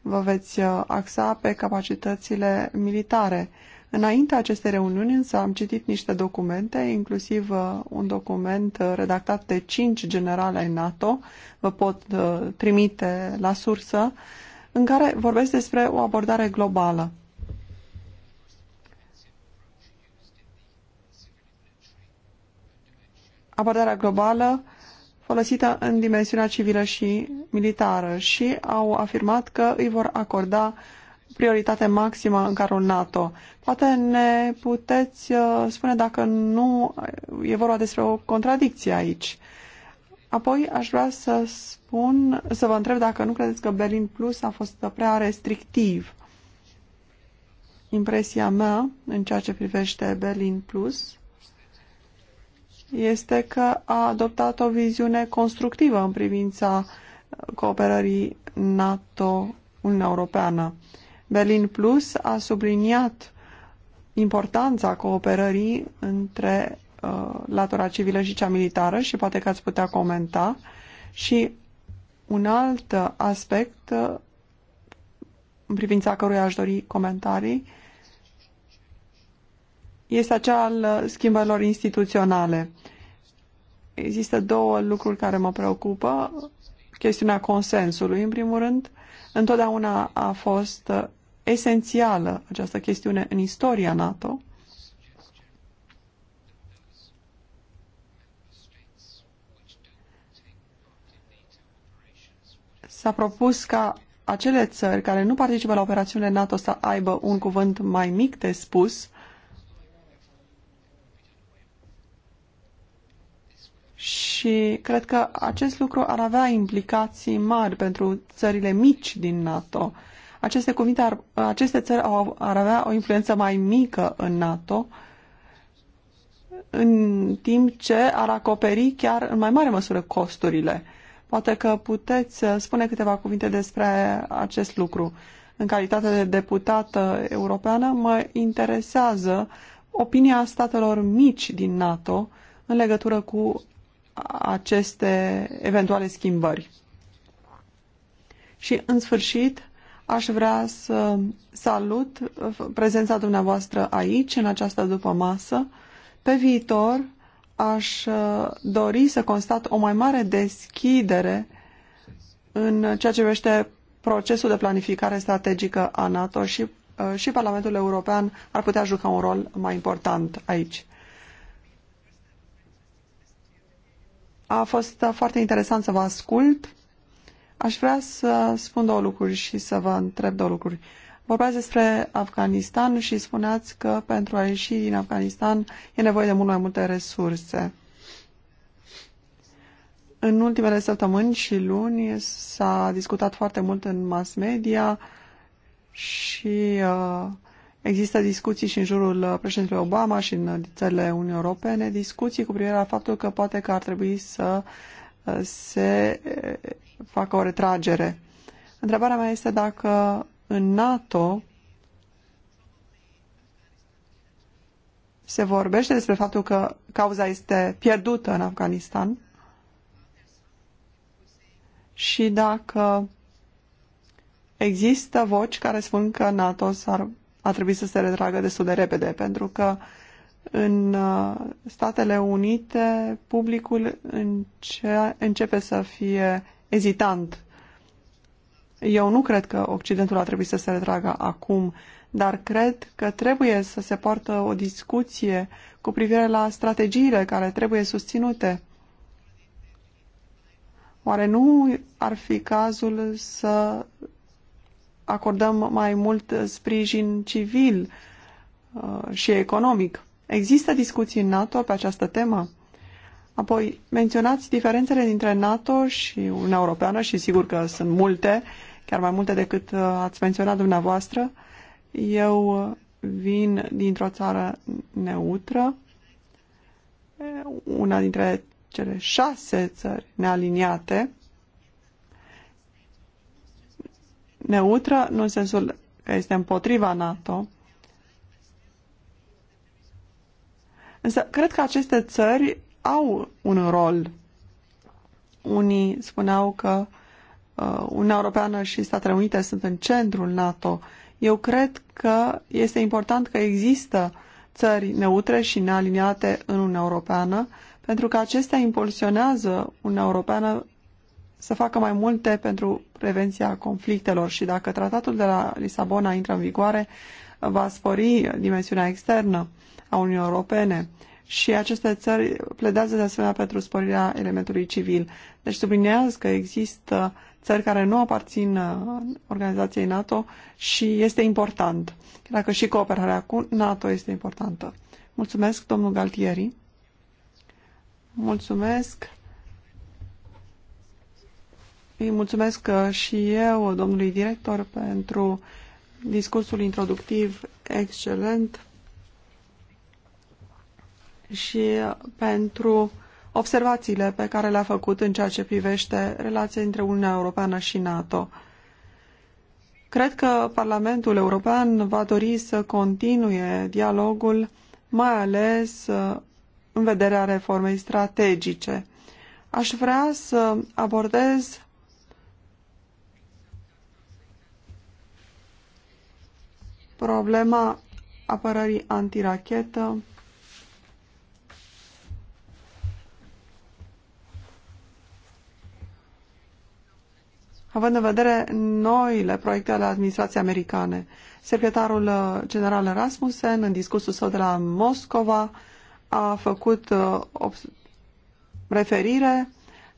Vă veți axa pe capacitățile militare. Înainte acestei reuniuni însă am citit niște documente, inclusiv uh, un document uh, redactat de cinci generale ai NATO, vă pot uh, trimite la sursă, în care vorbesc despre o abordare globală. Abordarea globală folosită în dimensiunea civilă și militară și au afirmat că îi vor acorda uh, prioritate maximă în carul NATO. Poate ne puteți uh, spune dacă nu e vorba despre o contradicție aici. Apoi aș vrea să spun, să vă întreb dacă nu credeți că Berlin Plus a fost prea restrictiv. Impresia mea în ceea ce privește Berlin Plus este că a adoptat o viziune constructivă în privința cooperării NATO-Uniunea Europeană. Berlin Plus a subliniat importanța cooperării între uh, latura civilă și cea militară și poate că ați putea comenta. Și un alt aspect uh, în privința căruia aș dori comentarii este acela al uh, schimbărilor instituționale. Există două lucruri care mă preocupă. Chestiunea consensului, în primul rând, întotdeauna a fost uh, esențială această chestiune în istoria NATO. S-a propus ca acele țări care nu participă la operațiunile NATO să aibă un cuvânt mai mic de spus și cred că acest lucru ar avea implicații mari pentru țările mici din NATO aceste, cuvinte ar, aceste țări au, ar avea o influență mai mică în NATO, în timp ce ar acoperi chiar în mai mare măsură costurile. Poate că puteți uh, spune câteva cuvinte despre acest lucru. În calitate de deputată europeană, mă interesează opinia statelor mici din NATO în legătură cu aceste eventuale schimbări. Și, în sfârșit, Aș vrea să salut prezența dumneavoastră aici, în această dupămasă. Pe viitor aș uh, dori să constat o mai mare deschidere în ceea ce vește procesul de planificare strategică a NATO și, uh, și Parlamentul European ar putea juca un rol mai important aici. A fost foarte interesant să vă ascult Aș vrea să spun două lucruri și să vă întreb două lucruri. Vorbeați despre Afganistan și spuneați că pentru a ieși din Afganistan e nevoie de mult mai multe resurse. În ultimele săptămâni și luni s-a discutat foarte mult în mass media și uh, există discuții și în jurul președintelui Obama și în țările Uniunii Europene, discuții cu privire la faptul că poate că ar trebui să uh, se facă o retragere. Întrebarea mea este dacă în NATO se vorbește despre faptul că cauza este pierdută în Afganistan și dacă există voci care spun că NATO s-ar, a trebuit să se retragă destul de repede, pentru că în uh, Statele Unite publicul înce- începe să fie ezitant. Eu nu cred că Occidentul a trebuit să se retragă acum, dar cred că trebuie să se poartă o discuție cu privire la strategiile care trebuie susținute. Oare nu ar fi cazul să acordăm mai mult sprijin civil uh, și economic? Există discuții în NATO pe această temă? Apoi, menționați diferențele dintre NATO și Uniunea Europeană și sigur că sunt multe, chiar mai multe decât uh, ați menționat dumneavoastră. Eu uh, vin dintr-o țară neutră, uh, una dintre cele șase țări nealiniate. Neutră nu în sensul că este împotriva NATO, Însă, cred că aceste țări au un rol. Unii spuneau că uh, Uniunea Europeană și Statele Unite sunt în centrul NATO. Eu cred că este important că există țări neutre și nealiniate în Uniunea Europeană, pentru că acestea impulsionează Uniunea Europeană să facă mai multe pentru prevenția conflictelor și dacă tratatul de la Lisabona intră în vigoare, va spori dimensiunea externă a Uniunii Europene și aceste țări pledează de asemenea pentru sporirea elementului civil. Deci sublinează că există țări care nu aparțin uh, organizației NATO și este important, dacă și cooperarea cu NATO este importantă. Mulțumesc, domnul Galtieri. Mulțumesc. Îi mulțumesc uh, și eu, domnului director, pentru discursul introductiv excelent și pentru observațiile pe care le-a făcut în ceea ce privește relația dintre Uniunea Europeană și NATO. Cred că Parlamentul European va dori să continue dialogul, mai ales uh, în vederea reformei strategice. Aș vrea să abordez problema apărării antirachetă, având în vedere noile proiecte ale administrației americane. Secretarul uh, general Rasmussen, în discursul său de la Moscova, a făcut uh, referire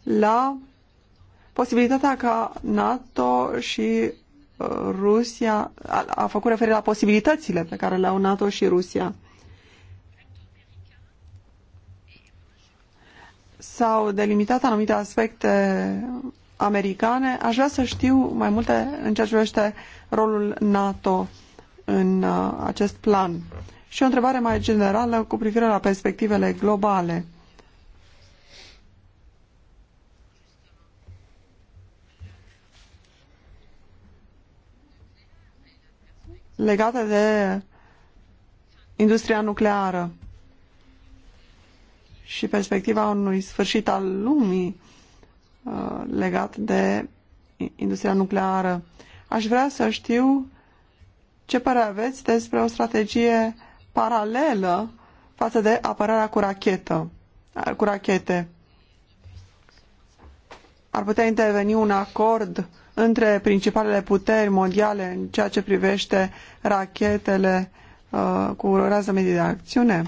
la posibilitatea ca NATO și uh, Rusia, a, a făcut referire la posibilitățile pe care le-au NATO și Rusia. S-au delimitat anumite aspecte americane. Aș vrea să știu mai multe în ceea ce privește rolul NATO în uh, acest plan. Și o întrebare mai generală cu privire la perspectivele globale. legate de industria nucleară și perspectiva unui sfârșit al lumii Uh, legat de industria nucleară. Aș vrea să știu ce părere aveți despre o strategie paralelă față de apărarea cu, rachetă, uh, cu rachete. Ar putea interveni un acord între principalele puteri mondiale în ceea ce privește rachetele uh, cu rază medie de acțiune?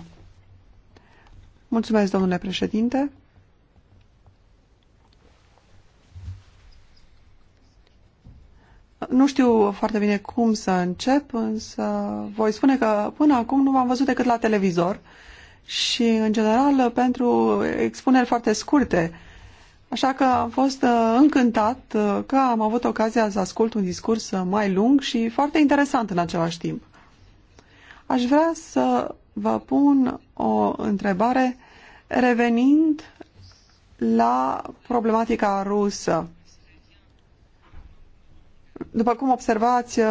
Mulțumesc, domnule președinte. Nu știu foarte bine cum să încep, însă voi spune că până acum nu m-am văzut decât la televizor și, în general, pentru expuneri foarte scurte. Așa că am fost uh, încântat uh, că am avut ocazia să ascult un discurs uh, mai lung și foarte interesant în același timp. Aș vrea să vă pun o întrebare revenind la problematica rusă după cum observați, uh,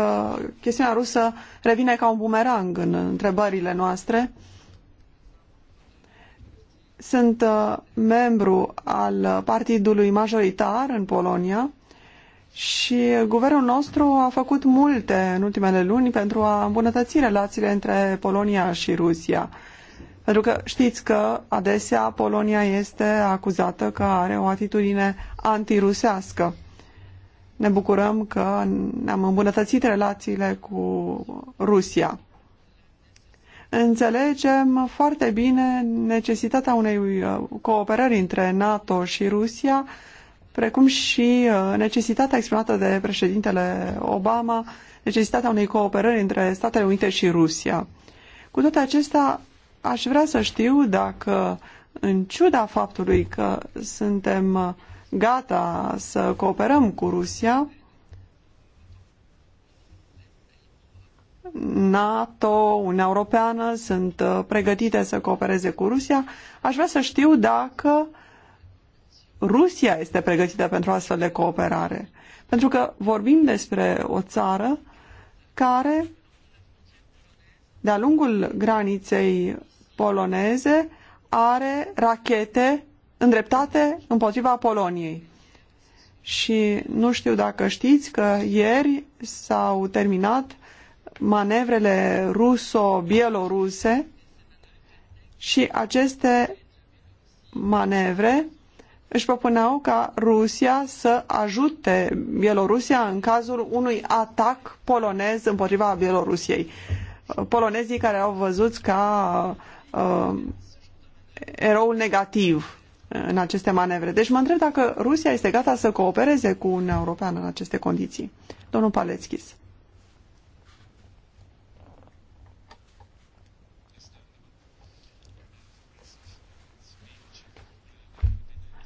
chestiunea rusă revine ca un bumerang în întrebările noastre. Sunt uh, membru al partidului majoritar în Polonia și guvernul nostru a făcut multe în ultimele luni pentru a îmbunătăți relațiile între Polonia și Rusia. Pentru că știți că adesea Polonia este acuzată că are o atitudine antirusească. Ne bucurăm că ne-am îmbunătățit relațiile cu Rusia. Înțelegem foarte bine necesitatea unei uh, cooperări între NATO și Rusia, precum și uh, necesitatea exprimată de președintele Obama, necesitatea unei cooperări între Statele Unite și Rusia. Cu toate acestea, aș vrea să știu dacă, în ciuda faptului că suntem uh, gata să cooperăm cu Rusia, NATO, Uniunea Europeană sunt uh, pregătite să coopereze cu Rusia. Aș vrea să știu dacă Rusia este pregătită pentru astfel de cooperare. Pentru că vorbim despre o țară care, de-a lungul graniței poloneze, are rachete îndreptate împotriva Poloniei. Și nu știu dacă știți că ieri s-au terminat manevrele ruso-bieloruse și aceste manevre își propuneau ca Rusia să ajute Bielorusia în cazul unui atac polonez împotriva Bielorusiei. Polonezii care au văzut ca uh, eroul negativ în aceste manevre. Deci mă întreb dacă Rusia este gata să coopereze cu Uniunea Europeană în aceste condiții. Domnul Paleschis.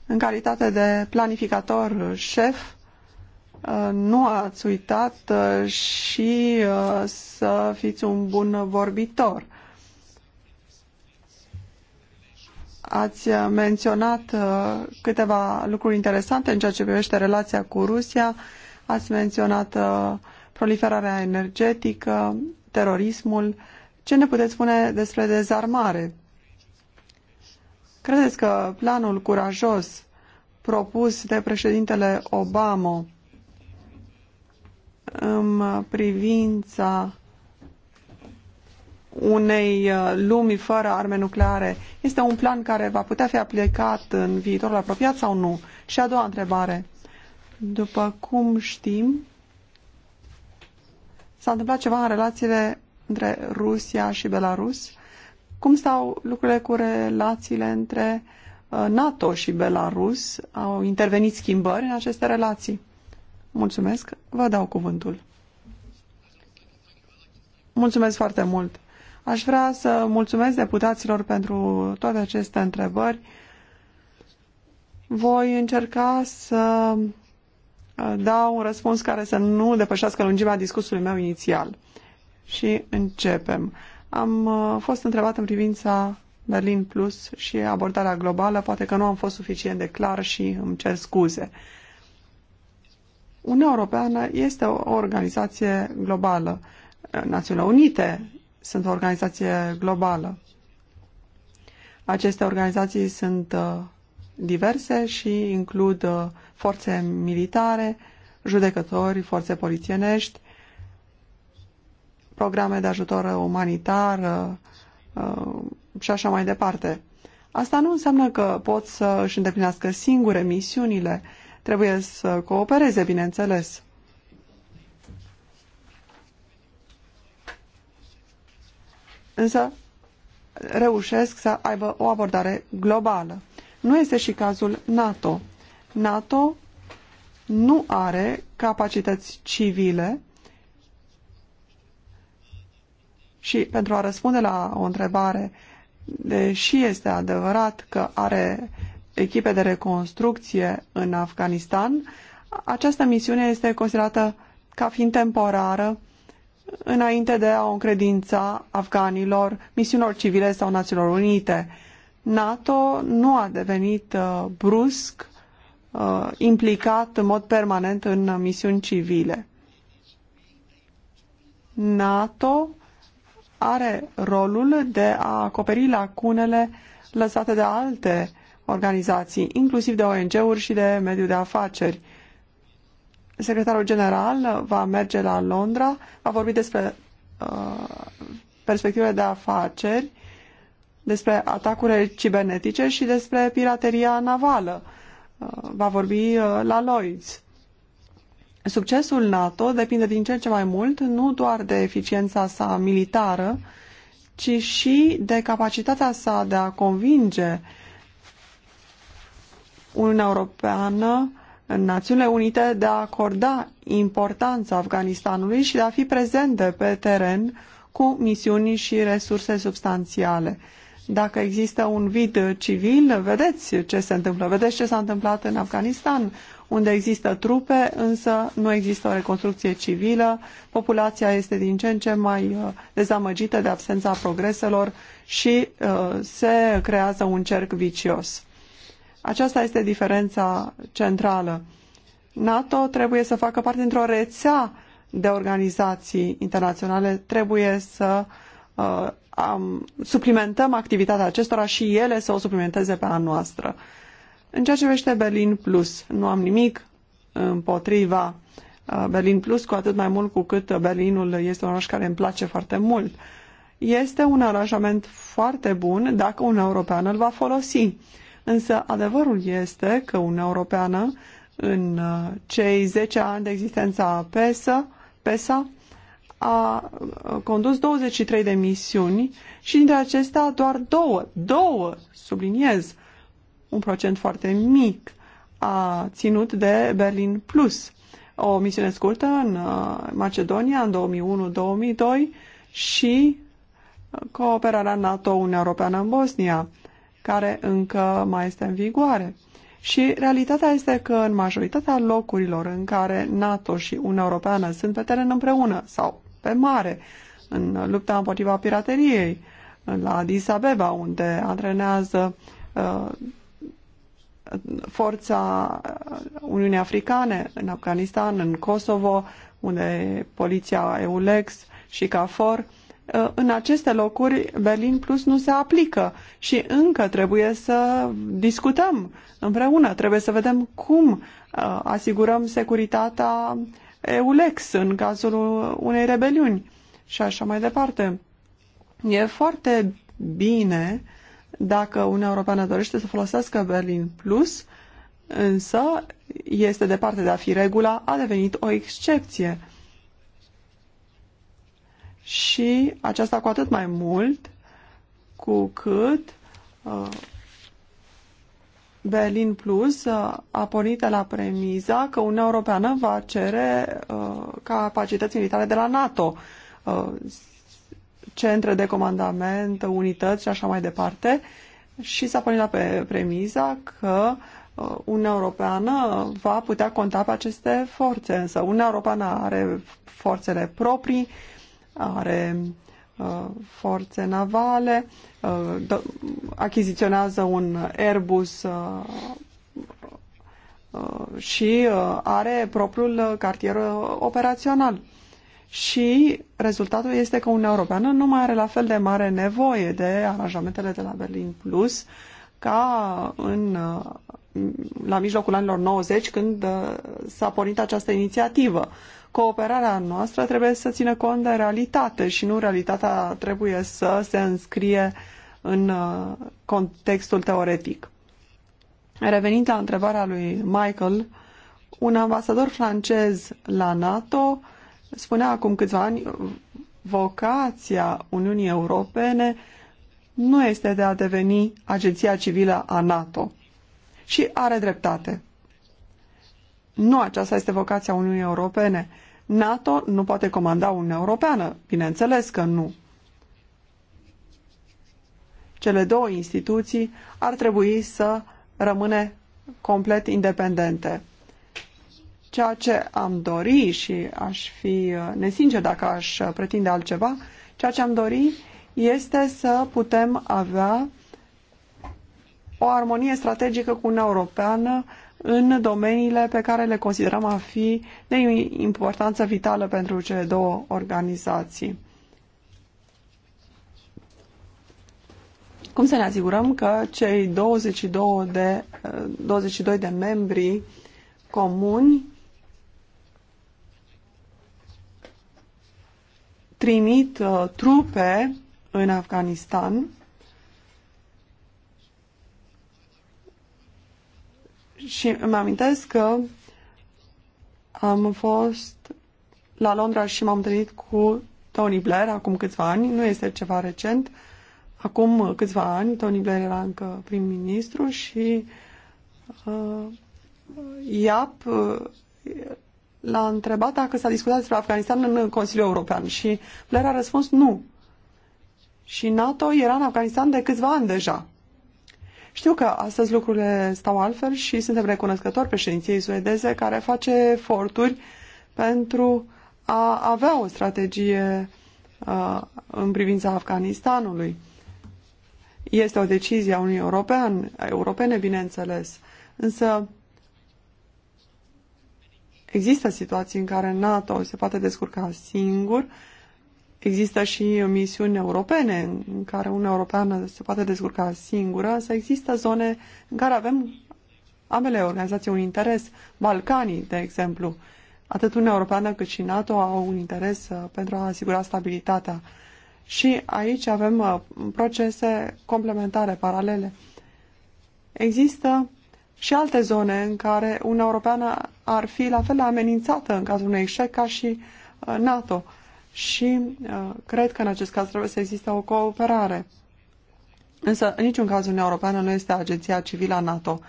În calitate de planificator șef, uh, nu ați uitat uh, și uh, să fiți un bun vorbitor. Ați uh, menționat uh, câteva lucruri interesante în ceea ce privește relația cu Rusia. Ați menționat uh, proliferarea energetică, terorismul. Ce ne puteți spune despre dezarmare? Credeți că planul curajos propus de președintele Obama în privința unei uh, lumi fără arme nucleare este un plan care va putea fi aplicat în viitorul apropiat sau nu? Și a doua întrebare. După cum știm, s-a întâmplat ceva în relațiile între Rusia și Belarus. Cum stau lucrurile cu relațiile între uh, NATO și Belarus? Au intervenit schimbări în aceste relații? Mulțumesc, vă dau cuvântul. Mulțumesc foarte mult. Aș vrea să mulțumesc deputaților pentru toate aceste întrebări. Voi încerca să uh, dau un răspuns care să nu depășească lungimea discursului meu inițial. Și începem. Am uh, fost întrebat în privința Berlin Plus și abordarea globală. Poate că nu am fost suficient de clar și îmi cer scuze. Uniunea Europeană este o organizație globală. Uh, Națiunile Unite sunt o organizație globală. Aceste organizații sunt uh, diverse și includ uh, forțe militare, judecători, forțe polițienești, programe de ajutor umanitar uh, și așa mai departe. Asta nu înseamnă că pot să își îndeplinească singure misiunile, trebuie să coopereze, bineînțeles. însă reușesc să aibă o abordare globală. Nu este și cazul NATO. NATO nu are capacități civile și pentru a răspunde la o întrebare, deși este adevărat că are echipe de reconstrucție în Afganistan, această misiune este considerată ca fiind temporară înainte de a o încredința afganilor, misiunilor civile sau Națiunilor Unite. NATO nu a devenit uh, brusc uh, implicat în mod permanent în misiuni civile. NATO are rolul de a acoperi lacunele lăsate de alte organizații, inclusiv de ONG-uri și de mediul de afaceri secretarul general va merge la Londra, va vorbi despre uh, perspectivele de afaceri, despre atacurile cibernetice și despre pirateria navală. Uh, va vorbi uh, la Lloyds. Succesul NATO depinde din ce în ce mai mult nu doar de eficiența sa militară, ci și de capacitatea sa de a convinge Uniunea Europeană în Națiunile Unite de a acorda importanța Afganistanului și de a fi prezente pe teren cu misiuni și resurse substanțiale. Dacă există un vid civil, vedeți ce se întâmplă. Vedeți ce s-a întâmplat în Afganistan, unde există trupe, însă nu există o reconstrucție civilă. Populația este din ce în ce mai uh, dezamăgită de absența progreselor și uh, se creează un cerc vicios. Aceasta este diferența centrală. NATO trebuie să facă parte dintr-o rețea de organizații internaționale, trebuie să uh, am, suplimentăm activitatea acestora și ele să o suplimenteze pe a noastră. În ceea ce vește Berlin Plus, nu am nimic împotriva uh, Berlin Plus, cu atât mai mult cu cât Berlinul este un oraș care îmi place foarte mult. Este un aranjament foarte bun dacă un european îl va folosi. Însă adevărul este că Uniunea Europeană în uh, cei 10 ani de existență a PESA, PESA a uh, condus 23 de misiuni și dintre acestea doar două, două, subliniez, un procent foarte mic, a ținut de Berlin Plus. O misiune scurtă în uh, Macedonia în 2001-2002 și cooperarea NATO-Uniunea Europeană în Bosnia care încă mai este în vigoare. Și realitatea este că în majoritatea locurilor în care NATO și Uniunea Europeană sunt pe teren împreună sau pe mare, în lupta împotriva pirateriei, la Addis Abeba, unde antrenează uh, forța uh, Uniunii Africane, în Afganistan, în Kosovo, unde poliția EULEX și CAFOR uh, Uh, în aceste locuri Berlin Plus nu se aplică și încă trebuie să discutăm împreună, trebuie să vedem cum uh, asigurăm securitatea EULEX în cazul unei rebeliuni și așa mai departe. E foarte bine dacă Uniunea Europeană dorește să folosească Berlin Plus, însă este departe de a fi regula, a devenit o excepție și aceasta cu atât mai mult cu cât uh, Berlin Plus uh, a pornit de la premiza că Uniunea Europeană va cere uh, capacități militare de la NATO, uh, centre de comandament, unități și așa mai departe și s-a pornit la pe premiza că uh, Uniunea Europeană va putea conta pe aceste forțe, însă Uniunea Europeană are forțele proprii, uh, are uh, forțe navale, uh, achiziționează un Airbus uh, și are propriul cartier operațional. Și rezultatul este că Uniunea Europeană nu mai are la fel de mare nevoie de aranjamentele de la Berlin Plus ca în, la mijlocul anilor 90 când s-a pornit această inițiativă cooperarea noastră trebuie să țină cont de realitate și nu realitatea trebuie să se înscrie în uh, contextul teoretic. Revenind la întrebarea lui Michael, un ambasador francez la NATO spunea acum câțiva ani vocația Uniunii Europene nu este de a deveni agenția civilă a NATO. Și are dreptate. Nu aceasta este vocația Uniunii Europene. NATO nu poate comanda Uniunea Europeană. Bineînțeles că nu. Cele două instituții ar trebui să rămâne complet independente. Ceea ce am dori și aș fi uh, nesincer dacă aș uh, pretinde altceva, ceea ce am dori este să putem avea o armonie strategică cu Uniunea Europeană în domeniile pe care le considerăm a fi de importanță vitală pentru cele două organizații. Cum să ne asigurăm că cei 22 de, 22 eh, de membri comuni trimit eh, trupe în Afganistan Și îmi amintesc că am fost la Londra și m-am întâlnit cu Tony Blair acum câțiva ani, nu este ceva recent. Acum câțiva ani Tony Blair era încă prim-ministru și uh, IAP uh, l-a întrebat dacă s-a discutat despre Afganistan în Consiliul European și Blair a răspuns nu. Și NATO era în Afganistan de câțiva ani deja. Știu că astăzi lucrurile stau altfel și suntem recunoscători președinției suedeze care face eforturi pentru a avea o strategie uh, în privința Afganistanului. Este o decizie a unui European, Europene, bineînțeles, însă există situații în care NATO se poate descurca singur Există și misiuni europene în care Uniunea Europeană se poate descurca singură, să există zone în care avem ambele organizații un interes. Balcanii, de exemplu, atât Uniunea Europeană cât și NATO au un interes uh, pentru a asigura stabilitatea. Și aici avem uh, procese complementare, paralele. Există și alte zone în care Uniunea Europeană ar fi la fel amenințată în cazul unui eșec ca și uh, NATO și uh, cred că în acest caz trebuie să existe o cooperare. Însă, în niciun caz, Uniunea Europeană nu este agenția civilă a NATO.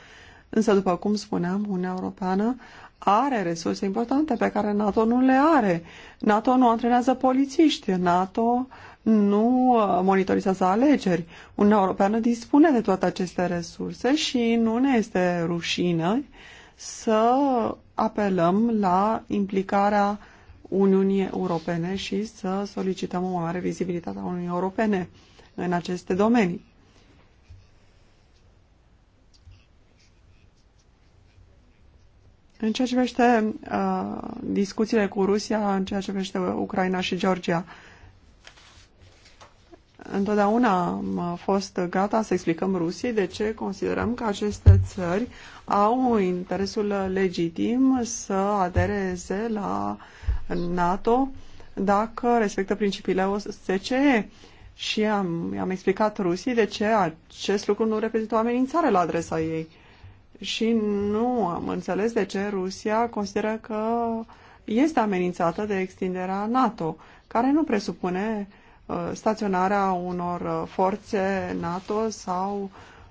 Însă, după cum spuneam, Uniunea Europeană are resurse importante pe care NATO nu le are. NATO nu antrenează polițiști, NATO nu uh, monitorizează alegeri. Uniunea Europeană dispune de toate aceste resurse și nu ne este rușină să apelăm la implicarea uh, Uniunii Europene și să solicităm o mare vizibilitate a Uniunii Europene în aceste domenii. În ceea ce privește uh, discuțiile cu Rusia, în ceea ce privește Ucraina și Georgia, întotdeauna am fost gata să explicăm Rusiei de ce considerăm că aceste țări au interesul legitim să adereze la uh, NATO dacă respectă principiile OSCE. Și am, am explicat Rusiei de ce acest lucru nu reprezintă o amenințare la adresa ei. Și nu am înțeles de ce Rusia consideră că este amenințată de extinderea NATO, care nu presupune uh, staționarea unor uh, forțe NATO sau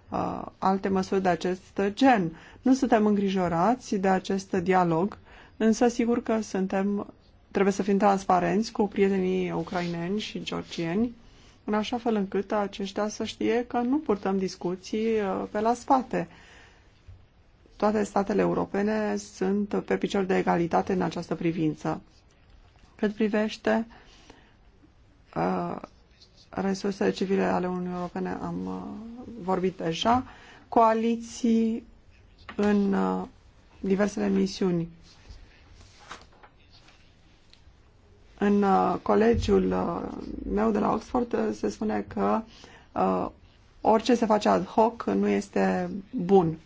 uh, alte măsuri de acest gen. Nu suntem îngrijorați de acest dialog, însă sigur că suntem Trebuie să fim transparenți cu prietenii ucraineni și georgieni, în așa fel încât aceștia să știe că nu purtăm discuții uh, pe la spate. Toate statele europene sunt pe picior de egalitate în această privință. Cât privește uh, resursele civile ale Uniunii Europene, am uh, vorbit deja, coaliții în uh, diversele misiuni În uh, colegiul uh, meu de la Oxford uh, se spune că orice se face ad hoc nu este bun.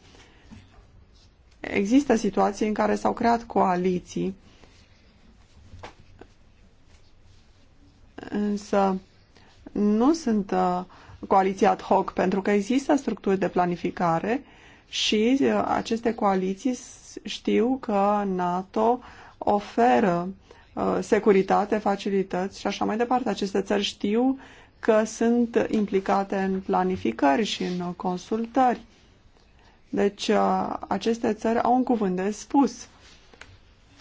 Există situații în care s-au creat coaliții, însă nu sunt coaliții ad hoc, pentru că există structuri de planificare și aceste coaliții știu că NATO oferă Uh, securitate, facilități și așa mai departe. Aceste țări știu că sunt implicate în planificări și în consultări. Deci uh, aceste țări au un cuvânt de spus.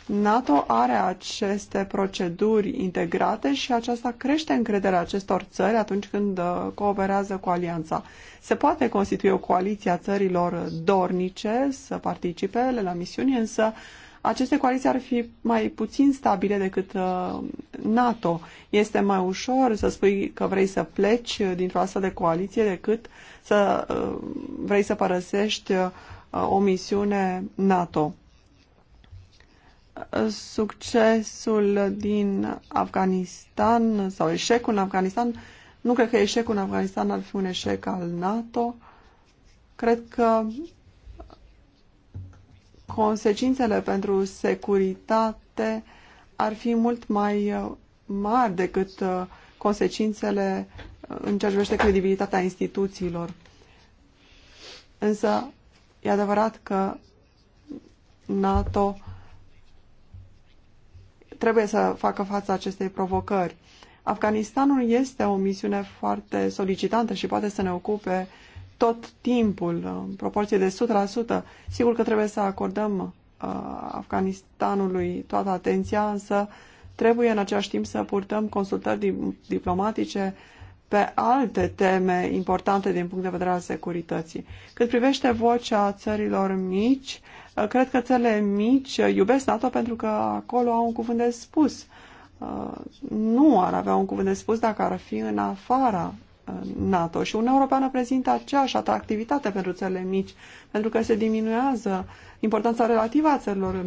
NATO are aceste proceduri integrate și aceasta crește încrederea acestor țări atunci când uh, cooperează cu alianța. Se poate constitui o coaliție a țărilor dornice să participe la misiuni, însă uh, aceste coaliții ar fi mai puțin stabile decât uh, NATO. Este mai ușor să spui că vrei să pleci dintr-o astfel de coaliție decât să uh, vrei să părăsești uh, o misiune NATO. Succesul din Afganistan sau eșecul în Afganistan, nu cred că eșecul în Afganistan ar fi un eșec al NATO. Cred că consecințele pentru securitate ar fi mult mai uh, mari decât uh, consecințele uh, în ceea ce privește credibilitatea instituțiilor. Însă, e adevărat că NATO trebuie să facă față acestei provocări. Afganistanul este o misiune foarte solicitantă și poate să ne ocupe tot timpul, în proporție de 100%. Sigur că trebuie să acordăm uh, Afganistanului toată atenția, însă trebuie în același timp să purtăm consultări diplomatice pe alte teme importante din punct de vedere al securității. Cât privește vocea țărilor mici, uh, cred că țările mici iubesc NATO pentru că acolo au un cuvânt de spus. Uh, nu ar avea un cuvânt de spus dacă ar fi în afara NATO și Uniunea Europeană prezintă aceeași atractivitate pentru țările mici, pentru că se diminuează importanța relativă a țărilor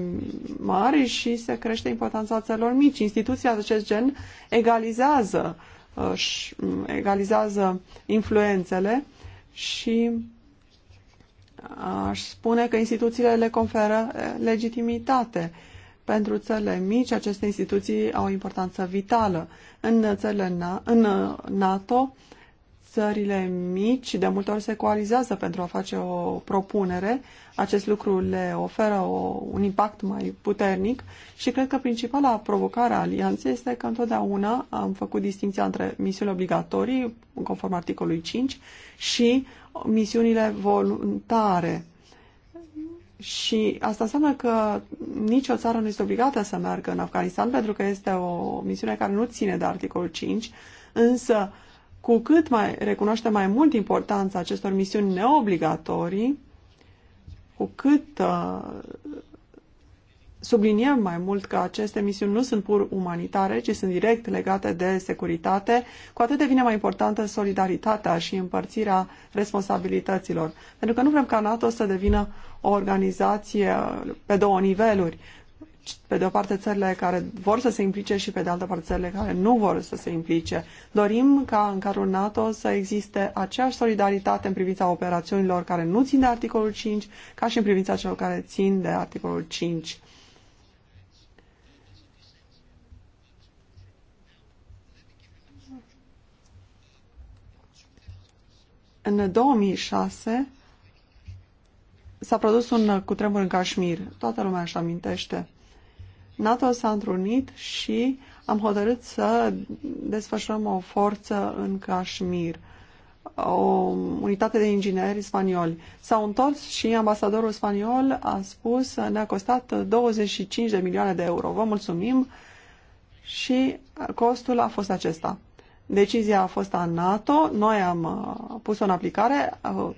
mari și se crește importanța țărilor mici. Instituția de acest gen egalizează, uh, mm, egalizează influențele și uh, aș spune că instituțiile le conferă uh, legitimitate. Pentru țările mici, aceste instituții au o importanță vitală. În țările na- în NATO, țările mici de multe ori se coalizează pentru a face o propunere. Acest lucru le oferă o, un impact mai puternic și cred că principala provocare a alianței este că întotdeauna am făcut distinția între misiuni obligatorii, conform articolului 5, și misiunile voluntare. Și asta înseamnă că nicio țară nu este obligată să meargă în Afganistan pentru că este o misiune care nu ține de articolul 5, însă uh, cu cât mai recunoaște mai mult importanța acestor misiuni neobligatorii, cu cât uh, subliniem mai mult că aceste misiuni nu sunt pur umanitare, ci sunt direct legate de securitate, cu atât devine mai importantă solidaritatea și împărțirea responsabilităților. Pentru că nu vrem ca NATO să devină o organizație pe două niveluri pe de o parte țările care vor să se implice și pe de altă parte țările care nu vor să se implice. Dorim ca în cadrul NATO să existe aceeași solidaritate în privința operațiunilor care nu țin de articolul 5, ca și în privința celor care țin de articolul 5. În 2006 s-a produs un cutremur în Kashmir. Toată lumea își amintește NATO s-a întrunit și am hotărât să desfășurăm o forță în Kashmir, o unitate de ingineri spanioli. S-au întors și ambasadorul spaniol a spus ne-a costat 25 de milioane de euro. Vă mulțumim și costul a fost acesta. Decizia a fost a NATO, noi am uh, pus-o în aplicare. Uh,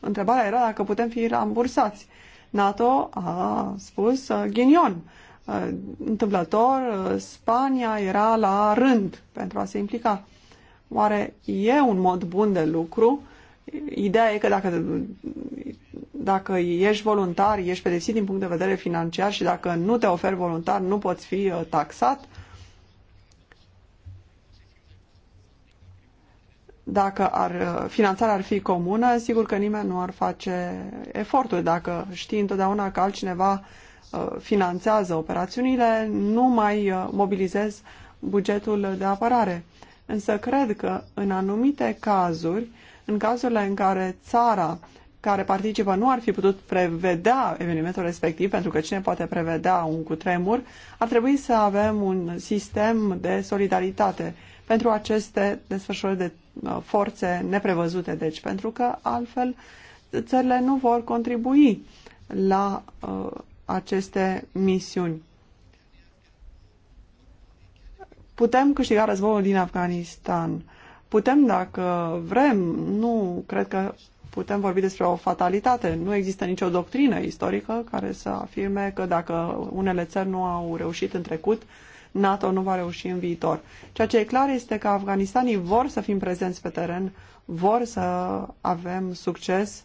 întrebarea era dacă putem fi rambursați. NATO a spus uh, ghinion Uh, întâmplător, uh, Spania era la rând pentru a se implica. Oare e un mod bun de lucru? Ideea e că dacă, dacă ești voluntar, ești pedepsit din punct de vedere financiar și dacă nu te oferi voluntar, nu poți fi uh, taxat. Dacă ar, finanțarea ar fi comună, sigur că nimeni nu ar face eforturi. Dacă știi întotdeauna că altcineva uh, Uh, finanțează operațiunile, nu mai uh, mobilizez bugetul de apărare. Însă cred că în anumite cazuri, în cazurile în care țara care participă nu ar fi putut prevedea evenimentul respectiv, pentru că cine poate prevedea un cutremur, ar trebui să avem un sistem de solidaritate pentru aceste desfășurări de uh, forțe neprevăzute, deci, pentru că altfel țările nu vor contribui la uh, aceste misiuni. Putem câștiga războiul din Afganistan. Putem dacă vrem, nu cred că putem vorbi despre o fatalitate. Nu există nicio doctrină istorică care să afirme că dacă unele țări nu au reușit în trecut, NATO nu va reuși în viitor. Ceea ce e clar este că afganistanii vor să fim prezenți pe teren, vor să avem succes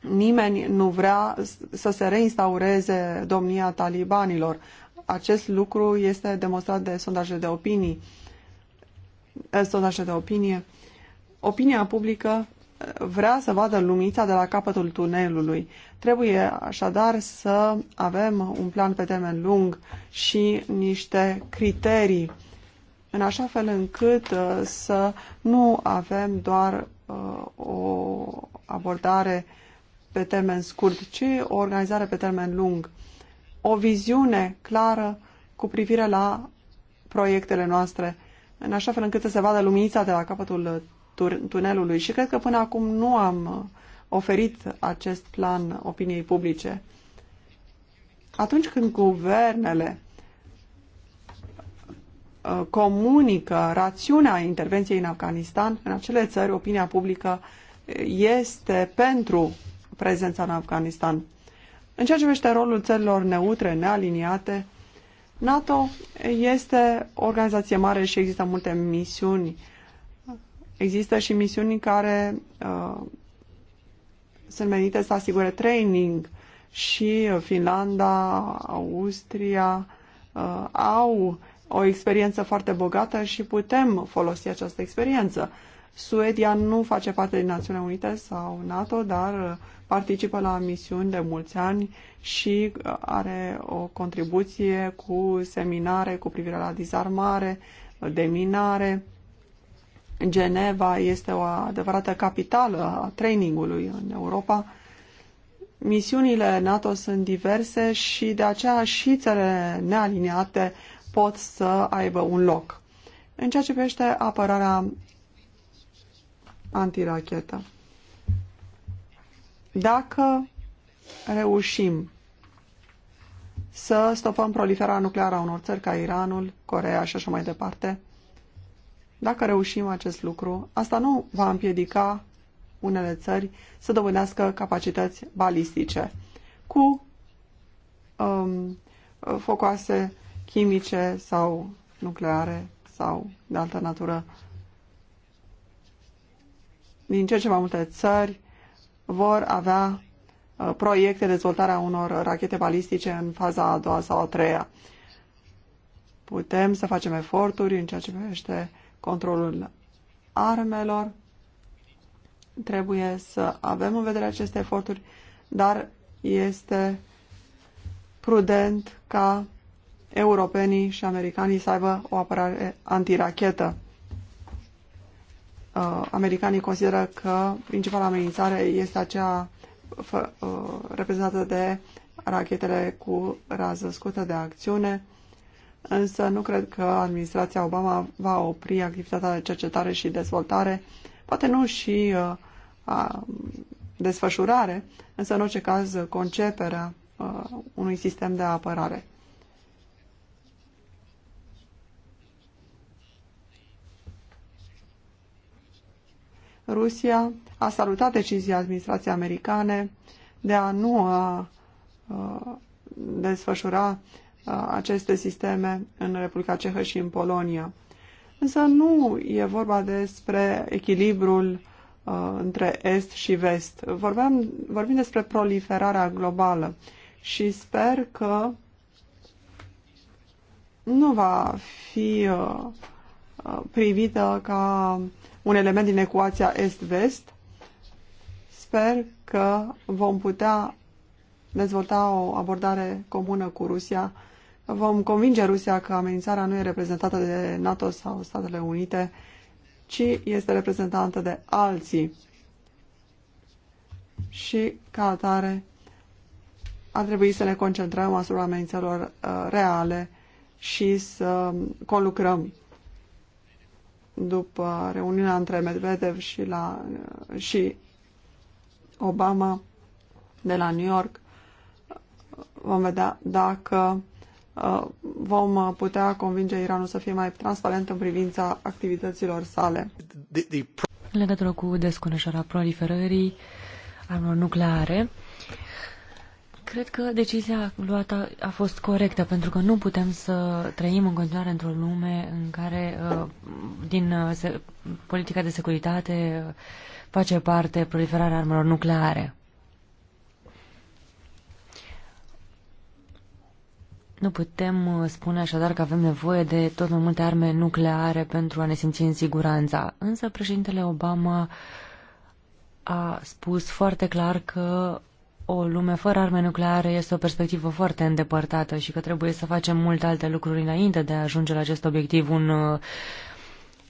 nimeni nu vrea să se reinstaureze domnia talibanilor. Acest lucru este demonstrat de sondaje de opinii. Eh, sondaje de opinie. Opinia publică eh, vrea să vadă lumița de la capătul tunelului. Trebuie așadar să avem un plan pe termen lung și niște criterii în așa fel încât eh, să nu avem doar o abordare uh, pe termen scurt, ci o organizare pe termen lung. O viziune clară cu privire la proiectele noastre, în așa fel încât să se vadă luminița de la capătul tunelului. Și cred că până acum nu am oferit acest plan opiniei publice. Atunci când guvernele uh, comunică rațiunea intervenției în Afganistan, în acele țări opinia publică uh, este pentru prezența în Afganistan. În ceea ce vește rolul țărilor neutre, nealiniate, NATO este o organizație mare și există multe misiuni. Există și misiuni care uh, sunt menite să asigure training și Finlanda, Austria uh, au o experiență foarte bogată și putem folosi această experiență. Suedia nu face parte din Națiunea Unite sau NATO, dar participă la misiuni de mulți ani și are o contribuție cu seminare cu privire la dizarmare, deminare. Geneva este o adevărată capitală a trainingului în Europa. Misiunile NATO sunt diverse și de aceea și țările nealiniate pot să aibă un loc. În ceea ce privește apărarea antirachetă. Dacă reușim să stopăm proliferarea nucleară a unor țări ca Iranul, Corea și așa mai departe, dacă reușim acest lucru, asta nu va împiedica unele țări să dobândească capacități balistice cu um, focoase chimice sau nucleare sau de altă natură din ce ce mai multe țări vor avea uh, proiecte de dezvoltare a unor rachete balistice în faza a doua sau a treia. Putem să facem eforturi în ceea ce privește controlul armelor. Trebuie să avem în vedere aceste eforturi, dar este prudent ca europenii și americanii să aibă o apărare antirachetă uh, americanii consideră că principala amenințare este aceea uh, reprezentată de rachetele cu rază scută de acțiune, însă nu cred că administrația Obama va opri activitatea de cercetare și dezvoltare, poate nu și uh, a, desfășurare, însă în orice caz conceperea uh, unui sistem de apărare. Rusia a salutat decizia administrației americane de a nu a, a, desfășura a, aceste sisteme în Republica Cehă și în Polonia. Însă nu e vorba despre echilibrul a, între Est și Vest. Vorbeam, vorbim despre proliferarea globală și sper că nu va fi a, privită ca un element din ecuația est-vest. Sper că vom putea dezvolta o abordare comună cu Rusia. Vom convinge Rusia că amenințarea nu e reprezentată de NATO sau Statele Unite, ci este reprezentată de alții. Și, ca atare, ar trebui să ne concentrăm asupra amenințelor uh, reale și să conlucrăm după reuniunea între Medvedev și, la, și Obama de la New York, vom vedea dacă uh, vom putea convinge Iranul să fie mai transparent în privința activităților sale. În legătură cu descunășarea proliferării armelor nucleare, Cred că decizia luată a fost corectă, pentru că nu putem să trăim în continuare într-o lume în care uh, din uh, politica de securitate uh, face parte proliferarea armelor nucleare. Nu putem spune așadar că avem nevoie de tot mai multe arme nucleare pentru a ne simți în siguranța. Însă președintele Obama a spus foarte clar că o lume fără arme nucleare este o perspectivă foarte îndepărtată și că trebuie să facem multe alte lucruri înainte de a ajunge la acest obiectiv, un uh,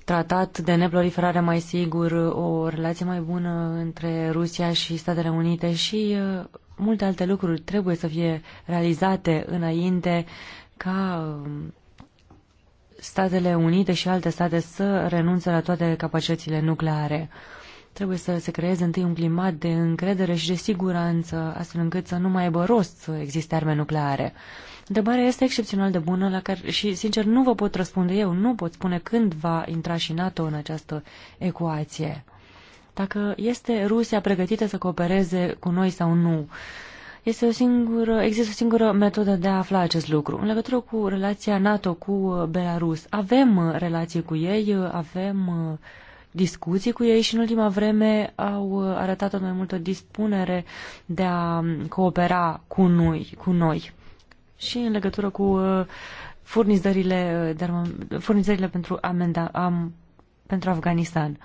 tratat de neproliferare mai sigur, o relație mai bună între Rusia și Statele Unite și uh, multe alte lucruri trebuie să fie realizate înainte ca um, Statele Unite și alte state să renunțe la toate capacitățile nucleare. Trebuie să se creeze întâi un climat de încredere și de siguranță, astfel încât să nu mai aibă rost să existe arme nucleare. Întrebarea este excepțional de bună la care, și, sincer, nu vă pot răspunde eu. Nu pot spune când va intra și NATO în această ecuație. Dacă este Rusia pregătită să coopereze cu noi sau nu, este o singură, există o singură metodă de a afla acest lucru. În legătură cu relația NATO cu Belarus, avem relații cu ei, avem discuții cu ei și în ultima vreme au uh, arătat tot mai multă dispunere de a um, coopera cu noi, cu noi. și în legătură cu uh, furnizările, uh, de armă, furnizările pentru, amenda, am, pentru Afganistan.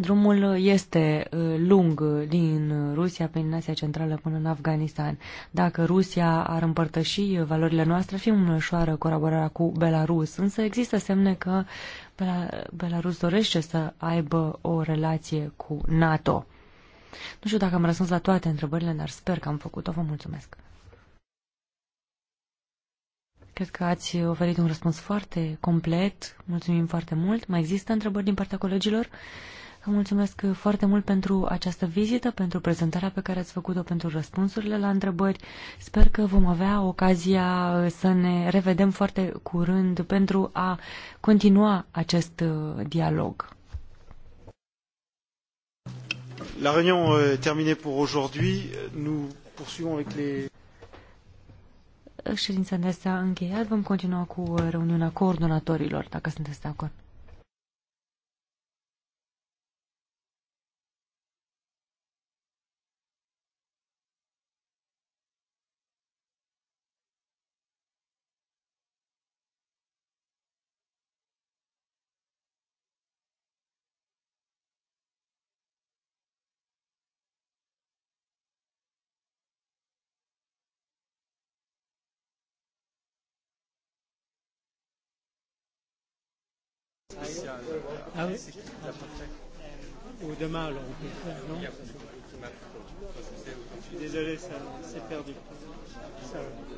Drumul este lung din Rusia prin Asia Centrală până în Afganistan. Dacă Rusia ar împărtăși valorile noastre, ar fi ușoară colaborarea cu Belarus, însă există semne că Belarus dorește să aibă o relație cu NATO. Nu știu dacă am răspuns la toate întrebările, dar sper că am făcut-o. Vă mulțumesc. Cred că ați oferit un răspuns foarte complet. Mulțumim foarte mult. Mai există întrebări din partea colegilor? Vă mulțumesc foarte mult pentru această vizită, pentru prezentarea pe care ați făcut-o, pentru răspunsurile la întrebări. Sper că vom avea ocazia uh, să ne revedem foarte curând pentru a continua acest uh, dialog. La reunion euh, terminée pour aujourd'hui. Nous poursuivons avec les ședința de asta încheiat. Vom continua cu uh, reuniunea coordonatorilor, dacă sunteți de acord. spécial. Ah oui Ou demain, alors, on peut faire, non Désolé, c'est perdu. Ça,